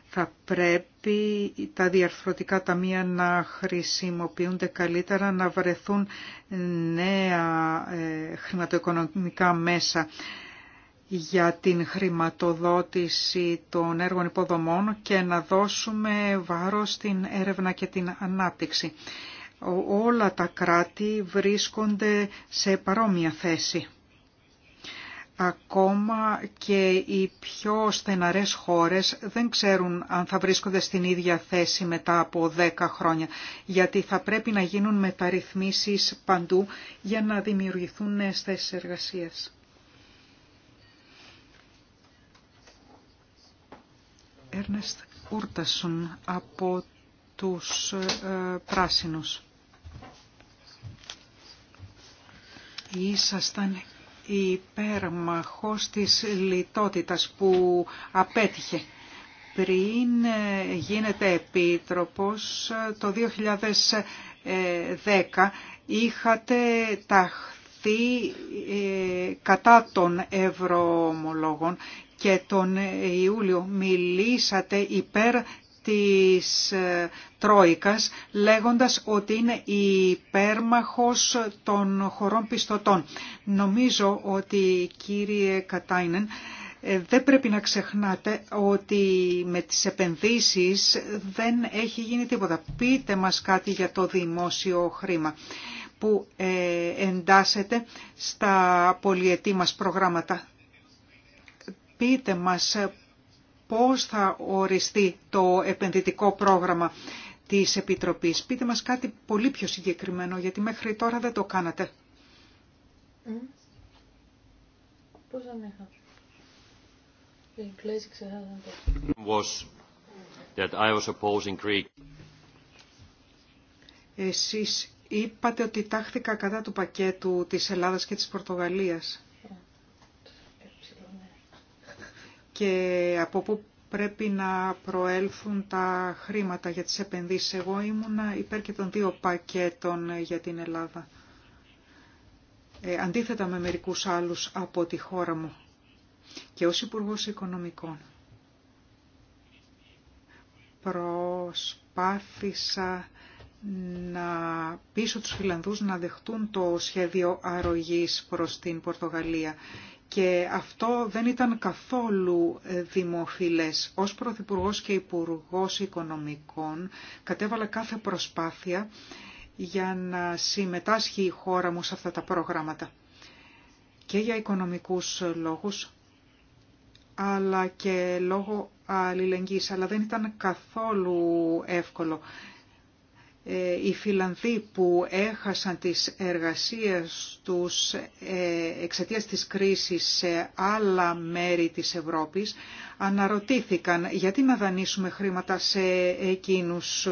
Θα πρέπει πρέπει τα διαρθρωτικά ταμεία να χρησιμοποιούνται καλύτερα, να βρεθούν νέα ε, χρηματοοικονομικά μέσα για την χρηματοδότηση των έργων υποδομών και να δώσουμε βάρος στην έρευνα και την ανάπτυξη. Όλα τα κράτη βρίσκονται σε παρόμοια θέση. Ακόμα και οι πιο στεναρές χώρες δεν ξέρουν αν θα βρίσκονται στην ίδια θέση μετά από 10 χρόνια, γιατί θα πρέπει να γίνουν μεταρρυθμίσεις παντού για να δημιουργηθούν νέες θέσεις εργασίας. Έρνεστ Ούρτασον από τους ε, Πράσινους υπέρμαχος της λιτότητας που απέτυχε. Πριν γίνεται επίτροπος, το 2010 είχατε ταχθεί ε, κατά των ευρωομολόγων και τον Ιούλιο μιλήσατε υπέρ της ε, Τρόικας λέγοντας ότι είναι υπέρμαχος των χωρών πιστωτών. Νομίζω ότι κύριε Κατάινεν ε, δεν πρέπει να ξεχνάτε ότι με τις επενδύσεις δεν έχει γίνει τίποτα. Πείτε μας κάτι για το δημόσιο χρήμα που ε, εντάσσεται στα πολυετή μας προγράμματα. Πείτε μας πώς θα οριστεί το επενδυτικό πρόγραμμα της Επιτροπής. Πείτε μας κάτι πολύ πιο συγκεκριμένο, γιατί μέχρι τώρα δεν το κάνατε. Πώς Εσείς είπατε ότι τάχθηκα κατά του πακέτου της Ελλάδας και της Πορτογαλίας. και από πού πρέπει να προέλθουν τα χρήματα για τις επενδύσεις. Εγώ ήμουνα υπέρ και των δύο πακέτων για την Ελλάδα. Ε, αντίθετα με μερικούς άλλους από τη χώρα μου και ως υπουργό Οικονομικών. Προσπάθησα να πείσω τους Φιλανδούς να δεχτούν το σχέδιο αρρωγής προς την Πορτογαλία και αυτό δεν ήταν καθόλου ε, δημοφιλές. Ως Πρωθυπουργό και υπουργό Οικονομικών κατέβαλα κάθε προσπάθεια για να συμμετάσχει η χώρα μου σε αυτά τα προγράμματα. Και για οικονομικούς λόγους, αλλά και λόγω αλληλεγγύης. Αλλά δεν ήταν καθόλου εύκολο οι Φιλανδοί που έχασαν τις εργασίες τους ε, εξαιτίας της κρίσης σε άλλα μέρη της Ευρώπης αναρωτήθηκαν γιατί να δανείσουμε χρήματα σε εκείνους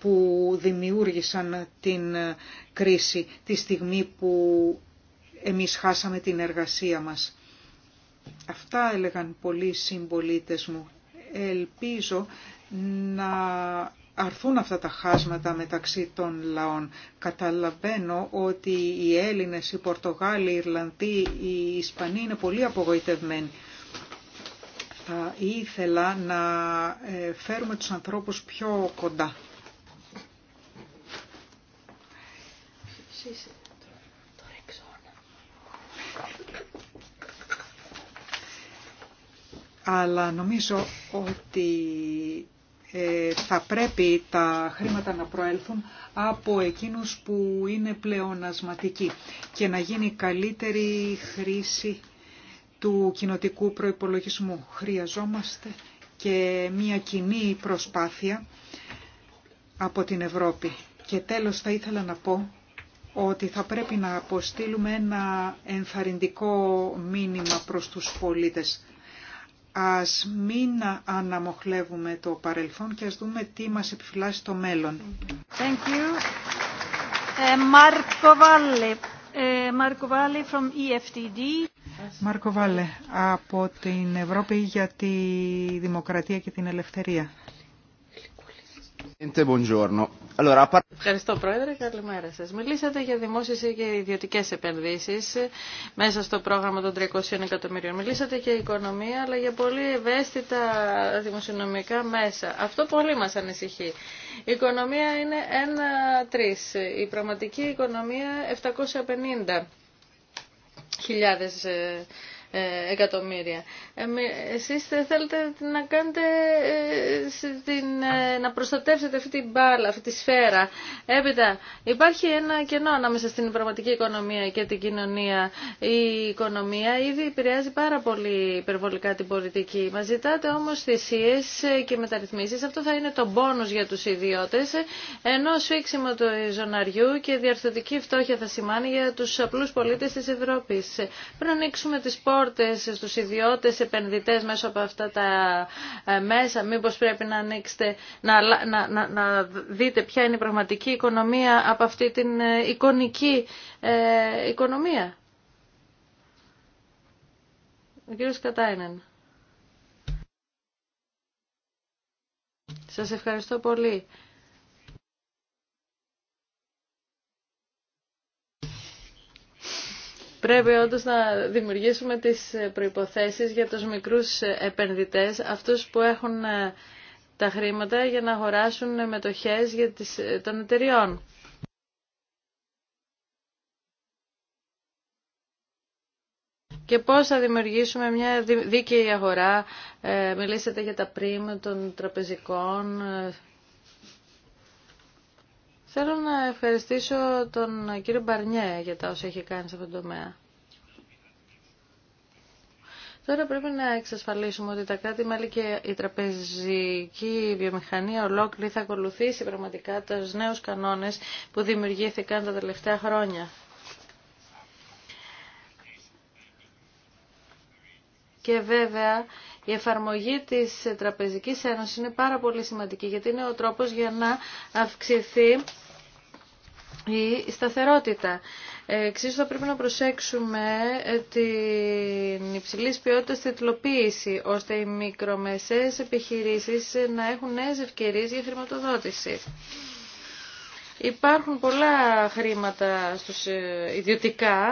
που δημιούργησαν την ε, κρίση τη στιγμή που εμείς χάσαμε την εργασία μας. Αυτά έλεγαν πολλοί συμπολίτες μου. Ελπίζω να αρθούν αυτά τα χάσματα μεταξύ των λαών. Καταλαβαίνω ότι οι Έλληνες, οι Πορτογάλοι, οι Ιρλανδοί, οι Ισπανοί είναι πολύ απογοητευμένοι. Θα ήθελα να ε, φέρουμε τους ανθρώπους πιο κοντά. Αλλά νομίζω ότι ε, θα πρέπει τα χρήματα να προέλθουν από εκείνους που είναι πλεονασματικοί και να γίνει καλύτερη χρήση του κοινοτικού προϋπολογισμού. Χρειαζόμαστε και μια κοινή προσπάθεια από την Ευρώπη. Και τέλος θα ήθελα να πω ότι θα πρέπει να αποστείλουμε ένα ενθαρρυντικό μήνυμα προς τους πολίτες Ας μην αναμοχλεύουμε το παρελθόν και ας δούμε τι μας επιφυλάσσει το μέλλον. Thank you. Ε, ε, e Μάρκο Βάλε, από την Ευρώπη για τη Δημοκρατία και την Ελευθερία. Ευχαριστώ Πρόεδρε, καλημέρα σας. Μιλήσατε για δημόσιες και ιδιωτικές επενδύσεις μέσα στο πρόγραμμα των 300 εκατομμυρίων. Μιλήσατε για οικονομία αλλά για πολύ ευαίσθητα δημοσιονομικά μέσα. Αυτό πολύ μας ανησυχεί. Η οικονομία είναι 1-3, η πραγματική οικονομία 750 χιλιάδες ε, ε, εκατομμύρια. Εσείς θέλετε να κάνετε, ε, ε, να προστατεύσετε αυτή την μπάλα, αυτή τη σφαίρα. Έπειτα υπάρχει ένα κενό ανάμεσα στην πραγματική οικονομία και την κοινωνία. Η οικονομία ήδη επηρεάζει πάρα πολύ υπερβολικά την πολιτική. Μα ζητάτε όμω θυσίε και μεταρρυθμίσει. Αυτό θα είναι το μπόνους για του ιδιώτε. ενώ σφίξιμο του ζωναριού και διαρθωτική φτώχεια θα σημάνει για του απλούς πολίτε τη Ευρώπη. Πρέπει ανοίξουμε πόρτες στους ιδιώτες επενδυτές μέσω από αυτά τα ε, μέσα. Μήπως πρέπει να ανοίξετε, να, δείτε ποια είναι η πραγματική οικονομία από αυτή την ε, εικονική ε, οικονομία. Ο κύριος Κατάινεν. Σας ευχαριστώ πολύ. Πρέπει όντω να δημιουργήσουμε τι προποθέσει για του μικρούς επενδυτέ, αυτού που έχουν ε, τα χρήματα για να αγοράσουν μετοχέ για ε, των εταιριών. Και πώς θα δημιουργήσουμε μια δίκαιη αγορά. Ε, μιλήσατε για τα πριμ των τραπεζικών Θέλω να ευχαριστήσω τον κύριο Μπαρνιέ για τα όσα έχει κάνει σε αυτό το τομέα. Τώρα πρέπει να εξασφαλίσουμε ότι τα κράτη-μέλη και η τραπεζική βιομηχανία ολόκληρη θα ακολουθήσει πραγματικά τους νέους κανόνες που δημιουργήθηκαν τα τελευταία χρόνια. Και βέβαια η εφαρμογή της Τραπεζικής Ένωσης είναι πάρα πολύ σημαντική γιατί είναι ο τρόπος για να αυξηθεί η σταθερότητα. Εξίσου θα πρέπει να προσέξουμε ε, την υψηλή ποιότητα τετλοποίηση, ώστε οι μικρομεσαίες επιχειρήσεις ε, να έχουν νέες ευκαιρίες για χρηματοδότηση. Υπάρχουν πολλά χρήματα στους ε, ιδιωτικά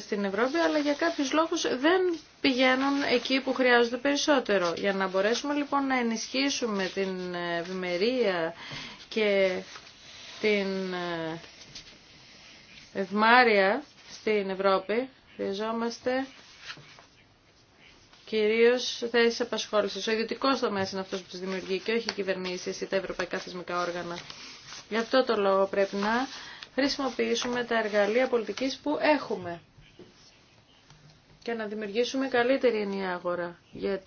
στην Ευρώπη, αλλά για κάποιους λόγους δεν πηγαίνουν εκεί που χρειάζονται περισσότερο. Για να μπορέσουμε λοιπόν να ενισχύσουμε την ευημερία και την ευμάρεια στην Ευρώπη. Χρειαζόμαστε κυρίω θέσει απασχόληση. Ο ιδιωτικό τομέα είναι αυτό που τι δημιουργεί και όχι οι κυβερνήσει ή τα ευρωπαϊκά θεσμικά όργανα. Γι' αυτό το λόγο πρέπει να χρησιμοποιήσουμε τα εργαλεία πολιτική που έχουμε και να δημιουργήσουμε καλύτερη ενιαία αγορά για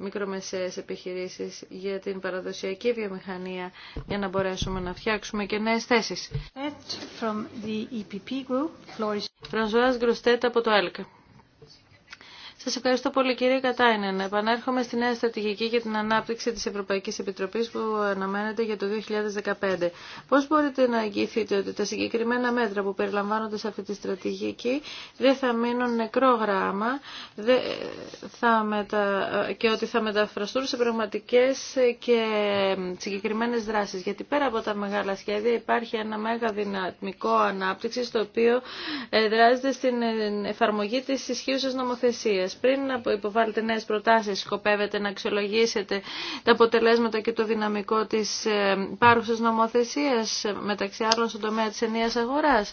μικρομεσαίες επιχειρήσεις, για την παραδοσιακή βιομηχανία, για να μπορέσουμε να φτιάξουμε και νέες θέσεις. From Γκροστέτ e από το Σα ευχαριστώ πολύ κύριε Κατάινεν. Επανέρχομαι στη νέα στρατηγική για την ανάπτυξη τη Ευρωπαϊκή Επιτροπή που αναμένεται για το 2015. Πώ μπορείτε να εγγυηθείτε ότι τα συγκεκριμένα μέτρα που περιλαμβάνονται σε αυτή τη στρατηγική δεν θα μείνουν νεκρό γράμμα θα μετα... και ότι θα μεταφραστούν σε πραγματικέ και συγκεκριμένε δράσει. Γιατί πέρα από τα μεγάλα σχέδια υπάρχει ένα μέγα δυναμικό ανάπτυξη το οποίο ε, δράζεται στην ε, εφαρμογή της ισχύουσα νομοθεσία. Πριν να υποβάλλετε νέες προτάσεις, σκοπεύετε να αξιολογήσετε τα αποτελέσματα και το δυναμικό της υπάρχουσας ε, νομοθεσίας, ε, μεταξύ άλλων στον τομέα της ενίας αγοράς.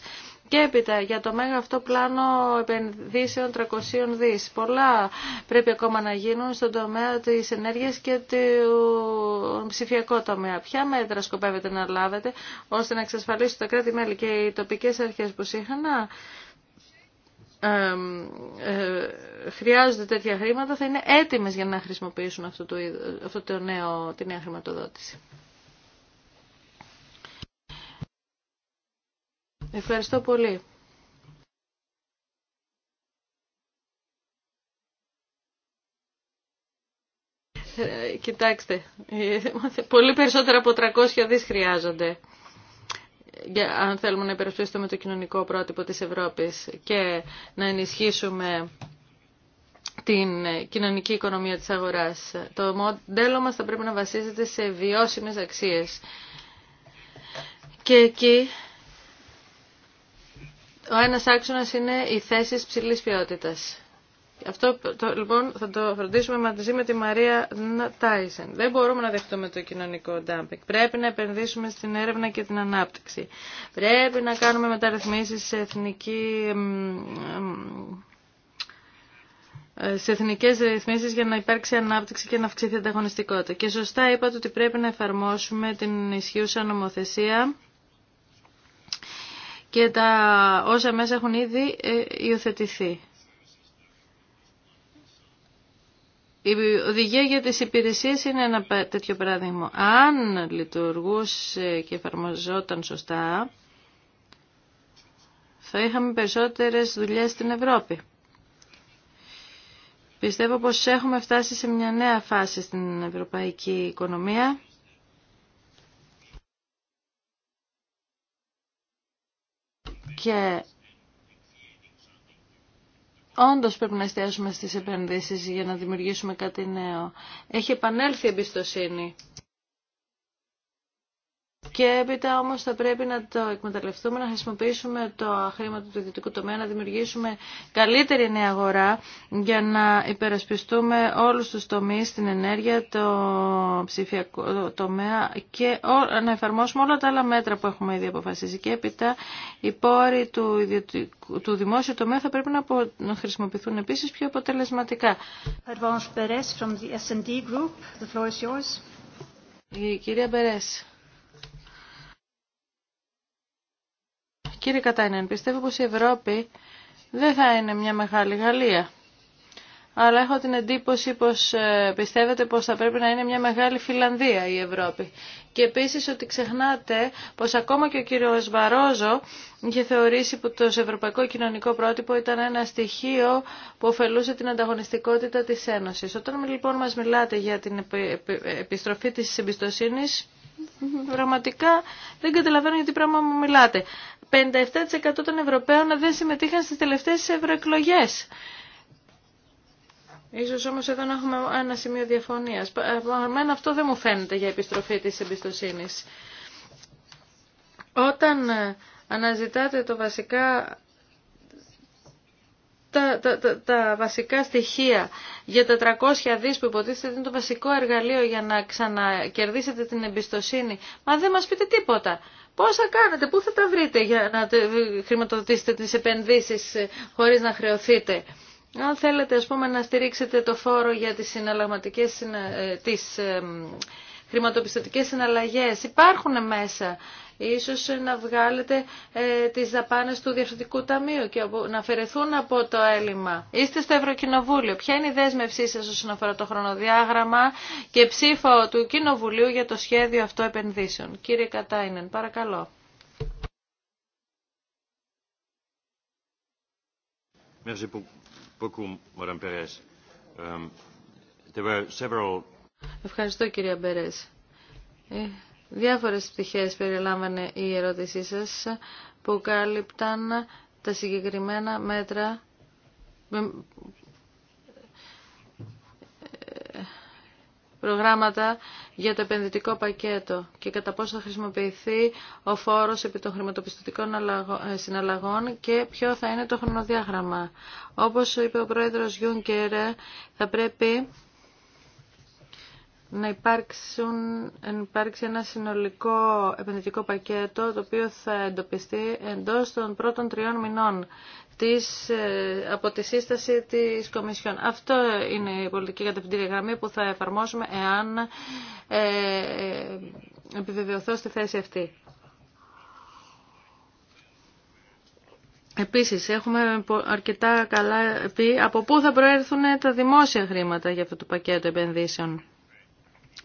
Και έπειτα για το μέγα αυτό πλάνο επενδύσεων 300 δις. Πολλά πρέπει ακόμα να γίνουν στον τομέα της ενέργειας και του ψηφιακού τομέα. Ποια μέτρα σκοπεύετε να λάβετε ώστε να εξασφαλίσετε τα κράτη-μέλη και οι τοπικές αρχές που σύγχανα. Ε, χρειάζονται τέτοια χρήματα θα είναι έτοιμες για να χρησιμοποιήσουν αυτό το, αυτό το νέο, τη νέα χρηματοδότηση. Ευχαριστώ πολύ. Ε, κοιτάξτε, ε, πολύ περισσότερα από 300 δις χρειάζονται για αν θέλουμε να υπερασπιστούμε το κοινωνικό πρότυπο της Ευρώπης και να ενισχύσουμε την κοινωνική οικονομία της αγοράς. Το μοντέλο μας θα πρέπει να βασίζεται σε βιώσιμες αξίες. Και εκεί ο ένας άξονας είναι οι θέσεις ψηλής ποιότητας. Αυτό λοιπόν θα το φροντίσουμε μαζί με τη Μαρία Τάισεν. Δεν μπορούμε να δεχτούμε το κοινωνικό ντάμπινγκ. Πρέπει να επενδύσουμε στην έρευνα και την ανάπτυξη. Πρέπει να κάνουμε μεταρρυθμίσεις σε εθνική σε εθνικέ ρυθμίσει για να υπάρξει ανάπτυξη και να αυξηθεί η ανταγωνιστικότητα. Και σωστά είπατε ότι πρέπει να εφαρμόσουμε την ισχύουσα νομοθεσία και όσα μέσα έχουν ήδη ε, υιοθετηθεί. Η οδηγία για τις υπηρεσίες είναι ένα τέτοιο παράδειγμα. Αν λειτουργούσε και εφαρμοζόταν σωστά, θα είχαμε περισσότερες δουλειές στην Ευρώπη. Πιστεύω πως έχουμε φτάσει σε μια νέα φάση στην ευρωπαϊκή οικονομία. Και Όντως πρέπει να εστιάσουμε στις επενδύσεις για να δημιουργήσουμε κάτι νέο. Έχει επανέλθει η εμπιστοσύνη και έπειτα όμως θα πρέπει να το εκμεταλλευτούμε, να χρησιμοποιήσουμε το χρήμα του ιδιωτικού τομέα, να δημιουργήσουμε καλύτερη νέα αγορά για να υπερασπιστούμε όλους τους τομείς, την ενέργεια, το ψηφιακό τομέα και να εφαρμόσουμε όλα τα άλλα μέτρα που έχουμε ήδη αποφασίσει. Και έπειτα οι πόροι του, δημόσιου τομέα θα πρέπει να, χρησιμοποιηθούν επίση πιο αποτελεσματικά. Η κυρία Μπερέση. Κύριε Κατάινεν, πιστεύω πως η Ευρώπη δεν θα είναι μια μεγάλη Γαλλία. Αλλά έχω την εντύπωση πως ε, πιστεύετε πως θα πρέπει να είναι μια μεγάλη Φιλανδία η Ευρώπη. Και επίσης ότι ξεχνάτε πως ακόμα και ο κύριος Βαρόζο είχε θεωρήσει που το ευρωπαϊκό κοινωνικό πρότυπο ήταν ένα στοιχείο που ωφελούσε την ανταγωνιστικότητα της Ένωσης. Όταν λοιπόν μας μιλάτε για την επιστροφή της εμπιστοσύνης, πραγματικά δεν καταλαβαίνω γιατί τι πράγμα μου μιλάτε. 57% των Ευρωπαίων δεν συμμετείχαν στις τελευταίες ευρωεκλογές. Ίσως όμως εδώ να έχουμε ένα σημείο διαφωνίας. Εμένα αυτό δεν μου φαίνεται για επιστροφή της εμπιστοσύνης. Όταν ε, αναζητάτε το βασικά τα, τα, τα, βασικά στοιχεία για τα 300 δις που υποτίθεται είναι το βασικό εργαλείο για να ξανακερδίσετε την εμπιστοσύνη. Μα δεν μας πείτε τίποτα. Πώς θα κάνετε, πού θα τα βρείτε για να χρηματοδοτήσετε τις επενδύσεις ε, χωρίς να χρεωθείτε. Αν θέλετε ας πούμε να στηρίξετε το φόρο για τις συναλλαγματικές ε, τις, ε, χρηματοπιστωτικές συναλλαγές. Υπάρχουν μέσα. Ίσως να βγάλετε ε, τις δαπάνες του Διευθυντικού Ταμείου και να αφαιρεθούν από το έλλειμμα. Είστε στο Ευρωκοινοβούλιο. Ποια είναι η δέσμευσή σας όσον αφορά το χρονοδιάγραμμα και ψήφο του Κοινοβουλίου για το σχέδιο αυτό επενδύσεων. Κύριε Κατάινεν, παρακαλώ. Euh, there were several Ευχαριστώ κυρία Μπερές. Ε, διάφορες πτυχές περιλάμβανε η ερώτησή σας που κάλυπταν τα συγκεκριμένα μέτρα ε, προγράμματα για το επενδυτικό πακέτο και κατά πόσο θα χρησιμοποιηθεί ο φόρος επί των χρηματοπιστωτικών ε, συναλλαγών και ποιο θα είναι το χρονοδιάγραμμα. Όπως είπε ο πρόεδρος Γιούνκερ, θα πρέπει να, υπάρξει ένα συνολικό επενδυτικό πακέτο το οποίο θα εντοπιστεί εντός των πρώτων τριών μηνών της, ε, από τη σύσταση της Κομισιόν. Αυτό είναι η πολιτική κατευθυντήρια γραμμή που θα εφαρμόσουμε εάν ε, ε επιβεβαιωθώ στη θέση αυτή. Επίσης, έχουμε αρκετά καλά πει από πού θα προέρθουν τα δημόσια χρήματα για αυτό το πακέτο επενδύσεων.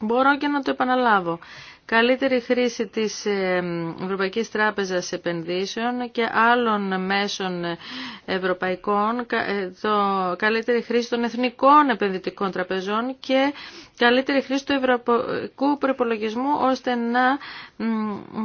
Μπορώ και να το επαναλάβω. Καλύτερη χρήση της ε, Ευρωπαϊκής Τράπεζας Επενδύσεων και άλλων μέσων ε, ευρωπαϊκών, ε, το καλύτερη χρήση των εθνικών επενδυτικών τραπεζών και καλύτερη χρήση του ευρωπαϊκού προπολογισμού ώστε να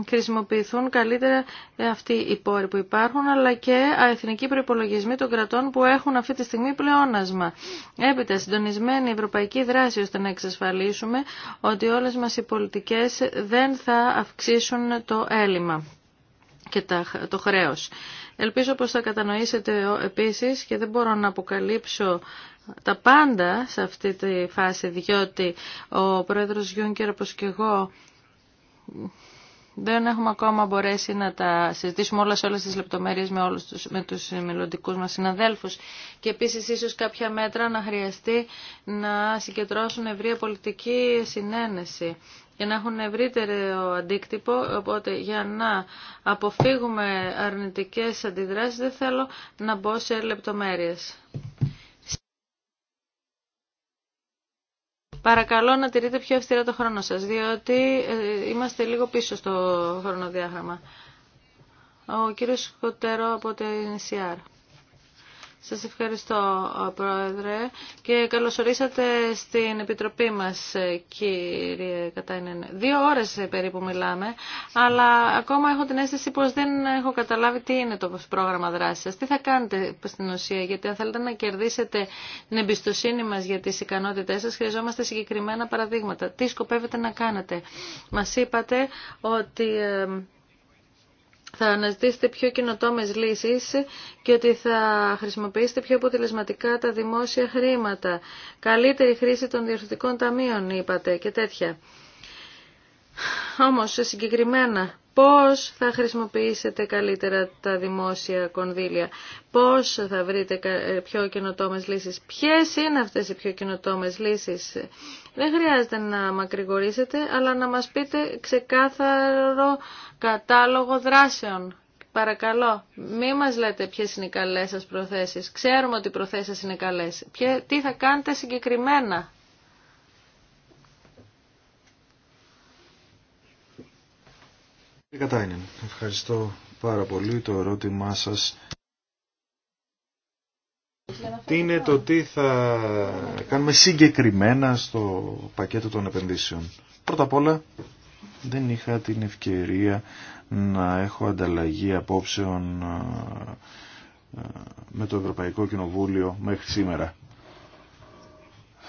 χρησιμοποιηθούν καλύτερα αυτοί οι πόροι που υπάρχουν αλλά και εθνικοί προπολογισμοί των κρατών που έχουν αυτή τη στιγμή πλεόνασμα. Έπειτα, συντονισμένη ευρωπαϊκή δράση ώστε να εξασφαλίσουμε ότι όλες μας οι πολιτικές δεν θα αυξήσουν το έλλειμμα και το χρέος. Ελπίζω πως θα κατανοήσετε επίσης και δεν μπορώ να αποκαλύψω τα πάντα σε αυτή τη φάση, διότι ο πρόεδρος Γιούνκερ, όπως και εγώ, δεν έχουμε ακόμα μπορέσει να τα συζητήσουμε όλα σε όλες τις λεπτομέρειες με, όλους τους, με τους μελλοντικού μας συναδέλφους και επίσης ίσως κάποια μέτρα να χρειαστεί να συγκεντρώσουν ευρεία πολιτική συνένεση για να έχουν ευρύτερο αντίκτυπο, οπότε για να αποφύγουμε αρνητικές αντιδράσεις δεν θέλω να μπω σε λεπτομέρειες. Παρακαλώ να τηρείτε πιο αυστηρά το χρόνο σας, διότι ε, είμαστε λίγο πίσω στο χρονοδιάγραμμα. Ο κύριος Κοτέρο από την CR. Σας ευχαριστώ, Πρόεδρε, και καλωσορίσατε στην Επιτροπή μας, ε, κύριε Κατάινεν. Δύο ώρες ε, περίπου μιλάμε, αλλά ακόμα έχω την αίσθηση πως δεν έχω καταλάβει τι είναι το πρόγραμμα δράσης σας. Τι θα κάνετε στην ουσία, γιατί αν θέλετε να κερδίσετε την εμπιστοσύνη μας για τις ικανότητές σας, χρειαζόμαστε συγκεκριμένα παραδείγματα. Τι σκοπεύετε να κάνετε. Μας είπατε ότι... Ε, θα αναζητήσετε πιο καινοτόμε λύσει και ότι θα χρησιμοποιήσετε πιο αποτελεσματικά τα δημόσια χρήματα, καλύτερη χρήση των διορθωτικών ταμείων, είπατε, και τέτοια. Όμως συγκεκριμένα πώς θα χρησιμοποιήσετε καλύτερα τα δημόσια κονδύλια, πώς θα βρείτε πιο καινοτόμες λύσεις, ποιες είναι αυτές οι πιο καινοτόμες λύσεις. Δεν χρειάζεται να μακρηγορήσετε, αλλά να μας πείτε ξεκάθαρο κατάλογο δράσεων. Παρακαλώ, μη μας λέτε ποιες είναι οι καλές σας προθέσεις. Ξέρουμε ότι οι προθέσεις είναι καλές. τι θα κάνετε συγκεκριμένα. Κατάινεν, ευχαριστώ πάρα πολύ το ερώτημά σας. Τι είναι το τι θα κάνουμε συγκεκριμένα στο πακέτο των επενδύσεων. Πρώτα απ' όλα δεν είχα την ευκαιρία να έχω ανταλλαγή απόψεων ε, ε, με το Ευρωπαϊκό Κοινοβούλιο μέχρι σήμερα.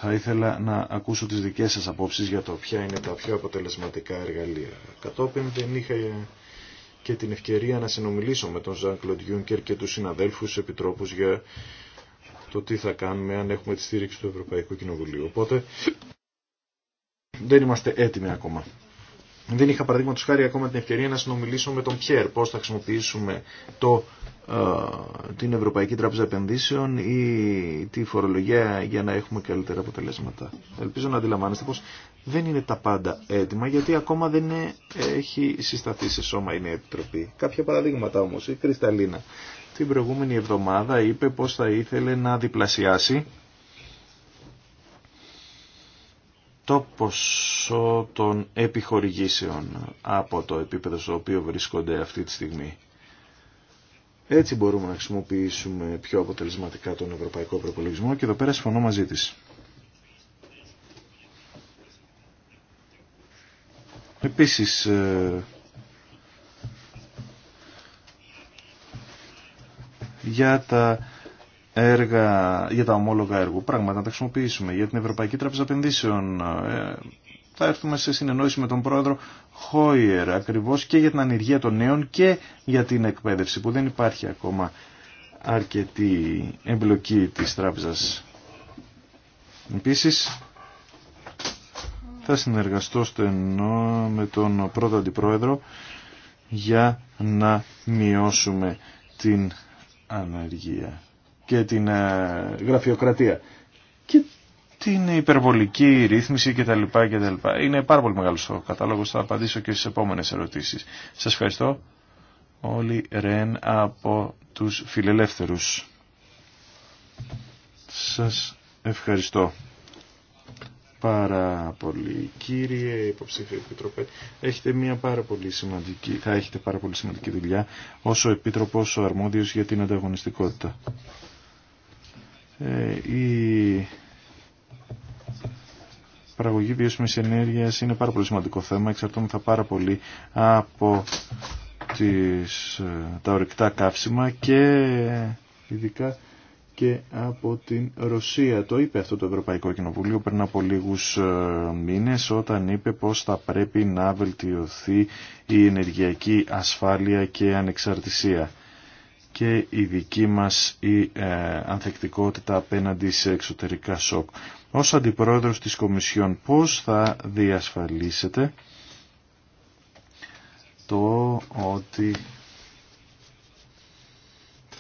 Θα ήθελα να ακούσω τις δικές σας απόψεις για το ποια είναι τα πιο αποτελεσματικά εργαλεία. Κατόπιν δεν είχα και την ευκαιρία να συνομιλήσω με τον Ζαν Κλοντ Γιούνκερ και τους συναδέλφους επιτρόπους για το τι θα κάνουμε αν έχουμε τη στήριξη του Ευρωπαϊκού Κοινοβουλίου. Οπότε δεν είμαστε έτοιμοι ακόμα. Δεν είχα παραδείγματο χάρη ακόμα την ευκαιρία να συνομιλήσω με τον Πιέρ πώς θα χρησιμοποιήσουμε το, ε, την Ευρωπαϊκή Τράπεζα Επενδύσεων ή τη φορολογία για να έχουμε καλύτερα αποτελέσματα. Ελπίζω να αντιλαμβάνεστε πως δεν είναι τα πάντα έτοιμα γιατί ακόμα δεν έχει συσταθεί σε σώμα η Νέα Επιτροπή. Κάποια παραδείγματα όμω, η Κρυσταλίνα την προηγούμενη εβδομάδα είπε πώ θα ήθελε να διπλασιάσει το ποσό των επιχορηγήσεων από το επίπεδο στο οποίο βρίσκονται αυτή τη στιγμή. Έτσι μπορούμε να χρησιμοποιήσουμε πιο αποτελεσματικά τον ευρωπαϊκό προπολογισμό και εδώ πέρα συμφωνώ μαζί της. Επίσης, ε, για τα έργα, για τα ομόλογα έργου, πράγματα να τα χρησιμοποιήσουμε. Για την Ευρωπαϊκή Τράπεζα Επενδύσεων ε, θα έρθουμε σε συνεννόηση με τον πρόεδρο Χόιερ ακριβώς και για την ανεργία των νέων και για την εκπαίδευση που δεν υπάρχει ακόμα αρκετή εμπλοκή της τράπεζας. Επίσης θα συνεργαστώ στενό με τον πρώτο αντιπρόεδρο για να μειώσουμε την ανεργία και την ε, γραφειοκρατία και την υπερβολική ρύθμιση κτλ. Είναι πάρα πολύ μεγάλος ο κατάλογος, θα απαντήσω και στι επόμενε ερωτήσεις. Σας ευχαριστώ όλοι Ρεν από τους φιλελεύθερους. Σας ευχαριστώ πάρα πολύ. Κύριε Υποψήφιο Επίτροπε, έχετε μια πάρα πολύ σημαντική, θα έχετε πάρα πολύ σημαντική δουλειά όσο Επίτροπος ο Αρμόδιος για την ανταγωνιστικότητα. Ε, η παραγωγή βιώσιμης ενέργειας είναι πάρα πολύ σημαντικό θέμα. Εξαρτώμεθα πάρα πολύ από τις, ε, τα ορυκτά καύσιμα και ε, ειδικά και από την Ρωσία. Το είπε αυτό το Ευρωπαϊκό Κοινοβούλιο πριν από λίγους μήνες όταν είπε πως θα πρέπει να βελτιωθεί η ενεργειακή ασφάλεια και ανεξαρτησία και η δική μας η ε, ανθεκτικότητα απέναντι σε εξωτερικά σοκ. Ως Αντιπρόεδρος της Κομισιόν πώς θα διασφαλίσετε το ότι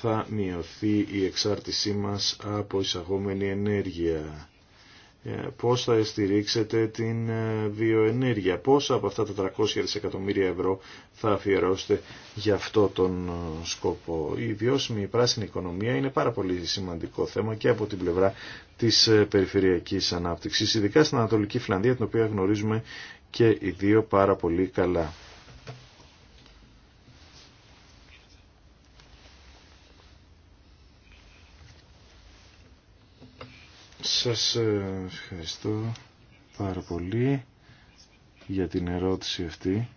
θα μειωθεί η εξάρτησή μας από εισαγόμενη ενέργεια ε, πώς θα στηρίξετε την ε, βιοενέργεια, πόσα από αυτά τα 300 δισεκατομμύρια ευρώ θα αφιερώσετε για αυτό τον ε, σκοπό. Η βιώσιμη πράσινη οικονομία είναι πάρα πολύ σημαντικό θέμα και από την πλευρά της περιφερειακής ανάπτυξης, ειδικά στην Ανατολική Φλανδία, την οποία γνωρίζουμε και οι δύο πάρα πολύ καλά. Σας ε, ευχαριστώ πάρα πολύ για την ερώτηση αυτή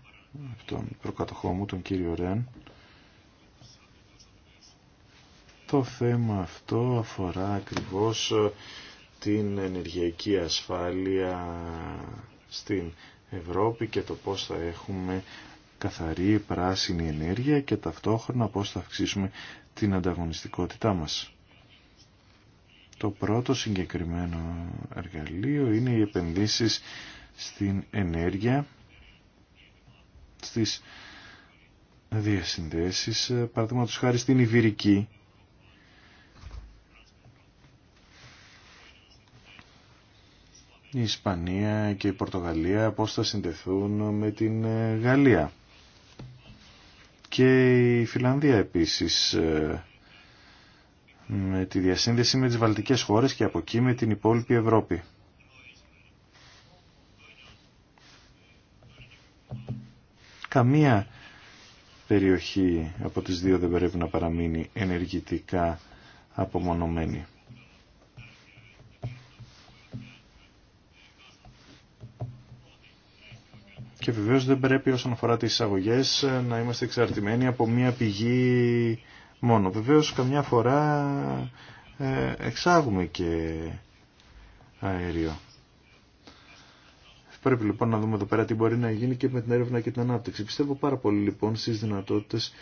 από τον προκατοχό μου, τον κύριο Ρέν. Το θέμα αυτό αφορά ακριβώς ε, την ενεργειακή ασφάλεια στην Ευρώπη και το πώς θα έχουμε καθαρή πράσινη ενέργεια και ταυτόχρονα πώς θα αυξήσουμε την ανταγωνιστικότητά μας. Το πρώτο συγκεκριμένο εργαλείο είναι οι επενδύσεις στην ενέργεια, στις διασυνδέσεις, παραδείγματος χάρη στην Ιβυρική. Η Ισπανία και η Πορτογαλία πώς θα συνδεθούν με την ε, Γαλλία. Και η Φιλανδία επίσης ε, με τη διασύνδεση με τις βαλτικές χώρες και από εκεί με την υπόλοιπη Ευρώπη. Καμία περιοχή από τις δύο δεν πρέπει να παραμείνει ενεργητικά απομονωμένη. Και βεβαίως δεν πρέπει όσον αφορά τις εισαγωγές να είμαστε εξαρτημένοι από μία πηγή μόνο. Βεβαίως καμιά φορά ε, εξάγουμε και αέριο. Πρέπει λοιπόν να δούμε εδώ πέρα τι μπορεί να γίνει και με την έρευνα και την ανάπτυξη. Πιστεύω πάρα πολύ λοιπόν στις δυνατότητες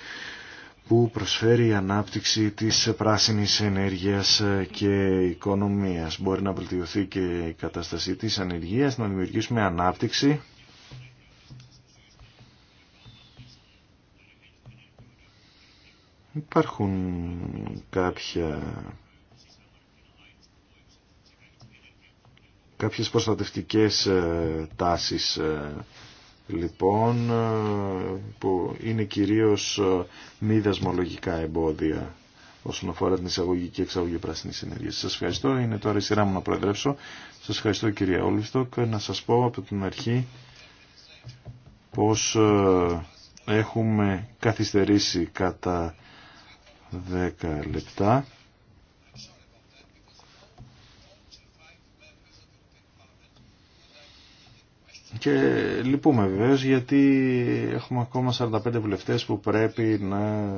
που προσφέρει η ανάπτυξη της πράσινης ενέργειας και οικονομίας. Μπορεί να βελτιωθεί και η κατάσταση της ανεργίας, να δημιουργήσουμε ανάπτυξη Υπάρχουν κάποια... κάποιες προστατευτικές ε, τάσεις ε, λοιπόν ε, που είναι κυρίως μη δασμολογικά εμπόδια όσον αφορά την εισαγωγή και εξαγωγή πράσινη ενέργεια. Σας ευχαριστώ. Είναι τώρα η σειρά μου να προεδρεύσω. Σας ευχαριστώ κυρία Όλυστοκ. Να σας πω από την αρχή πω έχουμε καθυστερήσει κατά δέκα λεπτά. Και λυπούμε βεβαίω γιατί έχουμε ακόμα 45 βουλευτές που πρέπει να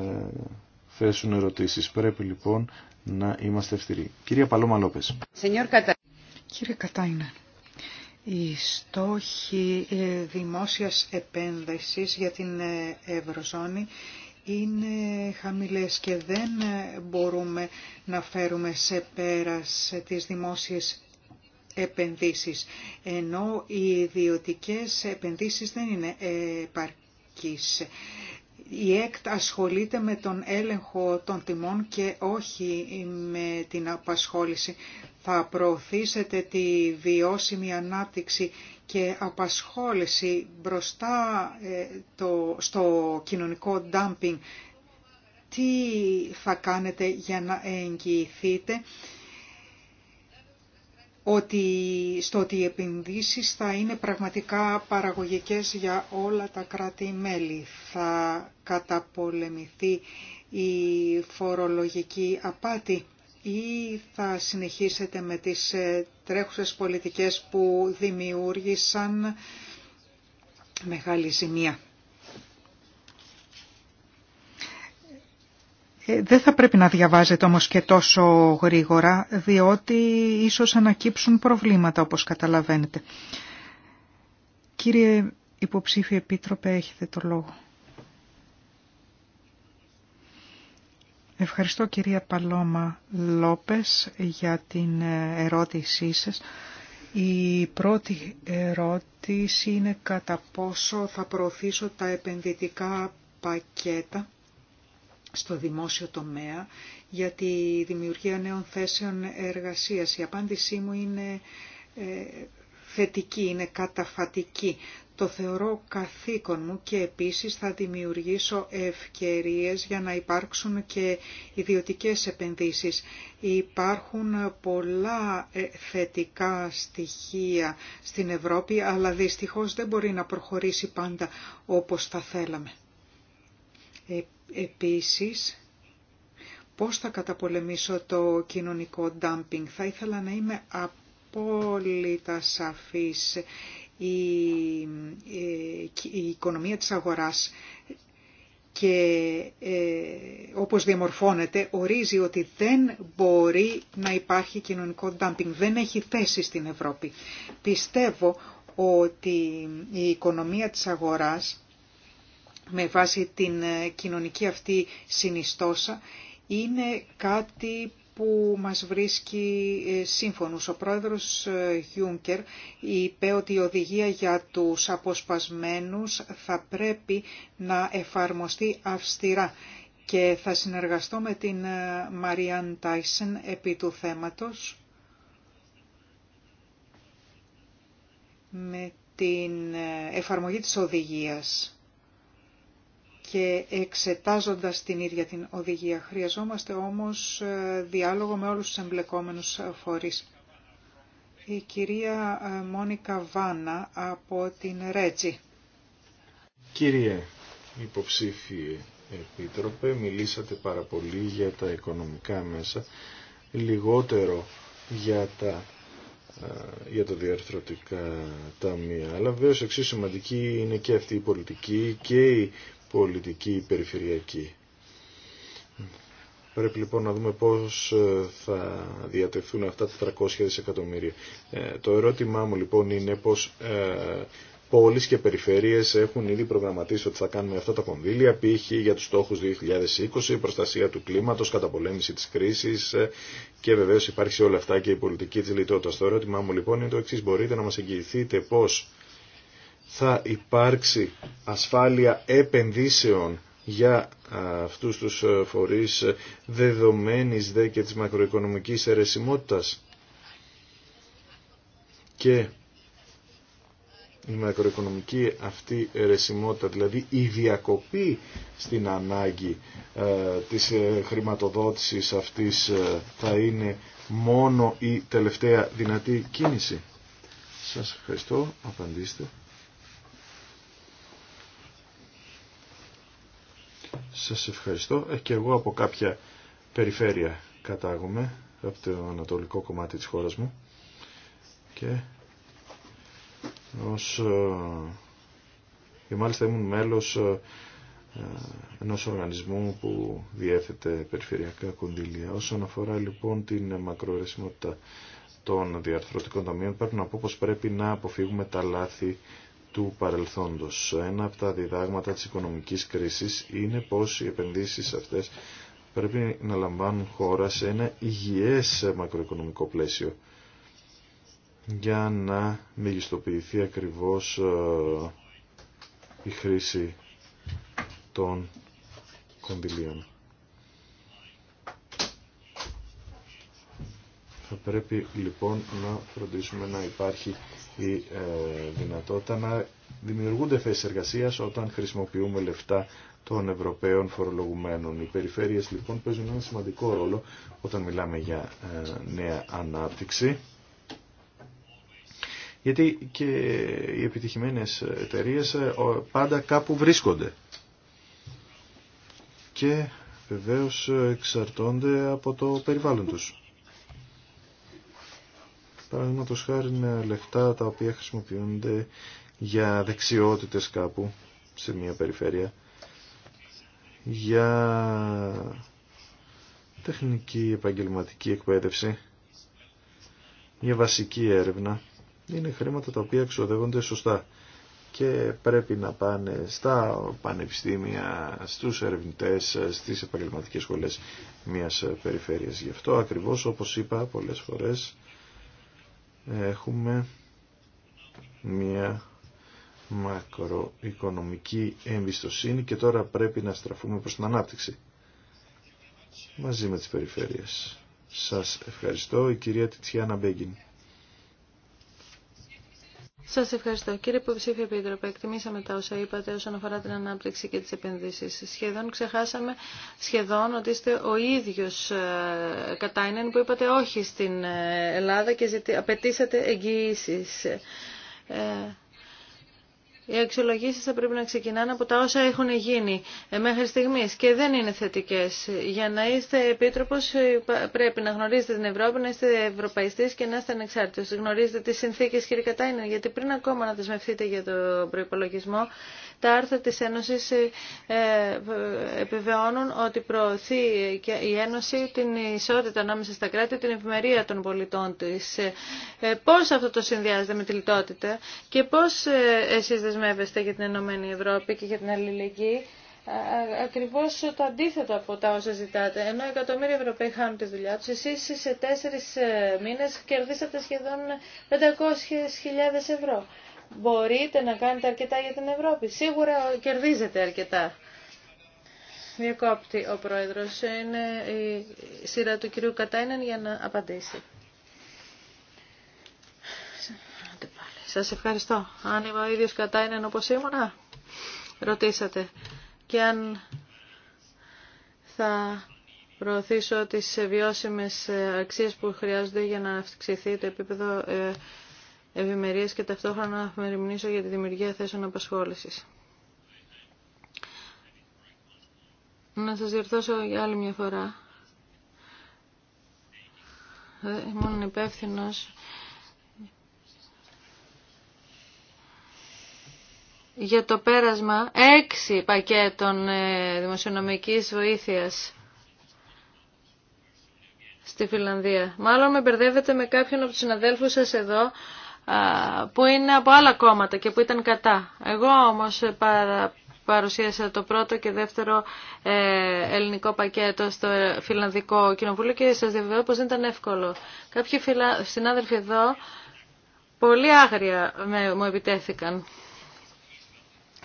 θέσουν ερωτήσεις. Πρέπει λοιπόν να είμαστε ευθυροί. Κυρία Παλώμα Λόπες. Κύριε Κατάινα, οι στόχοι ε, δημόσιας επένδυσης για την ε, Ευρωζώνη είναι χαμηλές και δεν μπορούμε να φέρουμε σε πέρας τις δημόσιες επενδύσεις, ενώ οι ιδιωτικές επενδύσεις δεν είναι επαρκείς. Η ΕΚΤ ασχολείται με τον έλεγχο των τιμών και όχι με την απασχόληση. Θα προωθήσετε τη βιώσιμη ανάπτυξη και απασχόληση μπροστά ε, το, στο κοινωνικό dumping. Τι θα κάνετε για να εγγυηθείτε ότι, στο ότι οι επενδύσεις θα είναι πραγματικά παραγωγικές για όλα τα κράτη-μέλη. Θα καταπολεμηθεί η φορολογική απάτη ή θα συνεχίσετε με τις ε, τρέχουσες πολιτικές που δημιούργησαν μεγάλη ζημία. Ε, δεν θα πρέπει να διαβάζετε όμως και τόσο γρήγορα, διότι ίσως ανακύψουν προβλήματα όπως καταλαβαίνετε. Κύριε Υποψήφιο Επίτροπε, έχετε το λόγο. Ευχαριστώ κυρία Παλώμα Λόπες για την ε, ερώτησή σας. Η πρώτη ερώτηση είναι κατά πόσο θα προωθήσω τα επενδυτικά πακέτα στο δημόσιο τομέα για τη δημιουργία νέων θέσεων εργασίας. Η απάντησή μου είναι ε, θετική, είναι καταφατική. Το θεωρώ καθήκον μου και επίσης θα δημιουργήσω ευκαιρίες για να υπάρξουν και ιδιωτικές επενδύσεις. Υπάρχουν πολλά ε, θετικά στοιχεία στην Ευρώπη, αλλά δυστυχώς δεν μπορεί να προχωρήσει πάντα όπως θα θέλαμε. Ε, επίσης, πώς θα καταπολεμήσω το κοινωνικό ντάμπινγκ. Θα ήθελα να είμαι απόλυτα σαφής. Ε, η οικονομία της αγοράς και ε, όπως διαμορφώνεται ορίζει ότι δεν μπορεί να υπάρχει κοινωνικό ντάμπινγκ, δεν έχει θέση στην Ευρώπη. Πιστεύω ότι η οικονομία της αγοράς με βάση την ε, κοινωνική αυτή συνιστόσα είναι κάτι που μας βρίσκει ε, σύμφωνος. Ο πρόεδρος Γιούνκερ είπε ότι η οδηγία για τους αποσπασμένους θα πρέπει να εφαρμοστεί αυστηρά και θα συνεργαστώ με την Μαριάν ε, Τάισεν επί του θέματος με την ε, εφαρμογή της οδηγίας και εξετάζοντας την ίδια την οδηγία. Χρειαζόμαστε όμως ε, διάλογο με όλους τους εμπλεκόμενους φορείς. Η κυρία ε, Μόνικα Βάνα από την Ρέτζη. Κύριε υποψήφιε επίτροπε, μιλήσατε πάρα πολύ για τα οικονομικά μέσα, λιγότερο για τα ε, για τα διαρθρωτικά ταμεία. Αλλά βέβαια εξίσου σημαντική είναι και αυτή η πολιτική και η πολιτική περιφερειακή. Πρέπει λοιπόν να δούμε πώς ε, θα διατεθούν αυτά τα 300 δισεκατομμύρια. Ε, το ερώτημά μου λοιπόν είναι πώς ε, πόλεις και περιφέρειες έχουν ήδη προγραμματίσει ότι θα κάνουμε αυτά τα κονδύλια, π.χ. για τους στόχους 2020, προστασία του κλίματος, καταπολέμηση της κρίσης και βεβαίως υπάρχει σε όλα αυτά και η πολιτική της λιτότητας. Το ερώτημά μου λοιπόν είναι το εξής, μπορείτε να μας εγγυηθείτε πώς θα υπάρξει ασφάλεια επενδύσεων για αυτούς τους ε, φορείς ε, δεδομένης δε και της μακροοικονομικής αιρεσιμότητας. Και η μακροοικονομική αυτή αιρεσιμότητα, δηλαδή η διακοπή στην ανάγκη ε, της ε, χρηματοδότησης αυτής θα είναι μόνο η τελευταία δυνατή κίνηση. Σας ευχαριστώ. Απαντήστε. Σας ευχαριστώ. Ε, και εγώ από κάποια περιφέρεια κατάγομαι, από το ανατολικό κομμάτι της χώρας μου. Και ως, ε, και μάλιστα ήμουν μέλος ε, ενός οργανισμού που διέθετε περιφερειακά κονδύλια. Όσον αφορά λοιπόν την μακροερεσιμότητα των διαρθρωτικών ταμείων πρέπει να πω πως πρέπει να αποφύγουμε τα λάθη του παρελθόντος. Ένα από τα διδάγματα της οικονομικής κρίσης είναι πως οι επενδύσεις αυτές πρέπει να λαμβάνουν χώρα σε ένα υγιές μακροοικονομικό πλαίσιο για να μεγιστοποιηθεί ακριβώς ε, η χρήση των κονδυλίων. Θα πρέπει λοιπόν να φροντίσουμε να υπάρχει η ε, δυνατότητα να δημιουργούνται θέσει εργασία όταν χρησιμοποιούμε λεφτά των Ευρωπαίων φορολογουμένων. Οι περιφέρειες λοιπόν παίζουν ένα σημαντικό ρόλο όταν μιλάμε για ε, νέα ανάπτυξη. Γιατί και οι επιτυχημένες εταιρείε ε, πάντα κάπου βρίσκονται. Και βεβαίως εξαρτώνται από το περιβάλλον τους παραδείγματο χάρη λεφτά τα οποία χρησιμοποιούνται για δεξιότητες κάπου σε μια περιφέρεια, για τεχνική επαγγελματική εκπαίδευση, για βασική έρευνα. Είναι χρήματα τα οποία εξοδεύονται σωστά και πρέπει να πάνε στα πανεπιστήμια, στους ερευνητές, στις επαγγελματικές σχολές μιας περιφέρειας. Γι' αυτό ακριβώς όπως είπα πολλές φορές έχουμε μια μακροοικονομική εμπιστοσύνη και τώρα πρέπει να στραφούμε προς την ανάπτυξη μαζί με τις περιφέρειες. Σας ευχαριστώ η κυρία Τιτσιάνα Μπέγκιν. Σας ευχαριστώ. Κύριε Υποψήφια Επίτροπε, εκτιμήσαμε τα όσα είπατε όσον αφορά την ανάπτυξη και τις επενδύσεις. Σχεδόν ξεχάσαμε σχεδόν ότι είστε ο ίδιος ε, Κατάινεν που είπατε όχι στην ε, Ελλάδα και απαιτήσατε εγγυήσεις. Ε, οι αξιολογήσεις θα πρέπει να ξεκινάνε από τα όσα έχουν γίνει ε, μέχρι στιγμής και δεν είναι θετικές. Για να είστε επίτροπος ε, πρέπει να γνωρίζετε την Ευρώπη, να είστε ευρωπαϊστής και να είστε ανεξάρτητος. Γνωρίζετε τις συνθήκες κύριε Κατάινεν, γιατί πριν ακόμα να δεσμευτείτε για τον προπολογισμό τα άρθρα της Ένωσης ε, ε, επιβεώνουν ότι προωθεί η Ένωση την ισότητα ανάμεσα στα κράτη, την ευημερία των πολιτών της. Ε, πώς αυτό το συνδυάζεται με τη λιτότητα και πώς εσείς δεσμεύεστε για την Ενωμένη Ευρώπη και για την αλληλεγγύη ακριβώς το αντίθετο από τα όσα ζητάτε. Ενώ εκατομμύρια Ευρωπαίοι χάνουν τη δουλειά τους, εσείς σε τέσσερις μήνες κερδίσατε σχεδόν 500.000 ευρώ μπορείτε να κάνετε αρκετά για την Ευρώπη. Σίγουρα κερδίζετε αρκετά. Διακόπτη ο Πρόεδρος. Είναι η σειρά του κυρίου Κατάινεν για να απαντήσει. Σας ευχαριστώ. Αν είμαι ο ίδιος Κατάινεν όπως ήμουνα, ρωτήσατε. Και αν θα προωθήσω τις βιώσιμες αξίες που χρειάζονται για να αυξηθεί το επίπεδο ε, ευημερία και ταυτόχρονα να αφημερινήσω για τη δημιουργία θέσεων απασχόληση. Να σας διορθώσω για άλλη μια φορά. Μόνο ε, ήμουν υπεύθυνο. για το πέρασμα έξι πακέτων ε, δημοσιονομικής βοήθειας στη Φιλανδία. Μάλλον με μπερδεύετε με κάποιον από τους συναδέλφους σας εδώ που είναι από άλλα κόμματα και που ήταν κατά. Εγώ όμως παρουσίασα το πρώτο και δεύτερο ε, ελληνικό πακέτο στο Φιλανδικό Κοινοβούλιο και σας διαβεβαιώ πως δεν ήταν εύκολο. Κάποιοι φιλα... συνάδελφοι εδώ πολύ άγρια με, μου επιτέθηκαν.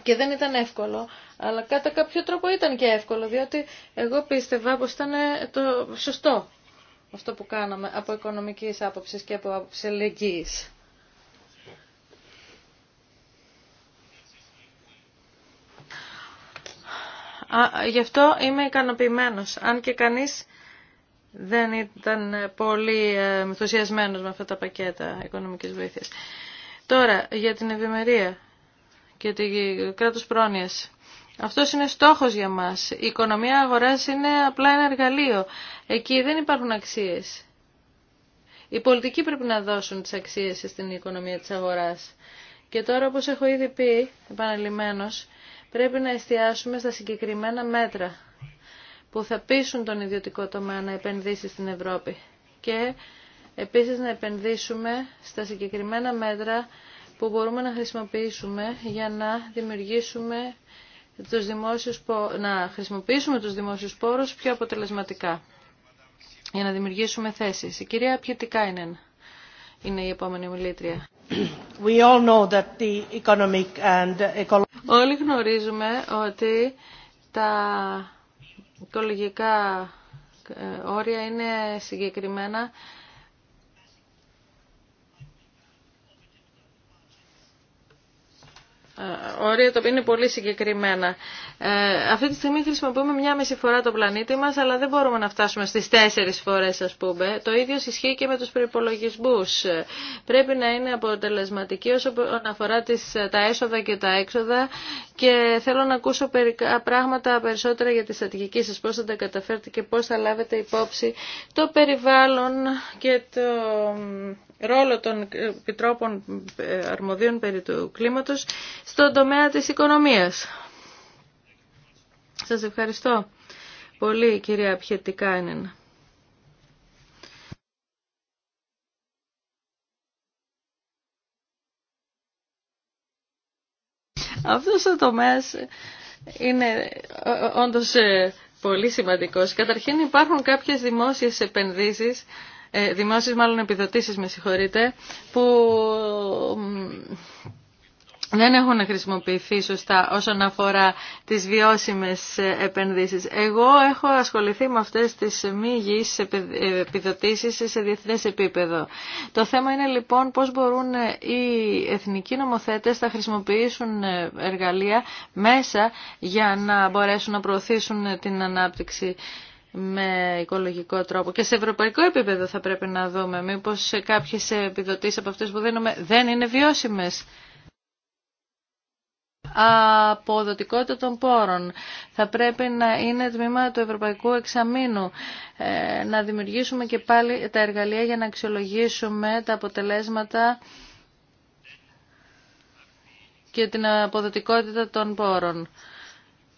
Και δεν ήταν εύκολο, αλλά κατά κάποιο τρόπο ήταν και εύκολο, διότι εγώ πίστευα πως ήταν ε, το σωστό αυτό που κάναμε από οικονομικής άποψης και από άποψη ελεγγύης. γι' αυτό είμαι ικανοποιημένος. Αν και κανείς δεν ήταν πολύ ε, ενθουσιασμένος με αυτά τα πακέτα οικονομικής βοήθειας. Τώρα, για την ευημερία και το κράτος πρόνοιας. Αυτό είναι στόχος για μας. Η οικονομία αγοράς είναι απλά ένα εργαλείο. Εκεί δεν υπάρχουν αξίες. Οι πολιτικοί πρέπει να δώσουν τις αξίες στην οικονομία της αγοράς. Και τώρα, όπως έχω ήδη πει, Πρέπει να εστιάσουμε στα συγκεκριμένα μέτρα που θα πείσουν τον ιδιωτικό τομέα να επενδύσει στην Ευρώπη και επίσης να επενδύσουμε στα συγκεκριμένα μέτρα που μπορούμε να χρησιμοποιήσουμε για να δημιουργήσουμε τους δημόσιους, να χρησιμοποιήσουμε τους δημόσιους πόρους πιο αποτελεσματικά για να δημιουργήσουμε θέσεις. Η κυρία Πιετικάινεν είναι η επόμενη μιλήτρια. Όλοι γνωρίζουμε ότι τα οικολογικά ε, όρια είναι συγκεκριμένα Ωραία, ε, το είναι πολύ συγκεκριμένα. Ε, αυτή τη στιγμή χρησιμοποιούμε μια μισή φορά το πλανήτη μα, αλλά δεν μπορούμε να φτάσουμε στι τέσσερι φορέ, α πούμε. Το ίδιο ισχύει και με του προπολογισμού. Πρέπει να είναι αποτελεσματική όσον αφορά τις, τα έσοδα και τα έξοδα και θέλω να ακούσω πράγματα περισσότερα για τη στρατηγική σα πώ θα τα καταφέρετε και πώ θα λάβετε υπόψη το περιβάλλον και το ρόλο των ε, επιτρόπων αρμοδίων περί του κλίματος στον τομέα της οικονομίας. Σας ευχαριστώ πολύ κυρία Πιετικάινεν. Αυτός ο τομέας είναι όντως ε, πολύ σημαντικός. Καταρχήν υπάρχουν κάποιες δημόσιες επενδύσεις, ε, δημόσιες μάλλον επιδοτήσεις με συγχωρείτε, που δεν έχουν χρησιμοποιηθεί σωστά όσον αφορά τις βιώσιμες επενδύσεις. Εγώ έχω ασχοληθεί με αυτές τις μη υγιείς επιδοτήσεις σε διεθνές επίπεδο. Το θέμα είναι λοιπόν πώς μπορούν οι εθνικοί νομοθέτες να χρησιμοποιήσουν εργαλεία μέσα για να μπορέσουν να προωθήσουν την ανάπτυξη με οικολογικό τρόπο. Και σε ευρωπαϊκό επίπεδο θα πρέπει να δούμε μήπως κάποιες επιδοτήσεις από αυτές που δίνουμε δεν είναι βιώσιμες αποδοτικότητα των πόρων. Θα πρέπει να είναι τμήμα του Ευρωπαϊκού Εξαμήνου. Ε, να δημιουργήσουμε και πάλι τα εργαλεία για να αξιολογήσουμε τα αποτελέσματα και την αποδοτικότητα των πόρων.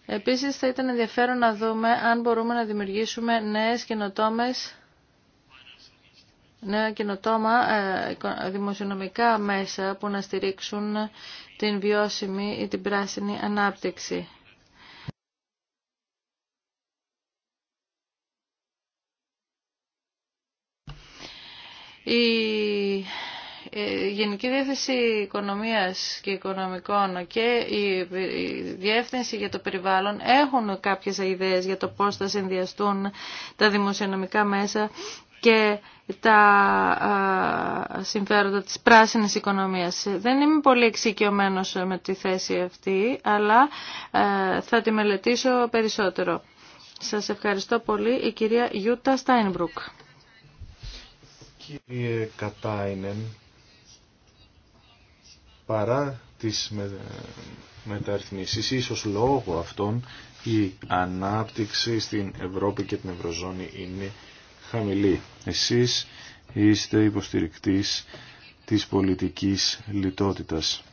Επίσης θα ήταν ενδιαφέρον να δούμε αν μπορούμε να δημιουργήσουμε νέες καινοτόμες νέα καινοτόμα ε, δημοσιονομικά μέσα που να στηρίξουν την βιώσιμη ή την πράσινη ανάπτυξη. Η ε, Γενική Διεύθυνση Οικονομίας και Οικονομικών και η Διεύθυνση για το Περιβάλλον έχουν κάποιες ιδέες για το πώς θα συνδυαστούν τα δημοσιονομικά μέσα και τα συμφέροντα της πράσινης οικονομίας. Δεν είμαι πολύ εξοικειωμένος με τη θέση αυτή, αλλά θα τη μελετήσω περισσότερο. Σας ευχαριστώ πολύ. Η κυρία Γιούτα Στάινμπρουκ. Κύριε Κατάινεν, παρά τις με, μεταρρυθμίσεις, ίσως λόγω αυτών, η ανάπτυξη στην Ευρώπη και την Ευρωζώνη είναι χαμηλή. Εσείς είστε υποστηρικτής της πολιτικής λιτότητας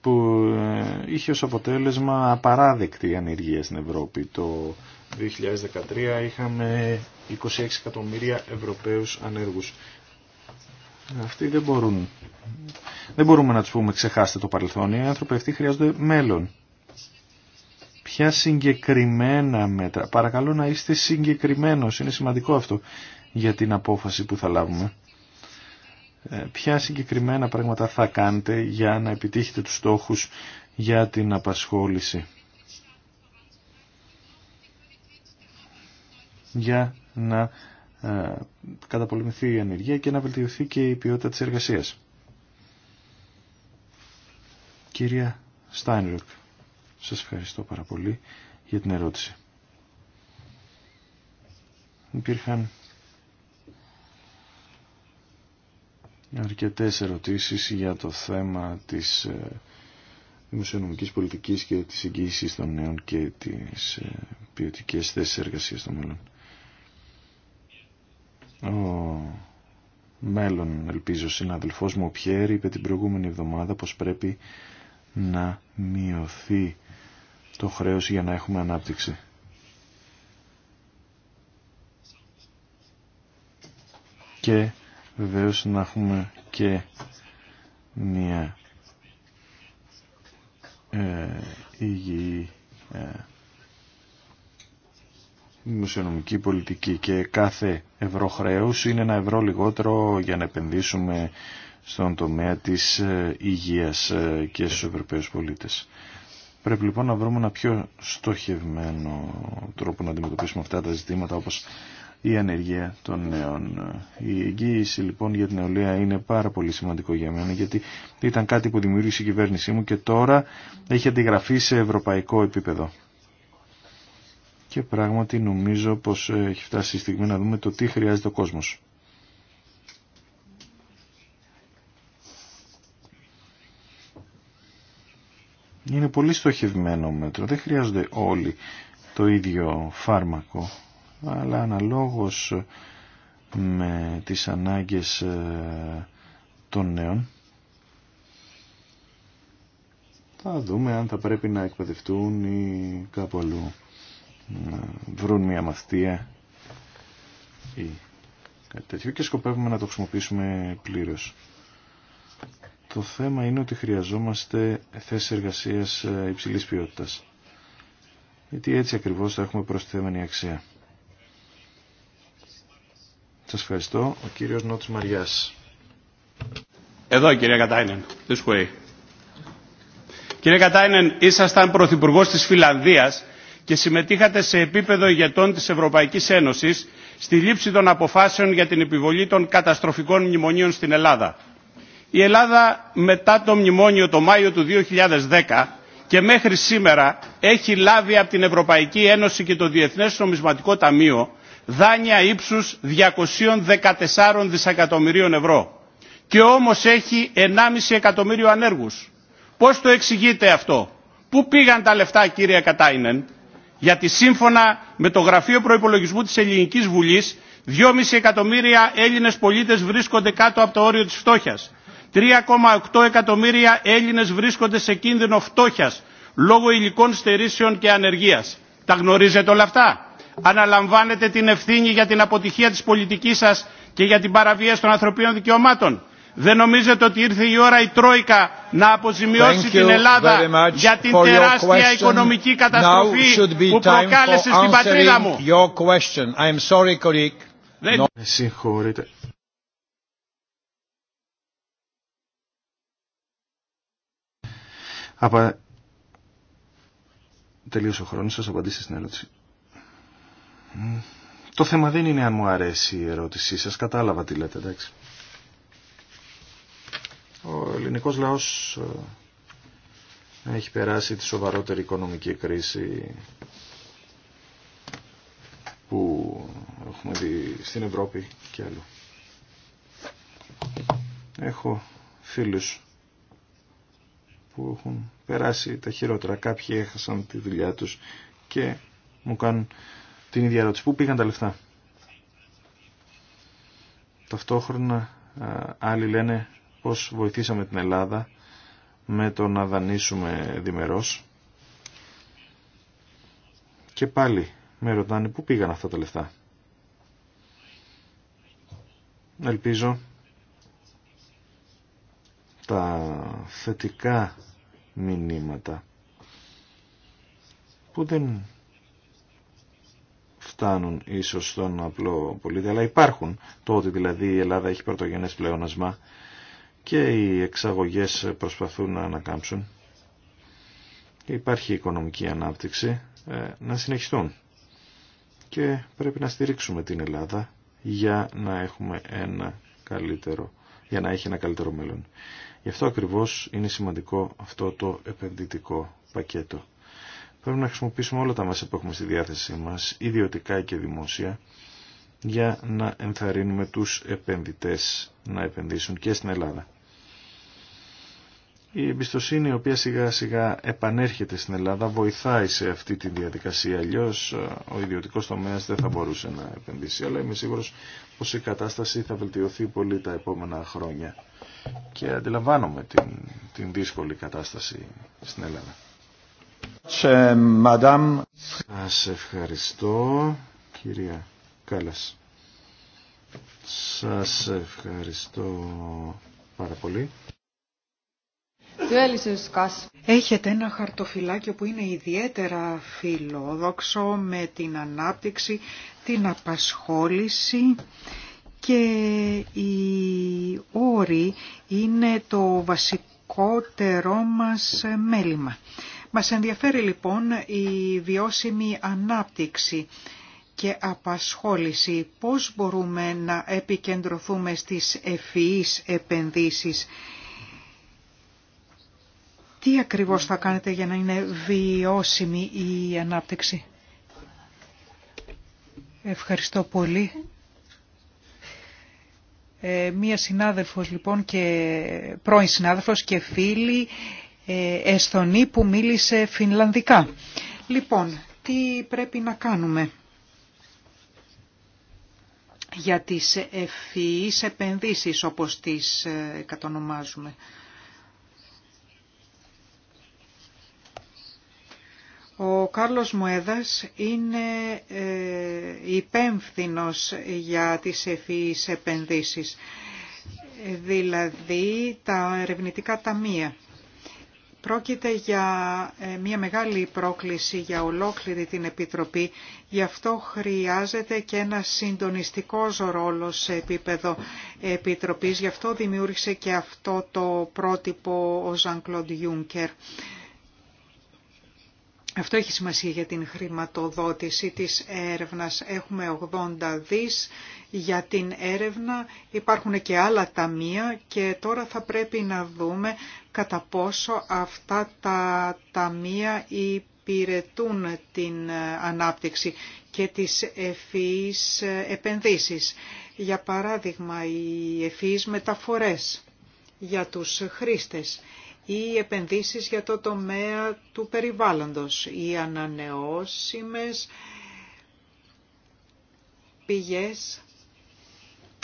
που ε, είχε ως αποτέλεσμα απαράδεκτη ανεργία στην Ευρώπη. Το 2013 είχαμε 26 εκατομμύρια Ευρωπαίους ανέργους. Αυτοί δεν μπορούν. Δεν μπορούμε να τους πούμε ξεχάστε το παρελθόν. Οι άνθρωποι αυτοί χρειάζονται μέλλον ποια συγκεκριμένα μέτρα. Παρακαλώ να είστε συγκεκριμένος, είναι σημαντικό αυτό για την απόφαση που θα λάβουμε. Ε, ποια συγκεκριμένα πράγματα θα κάνετε για να επιτύχετε τους στόχους για την απασχόληση. Για να ε, καταπολεμηθεί η ανεργία και να βελτιωθεί και η ποιότητα της εργασίας. Κυρία Στάινρουκ. Σας ευχαριστώ πάρα πολύ για την ερώτηση. Υπήρχαν αρκετές ερωτήσεις για το θέμα της ε, δημοσιονομικής πολιτικής και της εγγύησης των νέων και τις ε, ποιοτικέ θέσεις εργασίας των μέλλον. Ο μέλλον, ελπίζω, συνάδελφός μου, ο Πιέρη, είπε την προηγούμενη εβδομάδα πως πρέπει να μειωθεί το χρέος για να έχουμε ανάπτυξη. Και βεβαίως να έχουμε και μια ε, υγιή ε, δημοσιονομική πολιτική και κάθε ευρώ χρέους είναι ένα ευρώ λιγότερο για να επενδύσουμε στον τομέα της ε, υγείας ε, και στους Ευρωπαίους πολίτες. Πρέπει λοιπόν να βρούμε ένα πιο στοχευμένο τρόπο να αντιμετωπίσουμε αυτά τα ζητήματα όπως η ανεργία των νέων. Η εγγύηση λοιπόν για την νεολαία είναι πάρα πολύ σημαντικό για μένα γιατί ήταν κάτι που δημιούργησε η κυβέρνησή μου και τώρα έχει αντιγραφεί σε ευρωπαϊκό επίπεδο. Και πράγματι νομίζω πως έχει φτάσει η στιγμή να δούμε το τι χρειάζεται ο κόσμος. Είναι πολύ στοχευμένο μέτρο. Δεν χρειάζονται όλοι το ίδιο φάρμακο. Αλλά αναλόγως με τις ανάγκες ε, των νέων θα δούμε αν θα πρέπει να εκπαιδευτούν ή κάπου αλλού να βρουν μια μαθητεία ή κάτι τέτοιο και σκοπεύουμε να το χρησιμοποιήσουμε πλήρως. Το θέμα είναι ότι χρειαζόμαστε θέσει εργασία ε, υψηλή ποιότητα, Γιατί έτσι ακριβώ θα έχουμε προστιθέμενη αξία. Σα ευχαριστώ. Ο κύριος Νότ Μαριάς. Εδώ κυρία Κατάινεν. Κύριε Κατάινεν, ήσασταν πρωθυπουργό της Φιλανδία και συμμετείχατε σε επίπεδο ηγετών της Ευρωπαϊκής Ένωσης στη λήψη των αποφάσεων για την επιβολή των καταστροφικών μνημονίων στην Ελλάδα η Ελλάδα μετά το μνημόνιο το Μάιο του 2010 και μέχρι σήμερα έχει λάβει από την Ευρωπαϊκή Ένωση και το Διεθνές Νομισματικό Ταμείο δάνεια ύψους 214 δισεκατομμυρίων ευρώ. Και όμως έχει 1,5 εκατομμύριο ανέργους. Πώς το εξηγείτε αυτό. Πού πήγαν τα λεφτά κύριε Κατάινεν. Γιατί σύμφωνα με το Γραφείο Προϋπολογισμού της Ελληνικής Βουλής 2,5 εκατομμύρια Έλληνες πολίτες βρίσκονται κάτω από το όριο της φτώχειας. 3,8 εκατομμύρια Έλληνες βρίσκονται σε κίνδυνο φτώχειας λόγω υλικών στερήσεων και ανεργίας. Τα γνωρίζετε όλα αυτά. Αναλαμβάνετε την ευθύνη για την αποτυχία της πολιτικής σας και για την παραβίαση των ανθρωπίνων δικαιωμάτων. Δεν νομίζετε ότι ήρθε η ώρα η Τρόικα να αποζημιώσει την Ελλάδα για την τεράστια οικονομική καταστροφή που προκάλεσε στην πατρίδα μου. Συγχωρείτε. Απα... Τελείωσε ο χρόνος σας, απαντήστε στην ερώτηση. Το θέμα δεν είναι αν μου αρέσει η ερώτησή σας, κατάλαβα τι λέτε, εντάξει. Ο ελληνικός λαός ε, έχει περάσει τη σοβαρότερη οικονομική κρίση που έχουμε δει στην Ευρώπη και άλλο. Έχω φίλους που έχουν περάσει τα χειρότερα. Κάποιοι έχασαν τη δουλειά τους και μου κάνουν την ίδια ερώτηση. Πού πήγαν τα λεφτά. Ταυτόχρονα άλλοι λένε πως βοηθήσαμε την Ελλάδα με το να δανείσουμε διμερός. Και πάλι με ρωτάνε πού πήγαν αυτά τα λεφτά. Ελπίζω τα θετικά μηνύματα που δεν φτάνουν ίσως στον απλό πολίτη, αλλά υπάρχουν το ότι δηλαδή η Ελλάδα έχει πρωτογενές πλεόνασμα και οι εξαγωγές προσπαθούν να ανακάμψουν και υπάρχει οικονομική ανάπτυξη ε, να συνεχιστούν και πρέπει να στηρίξουμε την Ελλάδα για να έχουμε ένα καλύτερο για να έχει ένα καλύτερο μέλλον. Γι' αυτό ακριβώς είναι σημαντικό αυτό το επενδυτικό πακέτο. Πρέπει να χρησιμοποιήσουμε όλα τα μέσα που έχουμε στη διάθεσή μας, ιδιωτικά και δημόσια, για να ενθαρρύνουμε τους επενδυτές να επενδύσουν και στην Ελλάδα. Η εμπιστοσύνη η οποία σιγά σιγά επανέρχεται στην Ελλάδα βοηθάει σε αυτή τη διαδικασία. Αλλιώ ο ιδιωτικό τομέα δεν θα μπορούσε να επενδύσει. Αλλά είμαι σίγουρο πω η κατάσταση θα βελτιωθεί πολύ τα επόμενα χρόνια και αντιλαμβάνομαι την, την δύσκολη κατάσταση στην Ελλάδα. Ε, Σας ευχαριστώ κυρία Κάλλας. Σας ευχαριστώ πάρα πολύ. Έχετε ένα χαρτοφυλάκιο που είναι ιδιαίτερα φιλόδοξο με την ανάπτυξη, την απασχόληση και οι όροι είναι το βασικότερό μας μέλημα. Μας ενδιαφέρει λοιπόν η βιώσιμη ανάπτυξη και απασχόληση. Πώς μπορούμε να επικεντρωθούμε στις ευφυείς επενδύσεις. Τι ακριβώς θα κάνετε για να είναι βιώσιμη η ανάπτυξη. Ευχαριστώ πολύ. Ε, μία συνάδελφος λοιπόν και πρώην συνάδελφος και φίλη ε, Εσθονή που μίλησε φινλανδικά. Λοιπόν, τι πρέπει να κάνουμε για τις ευφυείς επενδύσεις όπως τις ε, κατονομάζουμε. Ο Κάρλος Μουέδας είναι ε, υπεύθυνος για τις ευφυείς επενδύσεις, δηλαδή τα ερευνητικά ταμεία. Πρόκειται για ε, μια μεγάλη πρόκληση για ολόκληρη την Επιτροπή, γι' αυτό χρειάζεται και ένα συντονιστικό ρόλο σε επίπεδο Επιτροπής, γι' αυτό δημιούργησε και αυτό το πρότυπο ο Ζαν Κλοντ Ιούνκερ αυτό έχει σημασία για την χρηματοδότηση της έρευνας. Έχουμε 80 δις για την έρευνα, υπάρχουν και άλλα ταμεία και τώρα θα πρέπει να δούμε κατά πόσο αυτά τα ταμεία υπηρετούν την ανάπτυξη και τις ευφυείς επενδύσεις. Για παράδειγμα, οι ευφυείς μεταφορές για τους χρήστες ή επενδύσεις για το τομέα του περιβάλλοντος, ή ανανεώσιμες πηγές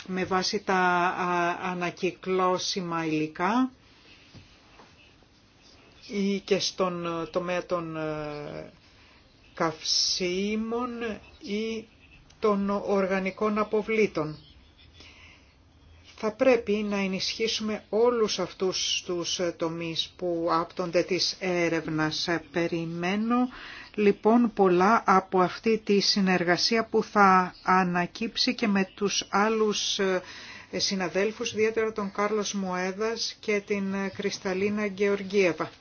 με βάση τα ανακυκλώσιμα υλικά ή και στον τομέα των ε, καυσίμων ή των οργανικών αποβλήτων θα πρέπει να ενισχύσουμε όλους αυτούς τους τομείς που άπτονται της έρευνας. Περιμένω λοιπόν πολλά από αυτή τη συνεργασία που θα ανακύψει και με τους άλλους ε, συναδέλφους, ιδιαίτερα τον Κάρλος Μουέδας και την Κρυσταλίνα Γεωργίεβα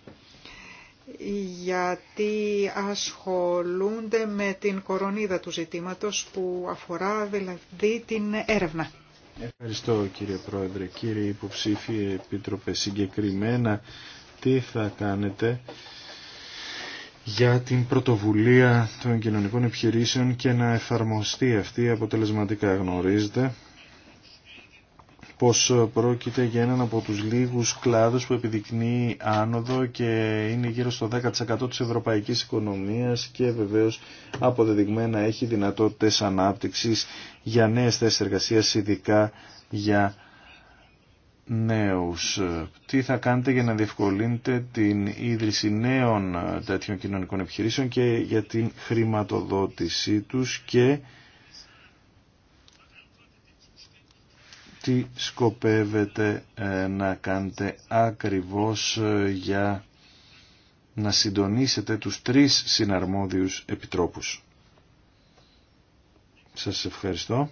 γιατί ασχολούνται με την κορονίδα του ζητήματος που αφορά δηλαδή την έρευνα. Ευχαριστώ κύριε Πρόεδρε. Κύριε υποψήφοι, Επίτροπε, συγκεκριμένα τι θα κάνετε για την πρωτοβουλία των κοινωνικών επιχειρήσεων και να εφαρμοστεί αυτή αποτελεσματικά. Γνωρίζετε πως ε, πρόκειται για έναν από τους λίγους κλάδους που επιδεικνύει άνοδο και είναι γύρω στο 10% της ευρωπαϊκής οικονομίας και βεβαίως αποδεδειγμένα έχει δυνατότητες ανάπτυξης για νέες θέσεις εργασίας, ειδικά για νέους. Τι θα κάνετε για να διευκολύνετε την ίδρυση νέων ε, τέτοιων κοινωνικών επιχειρήσεων και για την χρηματοδότησή τους και τι σκοπεύετε ε, να κάνετε ακριβώς ε, για να συντονίσετε τους τρεις συναρμόδιους επιτρόπους. Σας ευχαριστώ.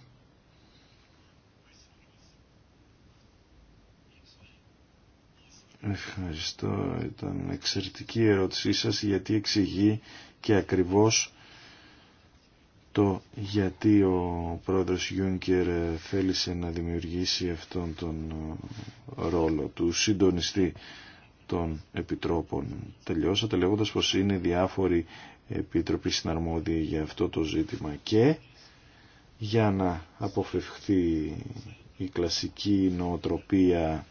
Ευχαριστώ. Ήταν εξαιρετική ερώτησή σας γιατί εξηγεί και ακριβώς το γιατί ο πρόεδρος Γιούνκερ θέλησε να δημιουργήσει αυτόν τον ε, ρόλο του συντονιστή των επιτρόπων. Τελειώσατε λέγοντας πως είναι διάφοροι επίτροποι συναρμόδιοι για αυτό το ζήτημα και για να αποφευχθεί η κλασική νοοτροπία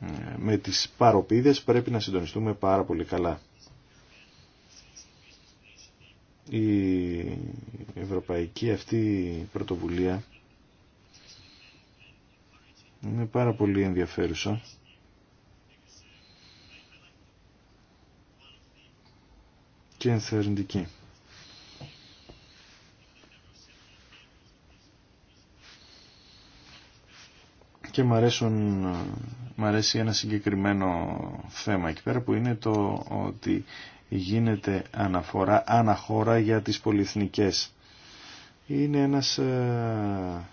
ε, με τις παροπίδες πρέπει να συντονιστούμε πάρα πολύ καλά η ευρωπαϊκή αυτή πρωτοβουλία είναι πάρα πολύ ενδιαφέρουσα. και ενθαρρυντική. Και μ, αρέσουν, μ' αρέσει ένα συγκεκριμένο θέμα εκεί πέρα που είναι το ότι γίνεται αναφορά αναχώρα για τις πολυεθνικές. Είναι ένας ε,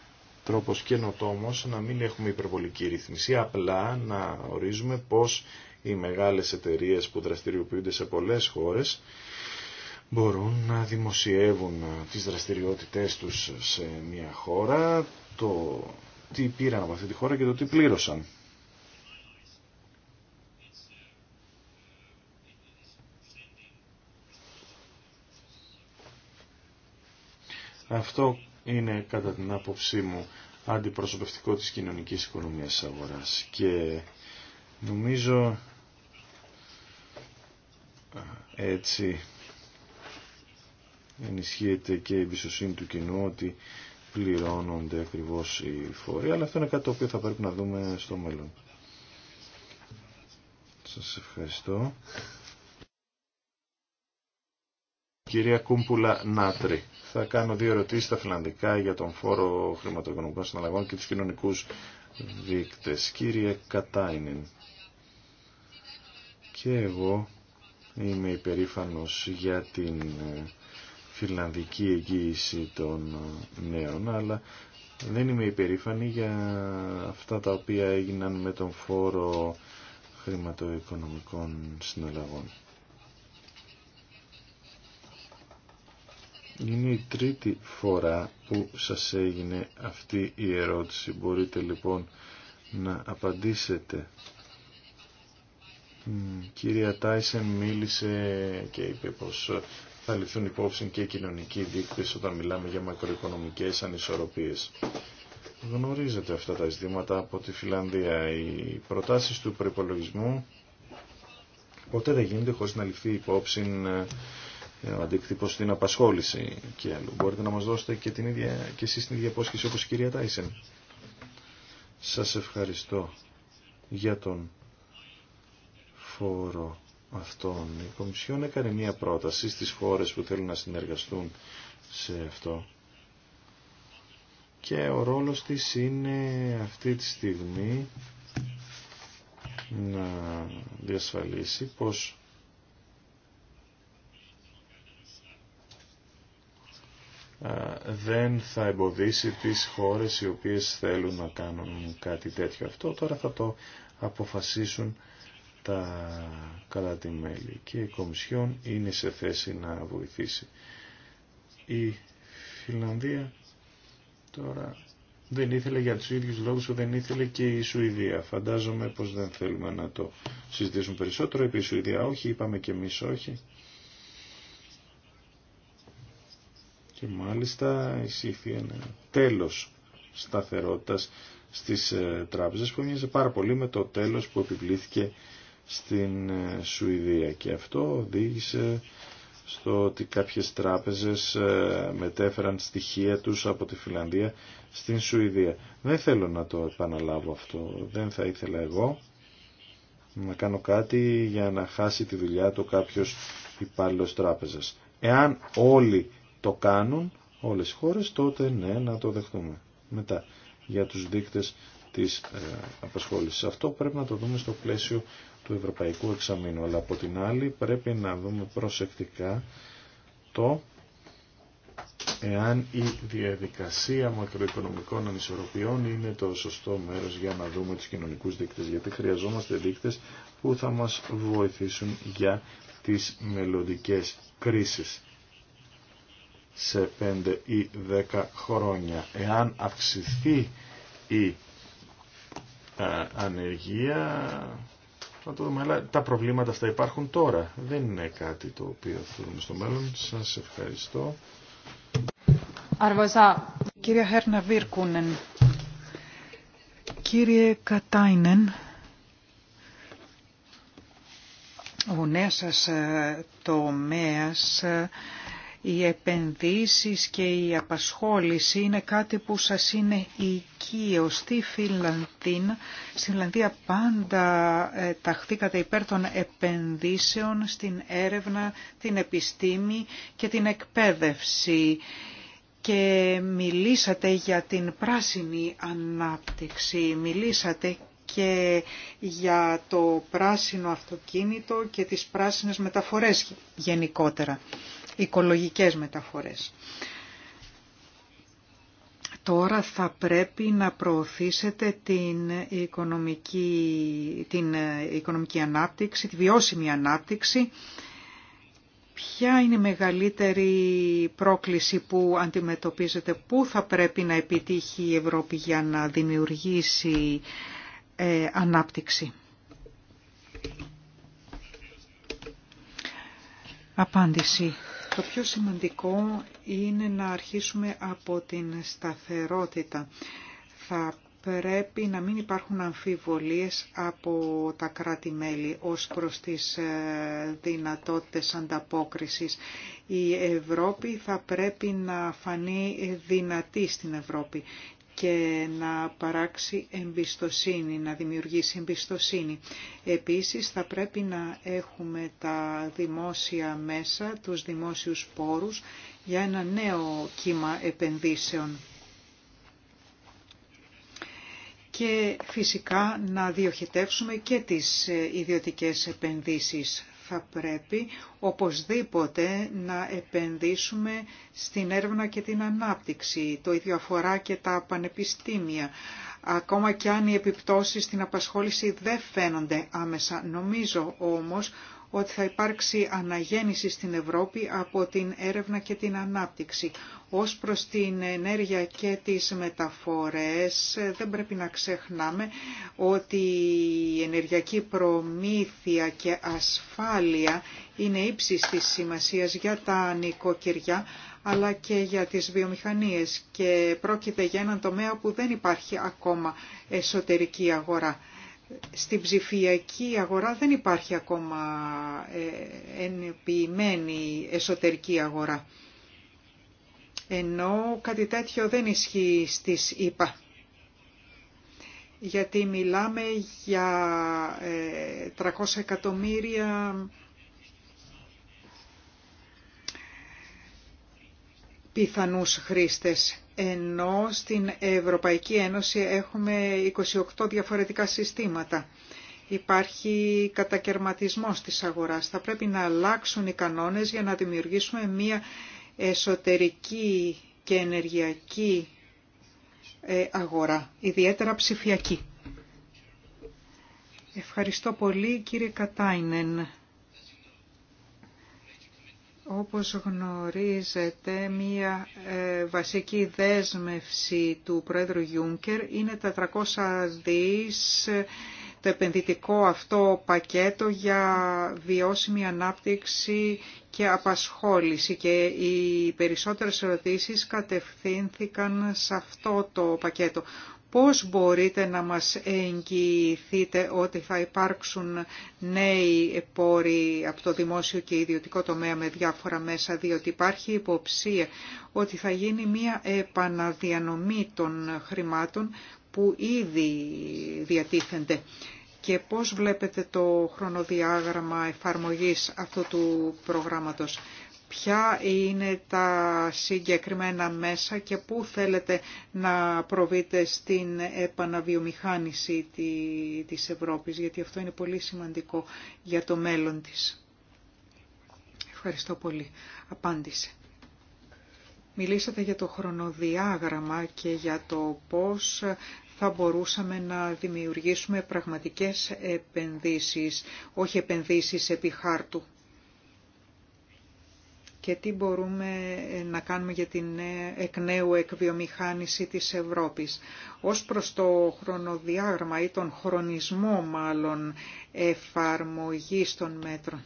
τρόπος καινοτόμος να μην έχουμε υπερβολική ρυθμισή, απλά να ορίζουμε πως οι μεγάλες εταιρείες που δραστηριοποιούνται σε πολλές χώρες μπορούν να δημοσιεύουν ε, τις δραστηριότητές τους σε μια χώρα, το τι πήραν από αυτή τη χώρα και το τι πλήρωσαν. Αυτό είναι κατά την άποψή μου αντιπροσωπευτικό της κοινωνικής οικονομίας της αγοράς και νομίζω ε, έτσι ενισχύεται και η εμπιστοσύνη του κοινού ότι πληρώνονται ακριβώς οι φόροι αλλά αυτό είναι κάτι το οποίο θα πρέπει να δούμε στο μέλλον. Σας ευχαριστώ. Κυρία Κούμπουλα Νάτρη, θα κάνω δύο ερωτήσεις στα φιλανδικά για τον φόρο χρηματοοικονομικών συναλλαγών και τους κοινωνικούς δείκτες. Κύριε Κατάινιν, και εγώ είμαι υπερήφανος για την ε, φιλανδική εγγύηση των ε, νέων, αλλά δεν είμαι υπερήφανη για αυτά τα οποία έγιναν με τον φόρο χρηματοοικονομικών συναλλαγών. Είναι η τρίτη φορά που σας έγινε αυτή η ερώτηση. Μπορείτε λοιπόν να απαντήσετε. Κυρία Τάισεν μίλησε και είπε πως θα ληφθούν υπόψη και οι κοινωνικοί δείκτες όταν μιλάμε για μακροοικονομικές ανισορροπίες. Γνωρίζετε αυτά τα ζητήματα από τη Φιλανδία. Οι προτάσεις του προπολογισμού ποτέ δεν γίνονται χωρίς να ληφθεί υπόψη ε, ε, ο αντίκτυπος στην απασχόληση και αλλού. Μπορείτε να μας δώσετε και, την ίδια, και εσείς την ίδια υπόσχεση όπως η κυρία Τάισεν. Σας ευχαριστώ για τον φόρο αυτόν. Η Κομισιόν έκανε μία πρόταση στις χώρες που θέλουν να συνεργαστούν σε αυτό. Και ο ρόλος της είναι αυτή τη στιγμή να διασφαλίσει πως δεν θα εμποδίσει τις χώρες οι οποίες θέλουν να κάνουν κάτι τέτοιο. Αυτό τώρα θα το αποφασίσουν τα κράτη-μέλη και η Κομισιόν είναι σε θέση να βοηθήσει. Η Φιλανδία τώρα δεν ήθελε για τους ίδιους λόγους που δεν ήθελε και η Σουηδία. Φαντάζομαι πως δεν θέλουμε να το συζητήσουμε περισσότερο, επί η Σουηδία όχι, είπαμε και εμείς όχι. και μάλιστα εισήχθη ένα τέλος σταθερότητας στις ε, τράπεζες που μοιάζει πάρα πολύ με το τέλος που επιβλήθηκε στην ε, Σουηδία και αυτό οδήγησε στο ότι κάποιες τράπεζες ε, μετέφεραν στοιχεία τους από τη Φιλανδία στην Σουηδία. Δεν θέλω να το επαναλάβω αυτό, δεν θα ήθελα εγώ να κάνω κάτι για να χάσει τη δουλειά του κάποιος υπάλληλος τράπεζας. Εάν όλοι το κάνουν όλες οι χώρες, τότε ναι, να το δεχτούμε. Μετά, για τους δείκτες της ε, απασχόλησης. Αυτό πρέπει να το δούμε στο πλαίσιο του Ευρωπαϊκού Εξαμήνου, αλλά από την άλλη πρέπει να δούμε προσεκτικά το εάν η διαδικασία μακροοικονομικών ανισορροπιών είναι το σωστό μέρος για να δούμε τους κοινωνικούς δείκτες, γιατί χρειαζόμαστε δείκτες που θα μας βοηθήσουν για τις μελλοντικέ κρίσεις σε 5 ή 10 χρόνια. Εάν αυξηθεί η ε, ανεργία, θα το δούμε, αλλά τα προβλήματα αυτά υπάρχουν τώρα. Δεν είναι κάτι το οποίο θέλουμε στο μέλλον. Σας ευχαριστώ. Αρβαζά. Κύριε Χέρνα Βίρκουνεν, κύριε Κατάινεν, ο νέας σας ε, τομέας ε, οι επενδύσεις και η απασχόληση είναι κάτι που σας είναι οικείο. Στη Φιλανδία, στη πάντα ε, ταχθήκατε υπέρ των επενδύσεων στην έρευνα, την επιστήμη και την εκπαίδευση και μιλήσατε για την πράσινη ανάπτυξη, μιλήσατε και για το πράσινο αυτοκίνητο και τις πράσινες μεταφορές γενικότερα οικολογικές μεταφορές. Τώρα θα πρέπει να προωθήσετε την οικονομική, την ε, οικονομική ανάπτυξη, τη βιώσιμη ανάπτυξη. Ποια είναι η μεγαλύτερη πρόκληση που αντιμετωπίζετε, πού θα πρέπει να επιτύχει η Ευρώπη για να δημιουργήσει ε, ανάπτυξη. Απάντηση. Το πιο σημαντικό είναι να αρχίσουμε από την σταθερότητα. Θα πρέπει να μην υπάρχουν αμφιβολίες από τα κράτη-μέλη ως προς τις ε, δυνατότητες ανταπόκρισης. Η Ευρώπη θα πρέπει να φανεί δυνατή στην Ευρώπη και να παράξει εμπιστοσύνη, να δημιουργήσει εμπιστοσύνη. Επίσης θα πρέπει να έχουμε τα δημόσια μέσα, τους δημόσιους πόρους για ένα νέο κύμα επενδύσεων. Και φυσικά να διοχετεύσουμε και τις ε, ιδιωτικές επενδύσεις θα πρέπει οπωσδήποτε να επενδύσουμε στην έρευνα και την ανάπτυξη. Το ίδιο αφορά και τα πανεπιστήμια. Ακόμα και αν οι επιπτώσεις στην απασχόληση δεν φαίνονται άμεσα. Νομίζω όμως ότι θα υπάρξει αναγέννηση στην Ευρώπη από την έρευνα και την ανάπτυξη. Ως προς την ενέργεια και τις μεταφορές δεν πρέπει να ξεχνάμε ότι η ενεργειακή προμήθεια και ασφάλεια είναι ύψης της σημασίας για τα νοικοκυριά αλλά και για τις βιομηχανίες και πρόκειται για έναν τομέα που δεν υπάρχει ακόμα εσωτερική αγορά στην ψηφιακή αγορά δεν υπάρχει ακόμα ε, ενποιημένη εσωτερική αγορά. Ενώ κάτι τέτοιο δεν ισχύει στις ίπα, Γιατί μιλάμε για 300 ε, εκατομμύρια πιθανούς χρήστες ενώ στην Ευρωπαϊκή Ένωση έχουμε 28 διαφορετικά συστήματα. Υπάρχει κατακαιρματισμός της αγοράς. Θα πρέπει να αλλάξουν οι κανόνες για να δημιουργήσουμε μία εσωτερική και ενεργειακή ε, αγορά, ιδιαίτερα ψηφιακή. Ευχαριστώ πολύ κύριε Κατάινεν. Όπως γνωρίζετε, μία ε, βασική δέσμευση του Πρόεδρου Γιούνκερ είναι τα 300 δις, ε, το επενδυτικό αυτό πακέτο για βιώσιμη ανάπτυξη και απασχόληση και οι περισσότερες ερωτήσεις κατευθύνθηκαν σε αυτό το πακέτο. Πώς μπορείτε να μας εγγυηθείτε ότι θα υπάρξουν νέοι πόροι από το δημόσιο και ιδιωτικό τομέα με διάφορα μέσα, διότι υπάρχει υποψία ότι θα γίνει μια επαναδιανομή των χρημάτων που ήδη διατίθενται. Και πώς βλέπετε το χρονοδιάγραμμα εφαρμογής αυτού του προγράμματος. Ποια είναι τα συγκεκριμένα μέσα και πού θέλετε να προβείτε στην επαναβιομηχάνηση της Ευρώπης, γιατί αυτό είναι πολύ σημαντικό για το μέλλον της. Ευχαριστώ πολύ. Απάντησε. Μιλήσατε για το χρονοδιάγραμμα και για το πώς θα μπορούσαμε να δημιουργήσουμε πραγματικές επενδύσεις, όχι επενδύσεις επί χάρτου και τι μπορούμε ε, να κάνουμε για την ε, εκ νέου εκβιομηχάνηση της Ευρώπης. Ως προς το χρονοδιάγραμμα ή τον χρονισμό μάλλον εφαρμογής των μέτρων.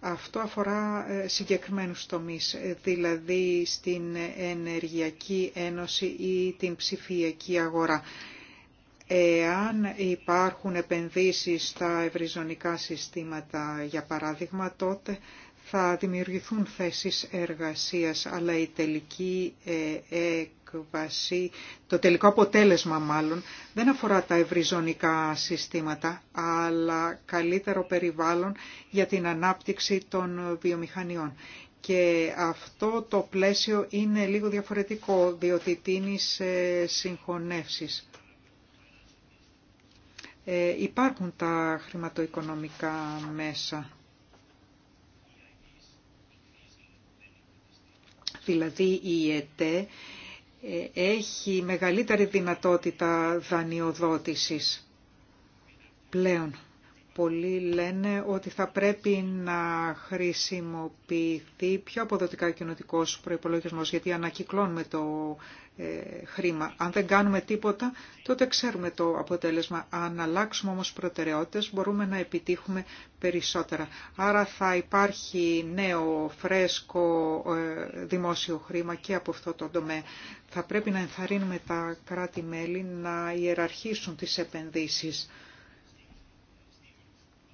Αυτό αφορά ε, συγκεκριμένους τομείς, δηλαδή στην Ενεργειακή Ένωση ή την ψηφιακή αγορά. Εάν υπάρχουν επενδύσεις στα ευρυζωνικά συστήματα, για παράδειγμα, τότε θα δημιουργηθούν θέσεις εργασίας, αλλά η τελική ε, έκβαση, το τελικό αποτέλεσμα μάλλον, δεν αφορά τα ευρυζωνικά συστήματα, αλλά καλύτερο περιβάλλον για την ανάπτυξη των βιομηχανιών. Και αυτό το πλαίσιο είναι λίγο διαφορετικό, διότι τίνει σε ε, υπάρχουν τα χρηματοοικονομικά μέσα δηλαδή η ΕΤΕ, ε, έχει μεγαλύτερη δυνατότητα δανειοδότησης πλέον. Πολλοί λένε ότι θα πρέπει να χρησιμοποιηθεί πιο αποδοτικά ο κοινοτικό προπολογισμό, γιατί ανακυκλώνουμε το ε, χρήμα. Αν δεν κάνουμε τίποτα, τότε ξέρουμε το αποτέλεσμα. Αν αλλάξουμε όμως προτεραιότητες, μπορούμε να επιτύχουμε περισσότερα. Άρα θα υπάρχει νέο, φρέσκο ε, δημόσιο χρήμα και από αυτό το τομέα. Θα πρέπει να ενθαρρύνουμε τα κράτη-μέλη να ιεραρχήσουν τις επενδύσεις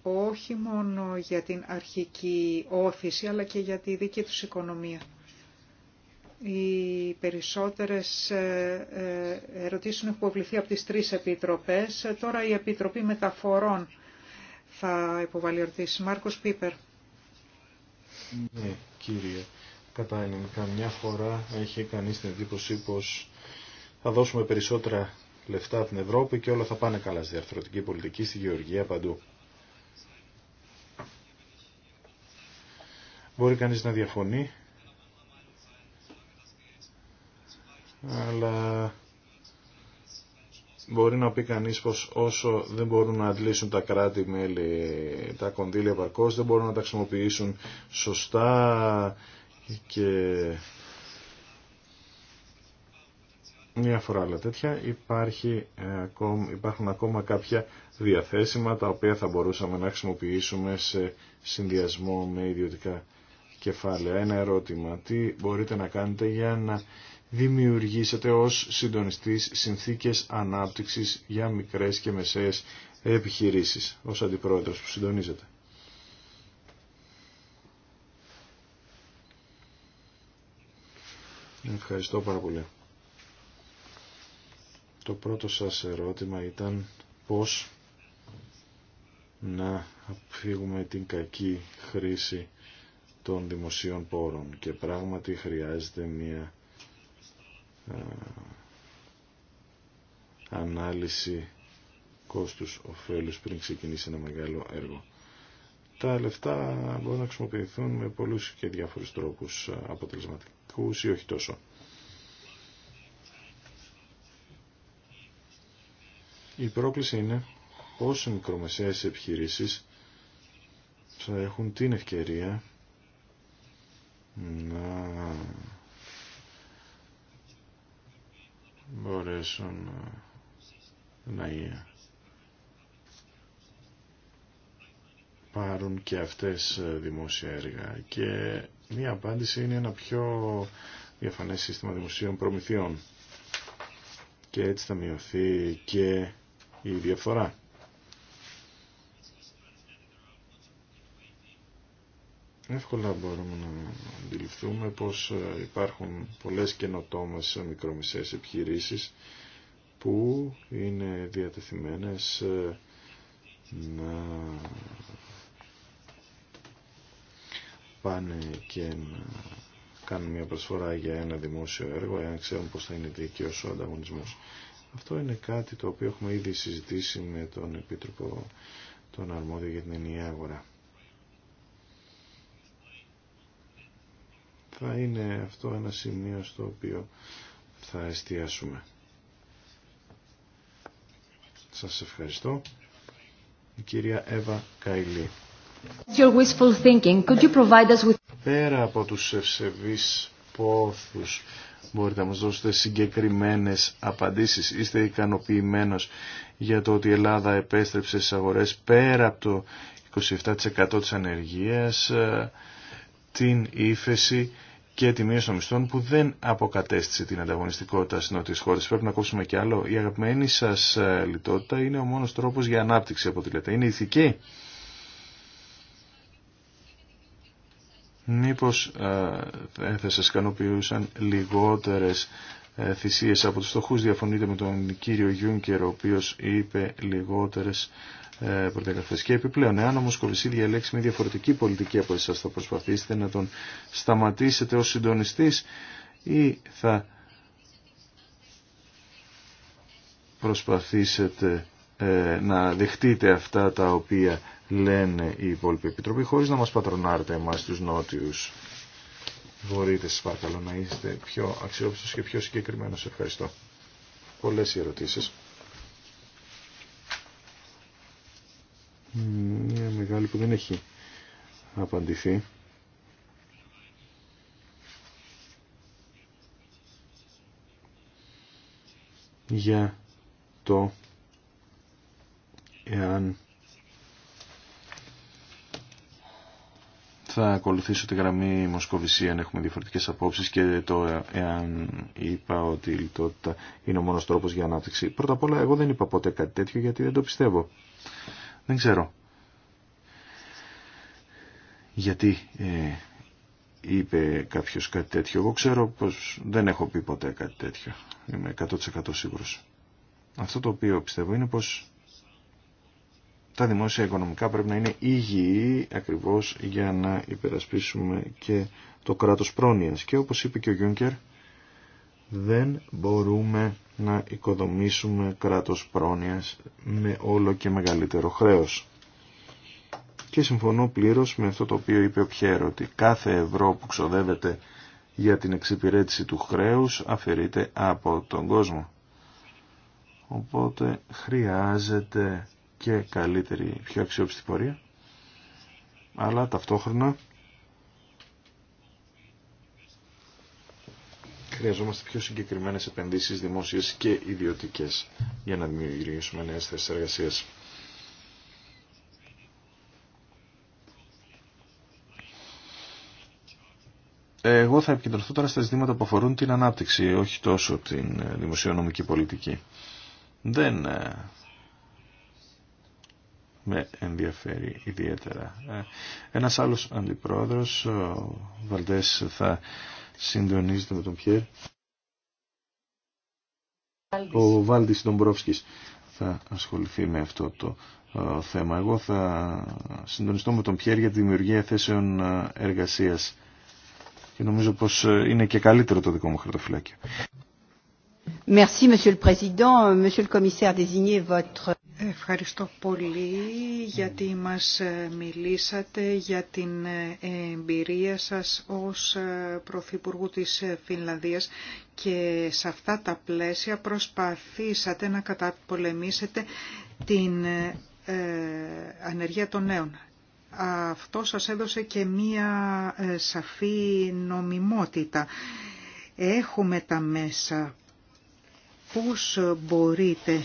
όχι μόνο για την αρχική όθηση, αλλά και για τη δική τους οικονομία. Οι περισσότερες ε, ε, ερωτήσεις έχουν υποβληθεί από τις τρεις επιτροπές. Τώρα η Επιτροπή Μεταφορών θα υποβάλει ερωτήσεις. Μάρκος Πίπερ. Ναι, κύριε Κατά Κατάνιν, καμιά φορά έχει κανείς την εντύπωση πως θα δώσουμε περισσότερα λεφτά από την Ευρώπη και όλα θα πάνε καλά στη διαρθρωτική πολιτική, στη γεωργία, παντού. Μπορεί κανείς να διαφωνεί, αλλά μπορεί να πει κανείς πως όσο δεν μπορούν να αντλήσουν τα κράτη-μέλη τα κονδύλια παρκώς, δεν μπορούν να τα χρησιμοποιήσουν σωστά και μια φορά άλλα τέτοια υπάρχει, ε, υπάρχουν ακόμα κάποια διαθέσιμα τα οποία θα μπορούσαμε να χρησιμοποιήσουμε σε συνδυασμό με ιδιωτικά κεφάλαιο, Ένα ερώτημα. Τι μπορείτε να κάνετε για να δημιουργήσετε ως συντονιστής συνθήκες ανάπτυξης για μικρές και μεσαίες επιχειρήσεις ως αντιπρόεδρος που συντονίζετε. Ευχαριστώ πάρα πολύ. Το πρώτο σας ερώτημα ήταν πώς να αποφύγουμε την κακή χρήση των δημοσίων πόρων και πράγματι χρειάζεται μια ανάλυση κόστους ωφέλους πριν ξεκινήσει ένα μεγάλο έργο. Τα λεφτά μπορούν να χρησιμοποιηθούν με πολλούς και διάφορους τρόπους αποτελεσματικούς ή όχι τόσο. Η πρόκληση είναι πόσο μικρομεσαίες επιχειρήσεις θα έχουν την ευκαιρία να μπορέσουν να πάρουν και αυτές ε, δημόσια έργα. Και μία απάντηση είναι ένα πιο διαφανές σύστημα δημοσίων προμηθειών. Και έτσι θα μειωθεί και η διαφορά. Εύκολα μπορούμε να αντιληφθούμε πως ε, υπάρχουν πολλές καινοτόμες μικρομισές επιχειρήσεις που είναι διατεθειμένες ε, να πάνε και να κάνουν μια προσφορά για ένα δημόσιο έργο εάν ξέρουν πως θα είναι δίκαιος ο ανταγωνισμός. Αυτό είναι κάτι το οποίο έχουμε ήδη συζητήσει με τον Επίτροπο τον Αρμόδιο για την Ενιαία Αγορά. θα είναι αυτό ένα σημείο στο οποίο θα εστιάσουμε. Σας ευχαριστώ. Η κυρία Εύα Καϊλή. Πέρα από τους ευσεβείς πόθους μπορείτε να μας δώσετε συγκεκριμένες απαντήσεις. Είστε ικανοποιημένος για το ότι η Ελλάδα επέστρεψε στις αγορές πέρα από το 27% της ανεργίας, ε, την ύφεση και τη μείωση των μισθών που δεν αποκατέστησε την ανταγωνιστικότητα στι νότιε χώρε. Πρέπει να κόψουμε κι άλλο. Η αγαπημένη σας ε, λιτότητα είναι ο μόνος τρόπος για ανάπτυξη από τη λέτε. Είναι ηθική. Μήπω ε, ε, θα σα ικανοποιούσαν λιγότερες ε, θυσίες από τους φτωχού, Διαφωνείτε με τον κύριο Γιούνκερ ο οποίος είπε λιγότερες ε, προδιαγραφές. Και επιπλέον, εάν όμως κοβησεί διαλέξει μια διαφορετική πολιτική από εσάς, θα προσπαθήσετε να τον σταματήσετε ως συντονιστής ή θα προσπαθήσετε ε, να δεχτείτε αυτά τα οποία λένε οι υπόλοιποι επιτροποί χωρίς να μας πατρονάρετε εμάς τους νότιους. Μπορείτε σας παρακαλώ να είστε πιο αξιόπιστος και πιο συγκεκριμένος. Ευχαριστώ. Πολλές μια μεγάλη που δεν έχει απαντηθεί. για το εάν θα ακολουθήσω τη γραμμή Μοσκοβησία αν έχουμε διαφορετικές απόψεις και το εάν είπα ότι η λιτότητα είναι ο μόνος τρόπος για ανάπτυξη. Πρώτα απ' όλα εγώ δεν είπα ποτέ κάτι τέτοιο γιατί δεν το πιστεύω. Δεν ξέρω γιατί ε, είπε κάποιος κάτι τέτοιο. Εγώ ξέρω πως δεν έχω πει ποτέ κάτι τέτοιο. Είμαι 100% σίγουρος. Αυτό το οποίο πιστεύω είναι πως τα δημόσια οικονομικά πρέπει να είναι υγιή ακριβώς για να υπερασπίσουμε και το κράτος πρόνοιας. Και όπως είπε και ο Γιούνκερ, δεν μπορούμε να οικοδομήσουμε κράτος πρόνοιας με όλο και μεγαλύτερο χρέος. Και συμφωνώ πλήρως με αυτό το οποίο είπε ο Πιέρο, ότι κάθε ευρώ που ξοδεύεται για την εξυπηρέτηση του χρέους αφαιρείται από τον κόσμο. Οπότε χρειάζεται και καλύτερη, πιο αξιόπιστη πορεία, αλλά ταυτόχρονα χρειαζόμαστε πιο συγκεκριμένες επενδύσεις δημόσιες και ιδιωτικές για να δημιουργήσουμε νέες θέσεις εργασίας. Εγώ θα επικεντρωθώ τώρα στα ζητήματα που αφορούν την ανάπτυξη, όχι τόσο την ε, δημοσιονομική πολιτική. Δεν ε, με ενδιαφέρει ιδιαίτερα. Ε, ένας άλλος αντιπρόεδρος, ο Βαλτές, θα συντονίζεται με τον Πιέρ. Ο Βάλτης Ντομπρόφσκης θα ασχοληθεί με αυτό το ε, θέμα. Εγώ θα συντονιστώ με τον Πιέρ για τη δημιουργία θέσεων ε, εργασίας και νομίζω πως ε, είναι και καλύτερο το δικό μου χαρτοφυλάκιο. Président, Monsieur le Commissaire désigné votre. Ευχαριστώ πολύ γιατί μας ε, μιλήσατε για την ε, εμπειρία σας ως ε, Πρωθυπουργού της Φινλανδίας και σε αυτά τα πλαίσια προσπαθήσατε να καταπολεμήσετε την ανεργία των νέων. Αυτό σας έδωσε και μία σαφή νομιμότητα. Έχουμε τα μέσα πώς μπορείτε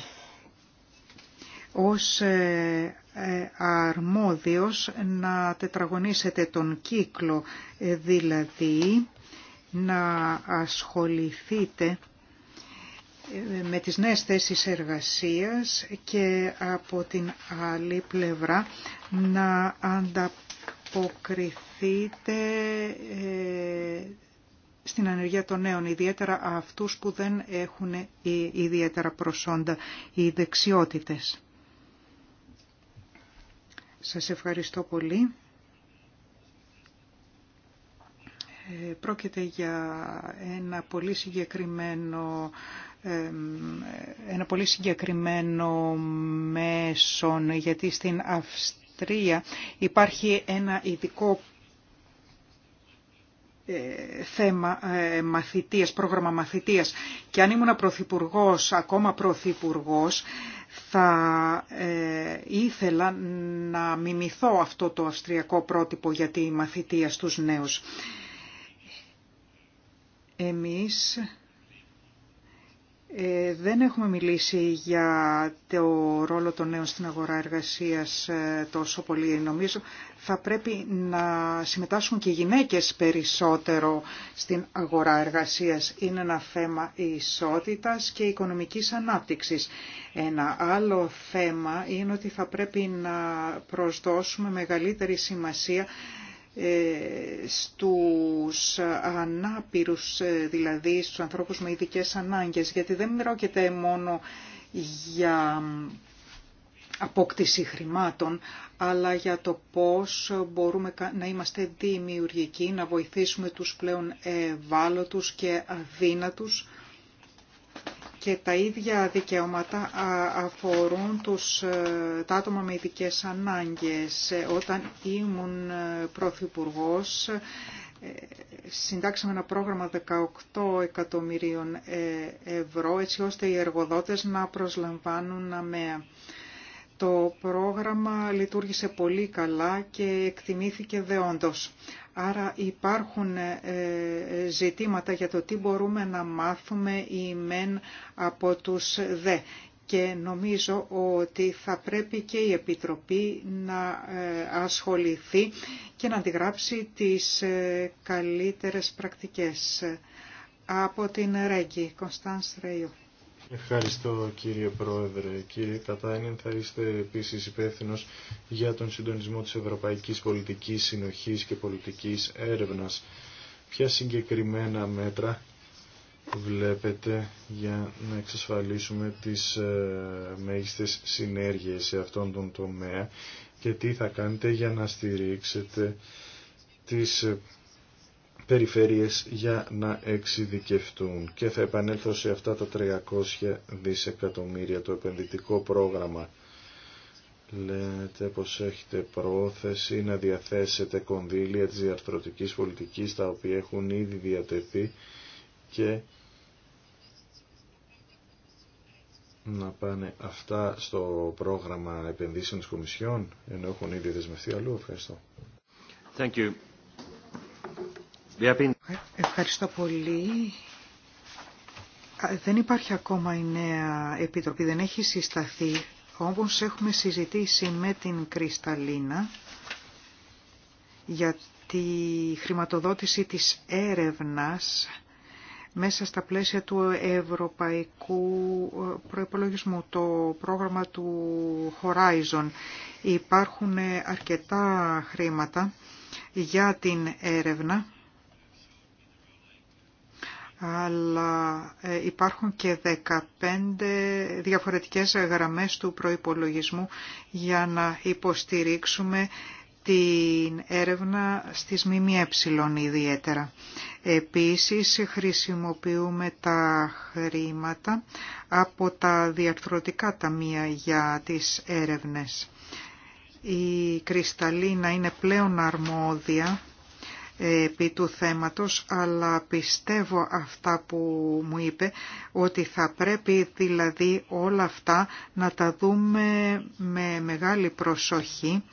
ως ε, ε, αρμόδιος να τετραγωνίσετε τον κύκλο, ε, δηλαδή να ασχοληθείτε με τις νέες θέσεις εργασίας και από την άλλη πλευρά να ανταποκριθείτε στην ανεργία των νέων, ιδιαίτερα αυτούς που δεν έχουν ε, ιδιαίτερα προσόντα ή δεξιότητες. Σας ευχαριστώ πολύ. Ε, πρόκειται για ένα πολύ συγκεκριμένο ένα πολύ συγκεκριμένο μέσον, γιατί στην Αυστρία υπάρχει ένα ειδικό ε, θέμα ε, μαθητείας, πρόγραμμα μαθητείας και αν ήμουν πρωθυπουργό, ακόμα πρωθυπουργό, θα ε, ήθελα να μιμηθώ αυτό το αυστριακό πρότυπο για τη μαθητεία στους νέους. Εμείς ε, δεν έχουμε μιλήσει για το ρόλο των νέων στην αγορά εργασίας ε, τόσο πολύ. Νομίζω θα πρέπει να συμμετάσχουν και οι γυναίκες περισσότερο στην αγορά εργασίας. Είναι ένα θέμα ισότητας και οικονομικής ανάπτυξης. Ένα άλλο θέμα είναι ότι θα πρέπει να προσδώσουμε μεγαλύτερη σημασία ε, στους ανάπηρους, ε, δηλαδή στους ανθρώπους με ειδικές ανάγκες, γιατί δεν πρόκειται μόνο για απόκτηση χρημάτων, αλλά για το πώς μπορούμε να είμαστε δημιουργικοί, να βοηθήσουμε τους πλέον ευάλωτους και αδύνατους και τα ίδια δικαιώματα αφορούν τους, ε, τα άτομα με ειδικέ ανάγκες. Ε, όταν ήμουν ε, Πρωθυπουργό, συντάξαμε ένα πρόγραμμα 18 εκατομμυρίων ευρώ έτσι ώστε οι εργοδότες να προσλαμβάνουν αμαία. Το πρόγραμμα λειτουργήσε πολύ καλά και εκτιμήθηκε δεόντως. Άρα υπάρχουν ε, ε, ζητήματα για το τι μπορούμε να μάθουμε οι μεν από τους δε. Και νομίζω ότι θα πρέπει και η Επιτροπή να ε, ασχοληθεί και να αντιγράψει τις καλύτερες πρακτικές. Από την Ρέγκη, Κωνσταντς Ρέιου. Ευχαριστώ κύριε Πρόεδρε. Κύριε Κατάινεν, θα είστε επίσης υπεύθυνος για τον συντονισμό της Ευρωπαϊκής Πολιτικής Συνοχής και Πολιτικής Έρευνας. Ποια συγκεκριμένα μέτρα βλέπετε για να εξασφαλίσουμε τις ε, μέγιστες συνέργειες σε αυτόν τον τομέα και τι θα κάνετε για να στηρίξετε τις περιφέρειες για να εξειδικευτούν και θα επανέλθω σε αυτά τα 300 δισεκατομμύρια το επενδυτικό πρόγραμμα λέτε πως έχετε πρόθεση να διαθέσετε κονδύλια της διαρθρωτικής πολιτικής τα οποία έχουν ήδη διατεθεί και να πάνε αυτά στο πρόγραμμα επενδύσεων της Κομισιόν ενώ έχουν ήδη δεσμευτεί αλλού. Ευχαριστώ. Thank you. Ευχαριστώ πολύ. Δεν υπάρχει ακόμα η νέα επιτροπή, δεν έχει συσταθεί. Όμως έχουμε συζητήσει με την Κρυσταλίνα για τη χρηματοδότηση της έρευνας μέσα στα πλαίσια του ευρωπαϊκού ε, προϋπολογισμού, το πρόγραμμα του Horizon. Υπάρχουν αρκετά χρήματα για την έρευνα αλλά ε, υπάρχουν και 15 διαφορετικές γραμμές του προϋπολογισμού για να υποστηρίξουμε την έρευνα στις ΜΜΕ ιδιαίτερα. Επίσης χρησιμοποιούμε τα χρήματα από τα διαρθρωτικά ταμεία για τις έρευνες. Η κρυσταλλίνα είναι πλέον αρμόδια επί του θέματος, αλλά πιστεύω αυτά που μου είπε, ότι θα πρέπει δηλαδή όλα αυτά να τα δούμε με μεγάλη προσοχή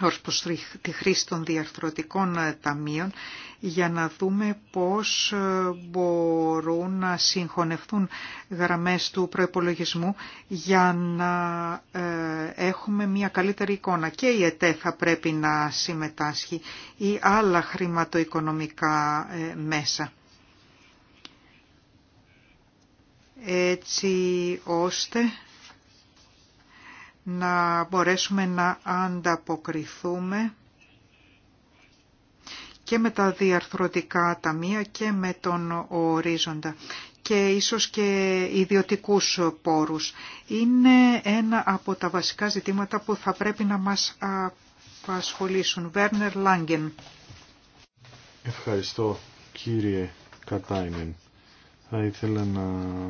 ως προς τη χρήση των διαρθρωτικών ε, ταμείων για να δούμε πώς ε, μπορούν να συγχωνευτούν γραμμές του προϋπολογισμού για να ε, έχουμε μια καλύτερη εικόνα. Και η ΕΤΕ θα πρέπει να συμμετάσχει ή άλλα χρηματοοικονομικά μέσα. Έτσι ώστε να μπορέσουμε να ανταποκριθούμε και με τα διαρθρωτικά ταμεία και με τον ορίζοντα και ίσως και ιδιωτικούς πόρους. Είναι ένα από τα βασικά ζητήματα που θα πρέπει να μας απασχολήσουν. Βέρνερ Λάγκεν. Ευχαριστώ κύριε Κατάινεν. Θα ήθελα να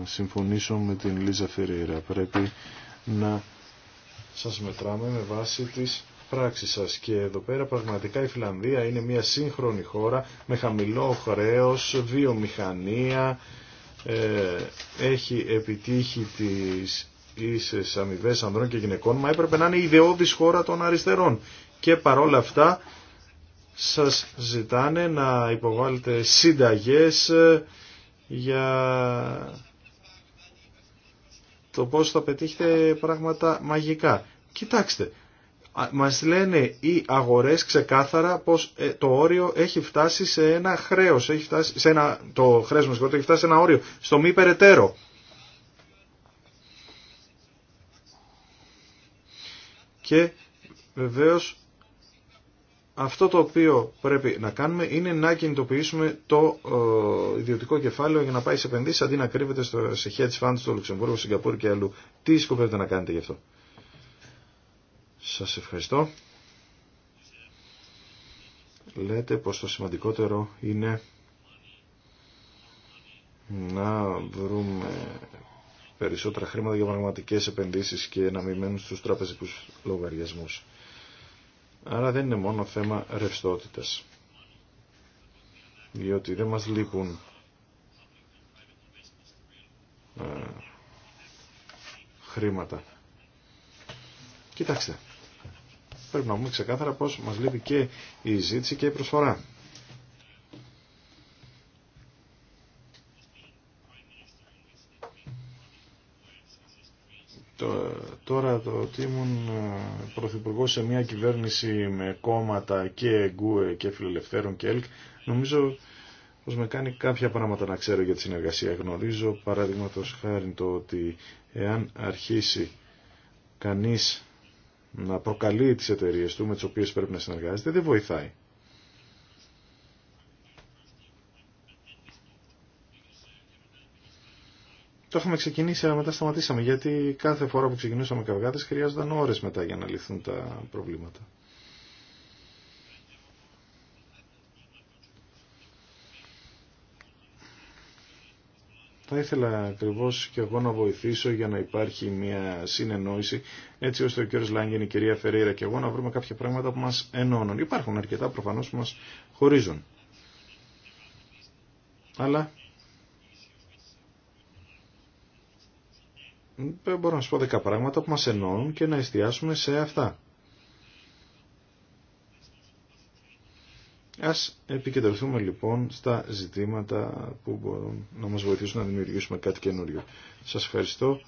συμφωνήσω με την Λίζα Φερέρα. Πρέπει να σας μετράμε με βάση τις πράξεις σας. Και εδώ πέρα πραγματικά η Φιλανδία είναι μια σύγχρονη χώρα με χαμηλό χρέος, βιομηχανία, ε, έχει επιτύχει τις ίσες αμοιβέ ανδρών και γυναικών, μα έπρεπε να είναι ιδεώδης χώρα των αριστερών. Και παρόλα αυτά σας ζητάνε να υποβάλλετε συνταγές ε, για το πώς θα πετύχετε πράγματα μαγικά. Κοιτάξτε, μας λένε οι αγορές ξεκάθαρα πως ε, το όριο έχει φτάσει σε ένα χρέος, έχει σε ένα, το χρέος μας έχει φτάσει σε ένα όριο, στο μη περαιτέρω. Και βεβαίως αυτό το οποίο πρέπει να κάνουμε είναι να κινητοποιήσουμε το ε, ιδιωτικό κεφάλαιο για να πάει σε επενδύσει αντί να κρύβεται στο, σε hedge funds στο Λουξεμβούργο, Συγκαπούρη και αλλού. Τι σκοπεύετε να κάνετε γι' αυτό. Σας ευχαριστώ. Λέτε πως το σημαντικότερο είναι να βρούμε περισσότερα χρήματα για πραγματικές επενδύσεις και να μην μένουν στους τραπεζικούς λογαριασμούς. Άρα δεν είναι μόνο θέμα ρευστότητας. Διότι δεν μας λείπουν ε, χρήματα. Κοιτάξτε, πρέπει να πούμε ξεκάθαρα πως μας λείπει και η ζήτηση και η προσφορά. Τώρα το ότι ήμουν ε, πρωθυπουργό σε μια κυβέρνηση με κόμματα και γκουε και φιλελευθέρων και ΕΛΚ, νομίζω πω με κάνει κάποια πράγματα να ξέρω για τη συνεργασία. Γνωρίζω παραδείγματο χάρη το ότι εάν αρχίσει κανείς να προκαλεί τις εταιρείε του με τι οποίε πρέπει να συνεργάζεται, δεν βοηθάει. Το είχαμε ξεκινήσει αλλά μετά σταματήσαμε γιατί κάθε φορά που ξεκινούσαμε καυγάδε χρειάζονταν ώρες μετά για να λυθούν τα προβλήματα. Θα ήθελα ακριβώ και εγώ να βοηθήσω για να υπάρχει μια συνεννόηση έτσι ώστε ο κ. Λάγκεν, η κυρία Φερέιρα και εγώ να βρούμε κάποια πράγματα που μα ενώνουν. Υπάρχουν αρκετά προφανώ που μα χωρίζουν. Αλλά Ε, μπορώ να σου πω δέκα πράγματα που μας ενώνουν και να εστιάσουμε σε αυτά. Ας επικεντρωθούμε λοιπόν στα ζητήματα που μπορούν να μας βοηθήσουν να δημιουργήσουμε κάτι καινούριο. Σας ευχαριστώ.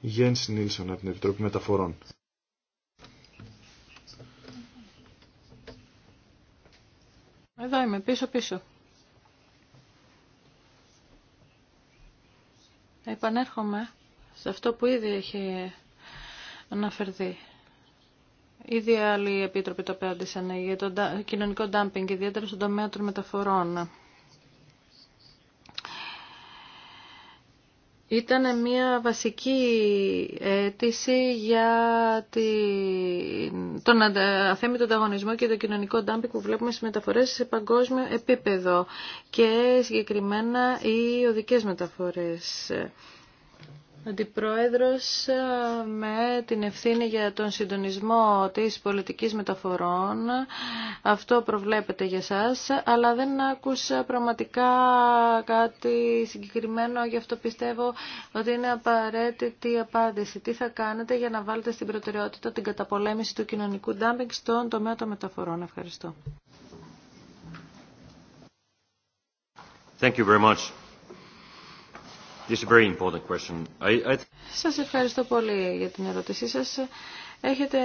Γιένς Νίλσον από την Επιτροπή Μεταφορών. Εδώ είμαι, πίσω πίσω. Επανέρχομαι σε αυτό που ήδη έχει αναφερθεί. Ήδη άλλοι επίτροποι το απάντησαν για το κοινωνικό ντάμπινγκ, ιδιαίτερα στον τομέα των μεταφορών. Ήταν μια βασική αίτηση για τον αθέμητο ανταγωνισμό και το κοινωνικό ντάμπι που βλέπουμε στις μεταφορές σε παγκόσμιο επίπεδο και συγκεκριμένα οι οδικές μεταφορές. Αντιπρόεδρος ε, με την ευθύνη για τον συντονισμό της πολιτικής μεταφορών. Αυτό προβλέπεται για σας, αλλά δεν άκουσα πραγματικά κάτι συγκεκριμένο, γι' αυτό πιστεύω ότι είναι απαραίτητη η απάντηση. Τι θα κάνετε για να βάλετε στην προτεραιότητα την καταπολέμηση του κοινωνικού ντάμπινγκ στον τομέα των μεταφορών. Ευχαριστώ. Thank you Σα Σας ευχαριστώ πολύ για την ερώτησή σας. Έχετε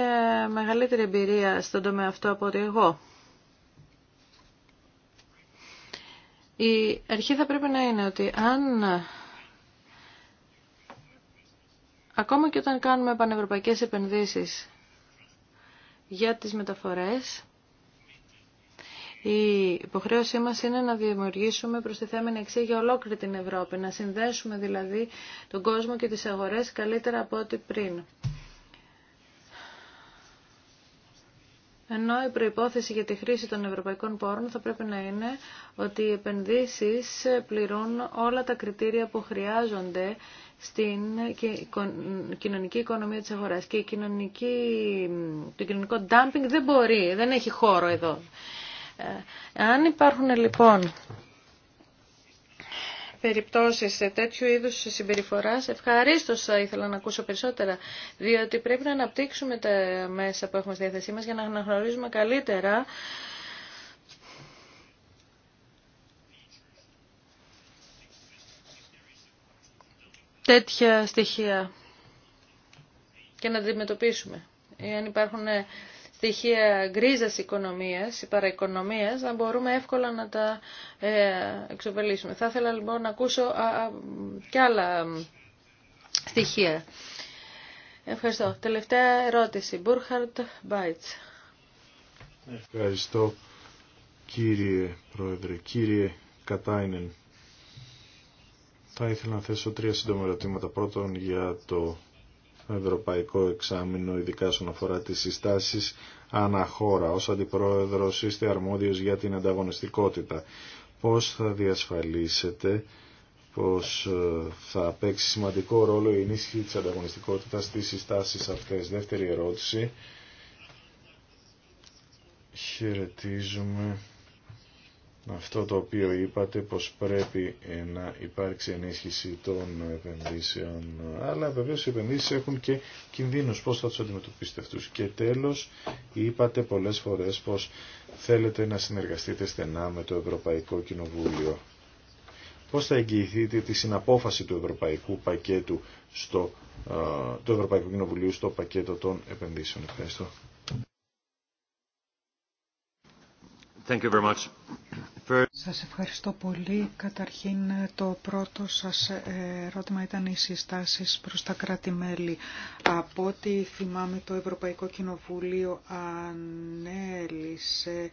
μεγαλύτερη εμπειρία στον τομέα αυτό από ότι εγώ. Η αρχή θα πρέπει να είναι ότι αν ακόμα και όταν κάνουμε πανευρωπαϊκές επενδύσεις για τις μεταφορές, η υποχρέωσή μας είναι να δημιουργήσουμε προστιθέμενη αξία για ολόκληρη την Ευρώπη, να συνδέσουμε δηλαδή τον κόσμο και τις αγορές καλύτερα από ό,τι πριν. Ενώ η προϋπόθεση για τη χρήση των ευρωπαϊκών πόρων θα πρέπει να είναι ότι οι επενδύσεις πληρούν όλα τα κριτήρια που χρειάζονται στην κοινωνική οικονομία της αγοράς. Και η κοινωνική, το κοινωνικό dumping δεν μπορεί, δεν έχει χώρο εδώ. Ε, αν υπάρχουν λοιπόν περιπτώσεις σε τέτοιου είδους συμπεριφοράς, ευχαρίστως θα ήθελα να ακούσω περισσότερα, διότι πρέπει να αναπτύξουμε τα μέσα που έχουμε στη διάθεσή μας για να αναγνωρίζουμε καλύτερα τέτοια στοιχεία και να αντιμετωπίσουμε. Εάν υπάρχουν ε, στοιχεία γκρίζας οικονομίας, η παραοικονομίας, να μπορούμε εύκολα να τα ε, εξοπελίσουμε. Θα ήθελα λοιπόν να ακούσω κι άλλα στοιχεία. Ευχαριστώ. Τελευταία ερώτηση. Μπούρχαρτ Μπάιτς. Ευχαριστώ κύριε Πρόεδρε, κύριε Κατάινεν. Θα ήθελα να θέσω τρία σύντομα ερωτήματα. Πρώτον για το ευρωπαϊκό εξάμεινο, ειδικά στον αφορά τις συστάσεις αναχώρα. Ως αντιπρόεδρος είστε αρμόδιος για την ανταγωνιστικότητα. Πώς θα διασφαλίσετε πως ε, θα παίξει σημαντικό ρόλο η ενίσχυση της ανταγωνιστικότητας στις συστάσεις αυτές. Δεύτερη ερώτηση. Χαιρετίζουμε αυτό το οποίο είπατε πως πρέπει να υπάρξει ενίσχυση των επενδύσεων αλλά βεβαίως οι επενδύσεις έχουν και κινδύνους πως θα τους αντιμετωπίσετε αυτούς και τέλος είπατε πολλές φορές πως θέλετε να συνεργαστείτε στενά με το Ευρωπαϊκό Κοινοβούλιο πως θα εγγυηθείτε τη συναπόφαση του Ευρωπαϊκού πακέτου στο, του Ευρωπαϊκού Κοινοβουλίου στο πακέτο των επενδύσεων Ευχαριστώ Thank σας ευχαριστώ πολύ. Καταρχήν το πρώτο σας ερώτημα ήταν οι συστάσεις προς τα κράτη-μέλη. Από ό,τι θυμάμαι το Ευρωπαϊκό Κοινοβούλιο ανέλησε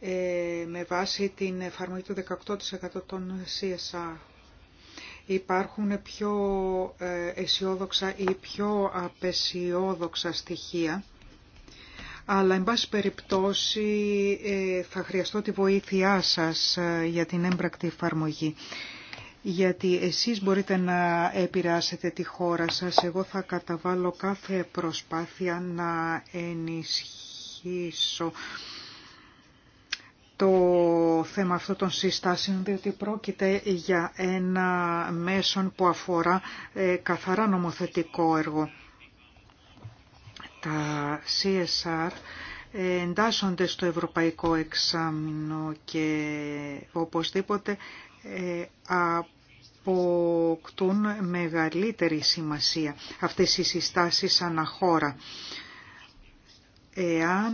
ε, με βάση την εφαρμογή του 18% των CSA. Υπάρχουν πιο ε, αισιόδοξα ή πιο απεσιόδοξα στοιχεία αλλά εν πάση περιπτώσει ε, θα χρειαστώ τη βοήθειά σας ε, για την έμπρακτη εφαρμογή. Γιατί εσείς μπορείτε να επηρεάσετε τη χώρα σας. Εγώ θα καταβάλω κάθε προσπάθεια να ενισχύσω το θέμα αυτό των συστάσεων, διότι πρόκειται για ένα μέσον που αφορά ε, καθαρά νομοθετικό έργο τα CSR εντάσσονται στο ευρωπαϊκό εξάμεινο και οπωσδήποτε ε, αποκτούν μεγαλύτερη σημασία αυτές οι συστάσεις αναχώρα. Εάν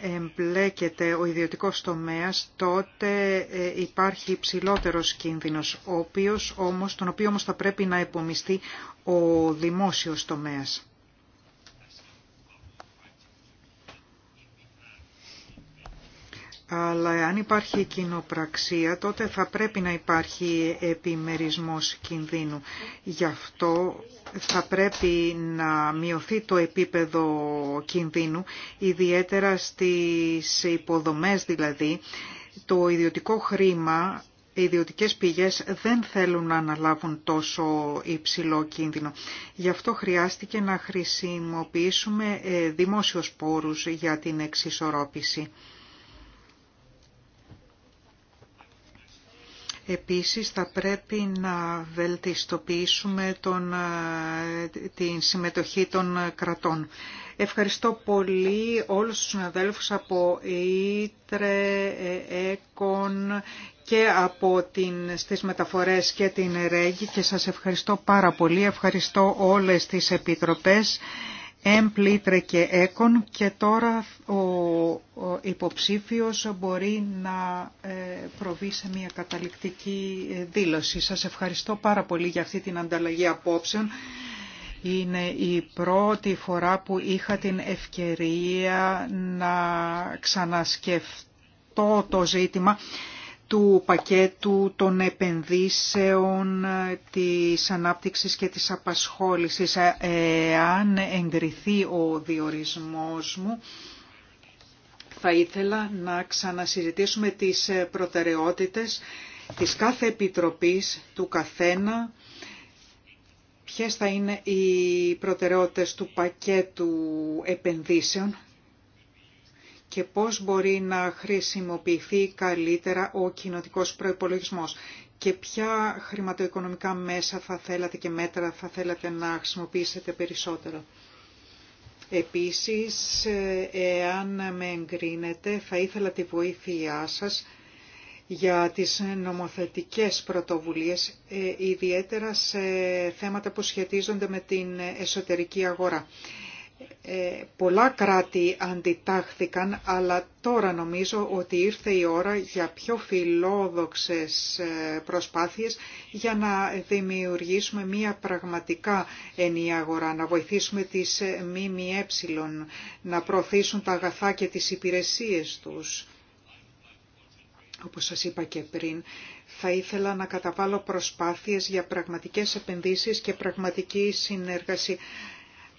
εμπλέκεται ο ιδιωτικός τομέας, τότε ε, υπάρχει υψηλότερος κίνδυνος, ο όμως, τον οποίο όμως θα πρέπει να επομιστεί ο δημόσιος τομέας. αλλά αν υπάρχει κοινοπραξία τότε θα πρέπει να υπάρχει επιμερισμός κινδύνου. Γι' αυτό θα πρέπει να μειωθεί το επίπεδο κινδύνου, ιδιαίτερα στις υποδομές δηλαδή. Το ιδιωτικό χρήμα, οι ιδιωτικές πηγές δεν θέλουν να αναλάβουν τόσο υψηλό κίνδυνο. Γι' αυτό χρειάστηκε να χρησιμοποιήσουμε ε, δημόσιους πόρους για την εξισορρόπηση. Επίσης θα πρέπει να βελτιστοποιήσουμε τον, ε, την συμμετοχή των κρατών. Ευχαριστώ πολύ όλους τους συναδέλφους από ΙΤΡΕ, ΕΚΟΝ και από την, στις μεταφορές και την ΡΕΓΙ και σας ευχαριστώ πάρα πολύ. Ευχαριστώ όλες τις επιτροπές Εμπλήτρε και Έκον και τώρα ο, υποψήφιος μπορεί να ε, προβεί σε μια καταληκτική ε, δήλωση. Σας ευχαριστώ πάρα πολύ για αυτή την ανταλλαγή απόψεων. Είναι η πρώτη φορά που είχα την ευκαιρία να ξανασκεφτώ το ζήτημα του πακέτου των επενδύσεων, της ανάπτυξης και της απασχόλησης. αν ε, εγκριθεί ο διορισμός μου, θα ήθελα να ξανασυζητήσουμε τις προτεραιότητες της κάθε επιτροπής, του καθένα, ποιες θα είναι οι προτεραιότητες του πακέτου επενδύσεων και πώς μπορεί να χρησιμοποιηθεί καλύτερα ο κοινοτικός προϋπολογισμός και ποια χρηματοοικονομικά μέσα θα θέλατε και μέτρα θα θέλατε να χρησιμοποιήσετε περισσότερο. Επίσης, εάν με εγκρίνετε, θα ήθελα τη βοήθειά σας για τις νομοθετικές πρωτοβουλίες, ε, ιδιαίτερα σε θέματα που σχετίζονται με την εσωτερική αγορά. Ε, πολλά κράτη αντιτάχθηκαν, αλλά τώρα νομίζω ότι ήρθε η ώρα για πιο φιλόδοξες ε, προσπάθειες για να δημιουργήσουμε μία πραγματικά ενιαία αγορά, να βοηθήσουμε τις ε, ΜΜΕ να προωθήσουν τα αγαθά και τις υπηρεσίες τους. Όπως σας είπα και πριν, θα ήθελα να καταβάλω προσπάθειες για πραγματικές επενδύσεις και πραγματική συνεργασία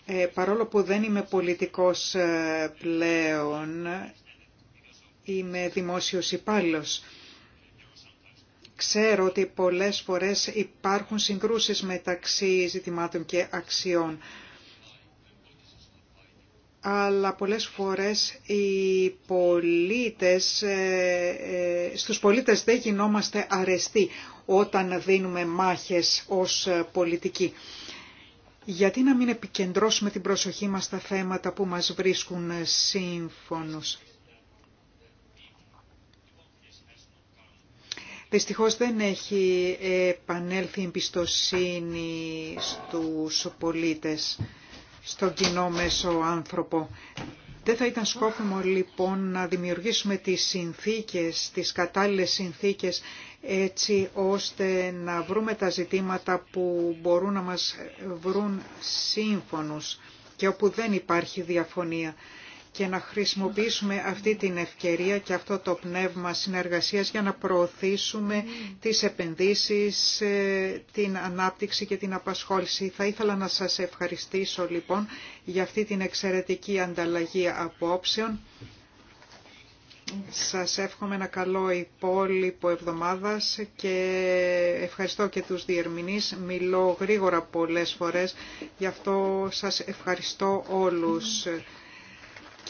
ε, παρόλο που δεν είμαι πολιτικός ε, πλέον, είμαι δημόσιος υπάλληλος. Ξέρω ότι πολλές φορές υπάρχουν συγκρούσεις μεταξύ ζητημάτων και αξιών. Αλλά πολλές φορές οι πολίτες, ε, στους πολίτες δεν γινόμαστε αρεστοί όταν δίνουμε μάχες ως πολιτικοί. Γιατί να μην επικεντρώσουμε την προσοχή μας στα θέματα που μας βρίσκουν σύμφωνους. Δυστυχώς δεν έχει επανέλθει η εμπιστοσύνη στους πολίτες, στον κοινό μέσο άνθρωπο. Δεν θα ήταν σκόπιμο λοιπόν να δημιουργήσουμε τις συνθήκες, τις κατάλληλες συνθήκες έτσι ώστε να βρούμε τα ζητήματα που μπορούν να μας βρουν σύμφωνους και όπου δεν υπάρχει διαφωνία και να χρησιμοποιήσουμε αυτή την ευκαιρία και αυτό το πνεύμα συνεργασίας για να προωθήσουμε τις επενδύσεις, ε, την ανάπτυξη και την απασχόληση. Θα ήθελα να σας ευχαριστήσω λοιπόν για αυτή την εξαιρετική ανταλλαγή απόψεων. Σας εύχομαι ένα καλό υπόλοιπο εβδομάδας και ευχαριστώ και τους διερμηνείς. Μιλώ γρήγορα πολλές φορές, γι' αυτό σας ευχαριστώ όλους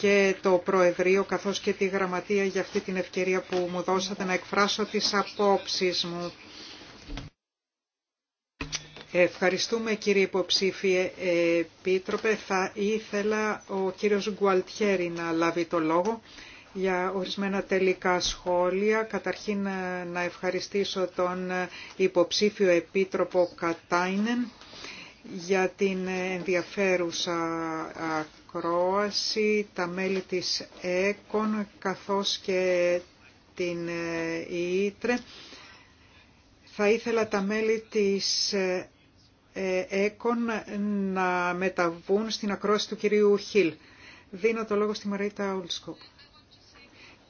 και το Προεδρείο καθώς και τη Γραμματεία για αυτή την ευκαιρία που μου δώσατε να εκφράσω τις απόψεις μου. Ευχαριστούμε κύριε υποψήφιε επίτροπε. Θα ήθελα ο κύριος Γκουαλτιέρη να λάβει το λόγο για ορισμένα τελικά σχόλια. Καταρχήν να ευχαριστήσω τον υποψήφιο επίτροπο Κατάινεν για την ενδιαφέρουσα ακρόαση τα μέλη της ΕΚΟΝ καθώς και την ΙΤΡΕ. Ε, Θα ήθελα τα μέλη της ε, ΕΚΟΝ να μεταβούν στην ακρόαση του κυρίου Χιλ. Δίνω το λόγο στη Μαρίτα Ολσκοπ.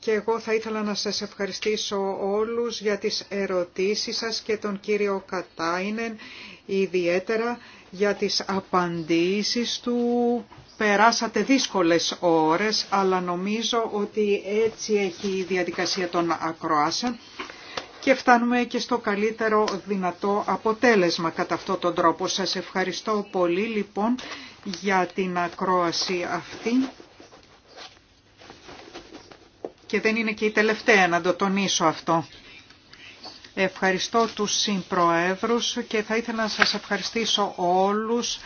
Και εγώ θα ήθελα να σας ευχαριστήσω όλους για τις ερωτήσεις σας και τον κύριο Κατάινεν ιδιαίτερα για τις απαντήσεις του. Περάσατε δύσκολες ώρες, αλλά νομίζω ότι έτσι έχει η διαδικασία των ακροάσεων και φτάνουμε και στο καλύτερο δυνατό αποτέλεσμα κατά αυτόν τον τρόπο. Σας ευχαριστώ πολύ λοιπόν για την ακρόαση αυτή και δεν είναι και η τελευταία να το τονίσω αυτό. Ευχαριστώ τους συμπροέδρους και θα ήθελα να σας ευχαριστήσω όλους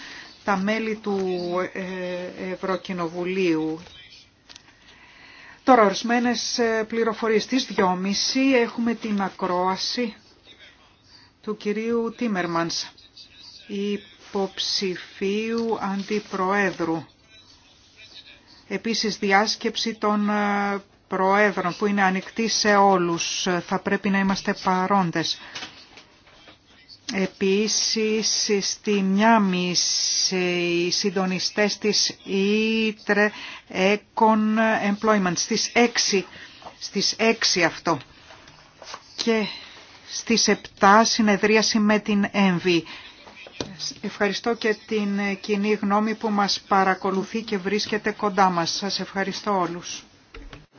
τα μέλη του ε, Ευρωκοινοβουλίου. Τώρα ορισμένε ε, πληροφορίες στις 2.30 έχουμε την ακρόαση του κυρίου Τίμερμανς, υποψηφίου αντιπροέδρου. Επίσης διάσκεψη των ε, προέδρων που είναι ανοιχτή σε όλους. Θα πρέπει να είμαστε παρόντες. Επίσης, στη μια μισή οι συντονιστές της ΙΤΡΕ Econ Employment, στις 6, στις 6 αυτό. Και στις 7 συνεδρίαση με την ΕΜΒΗ. Ευχαριστώ και την κοινή γνώμη που μας παρακολουθεί και βρίσκεται κοντά μας. Σας ευχαριστώ όλους.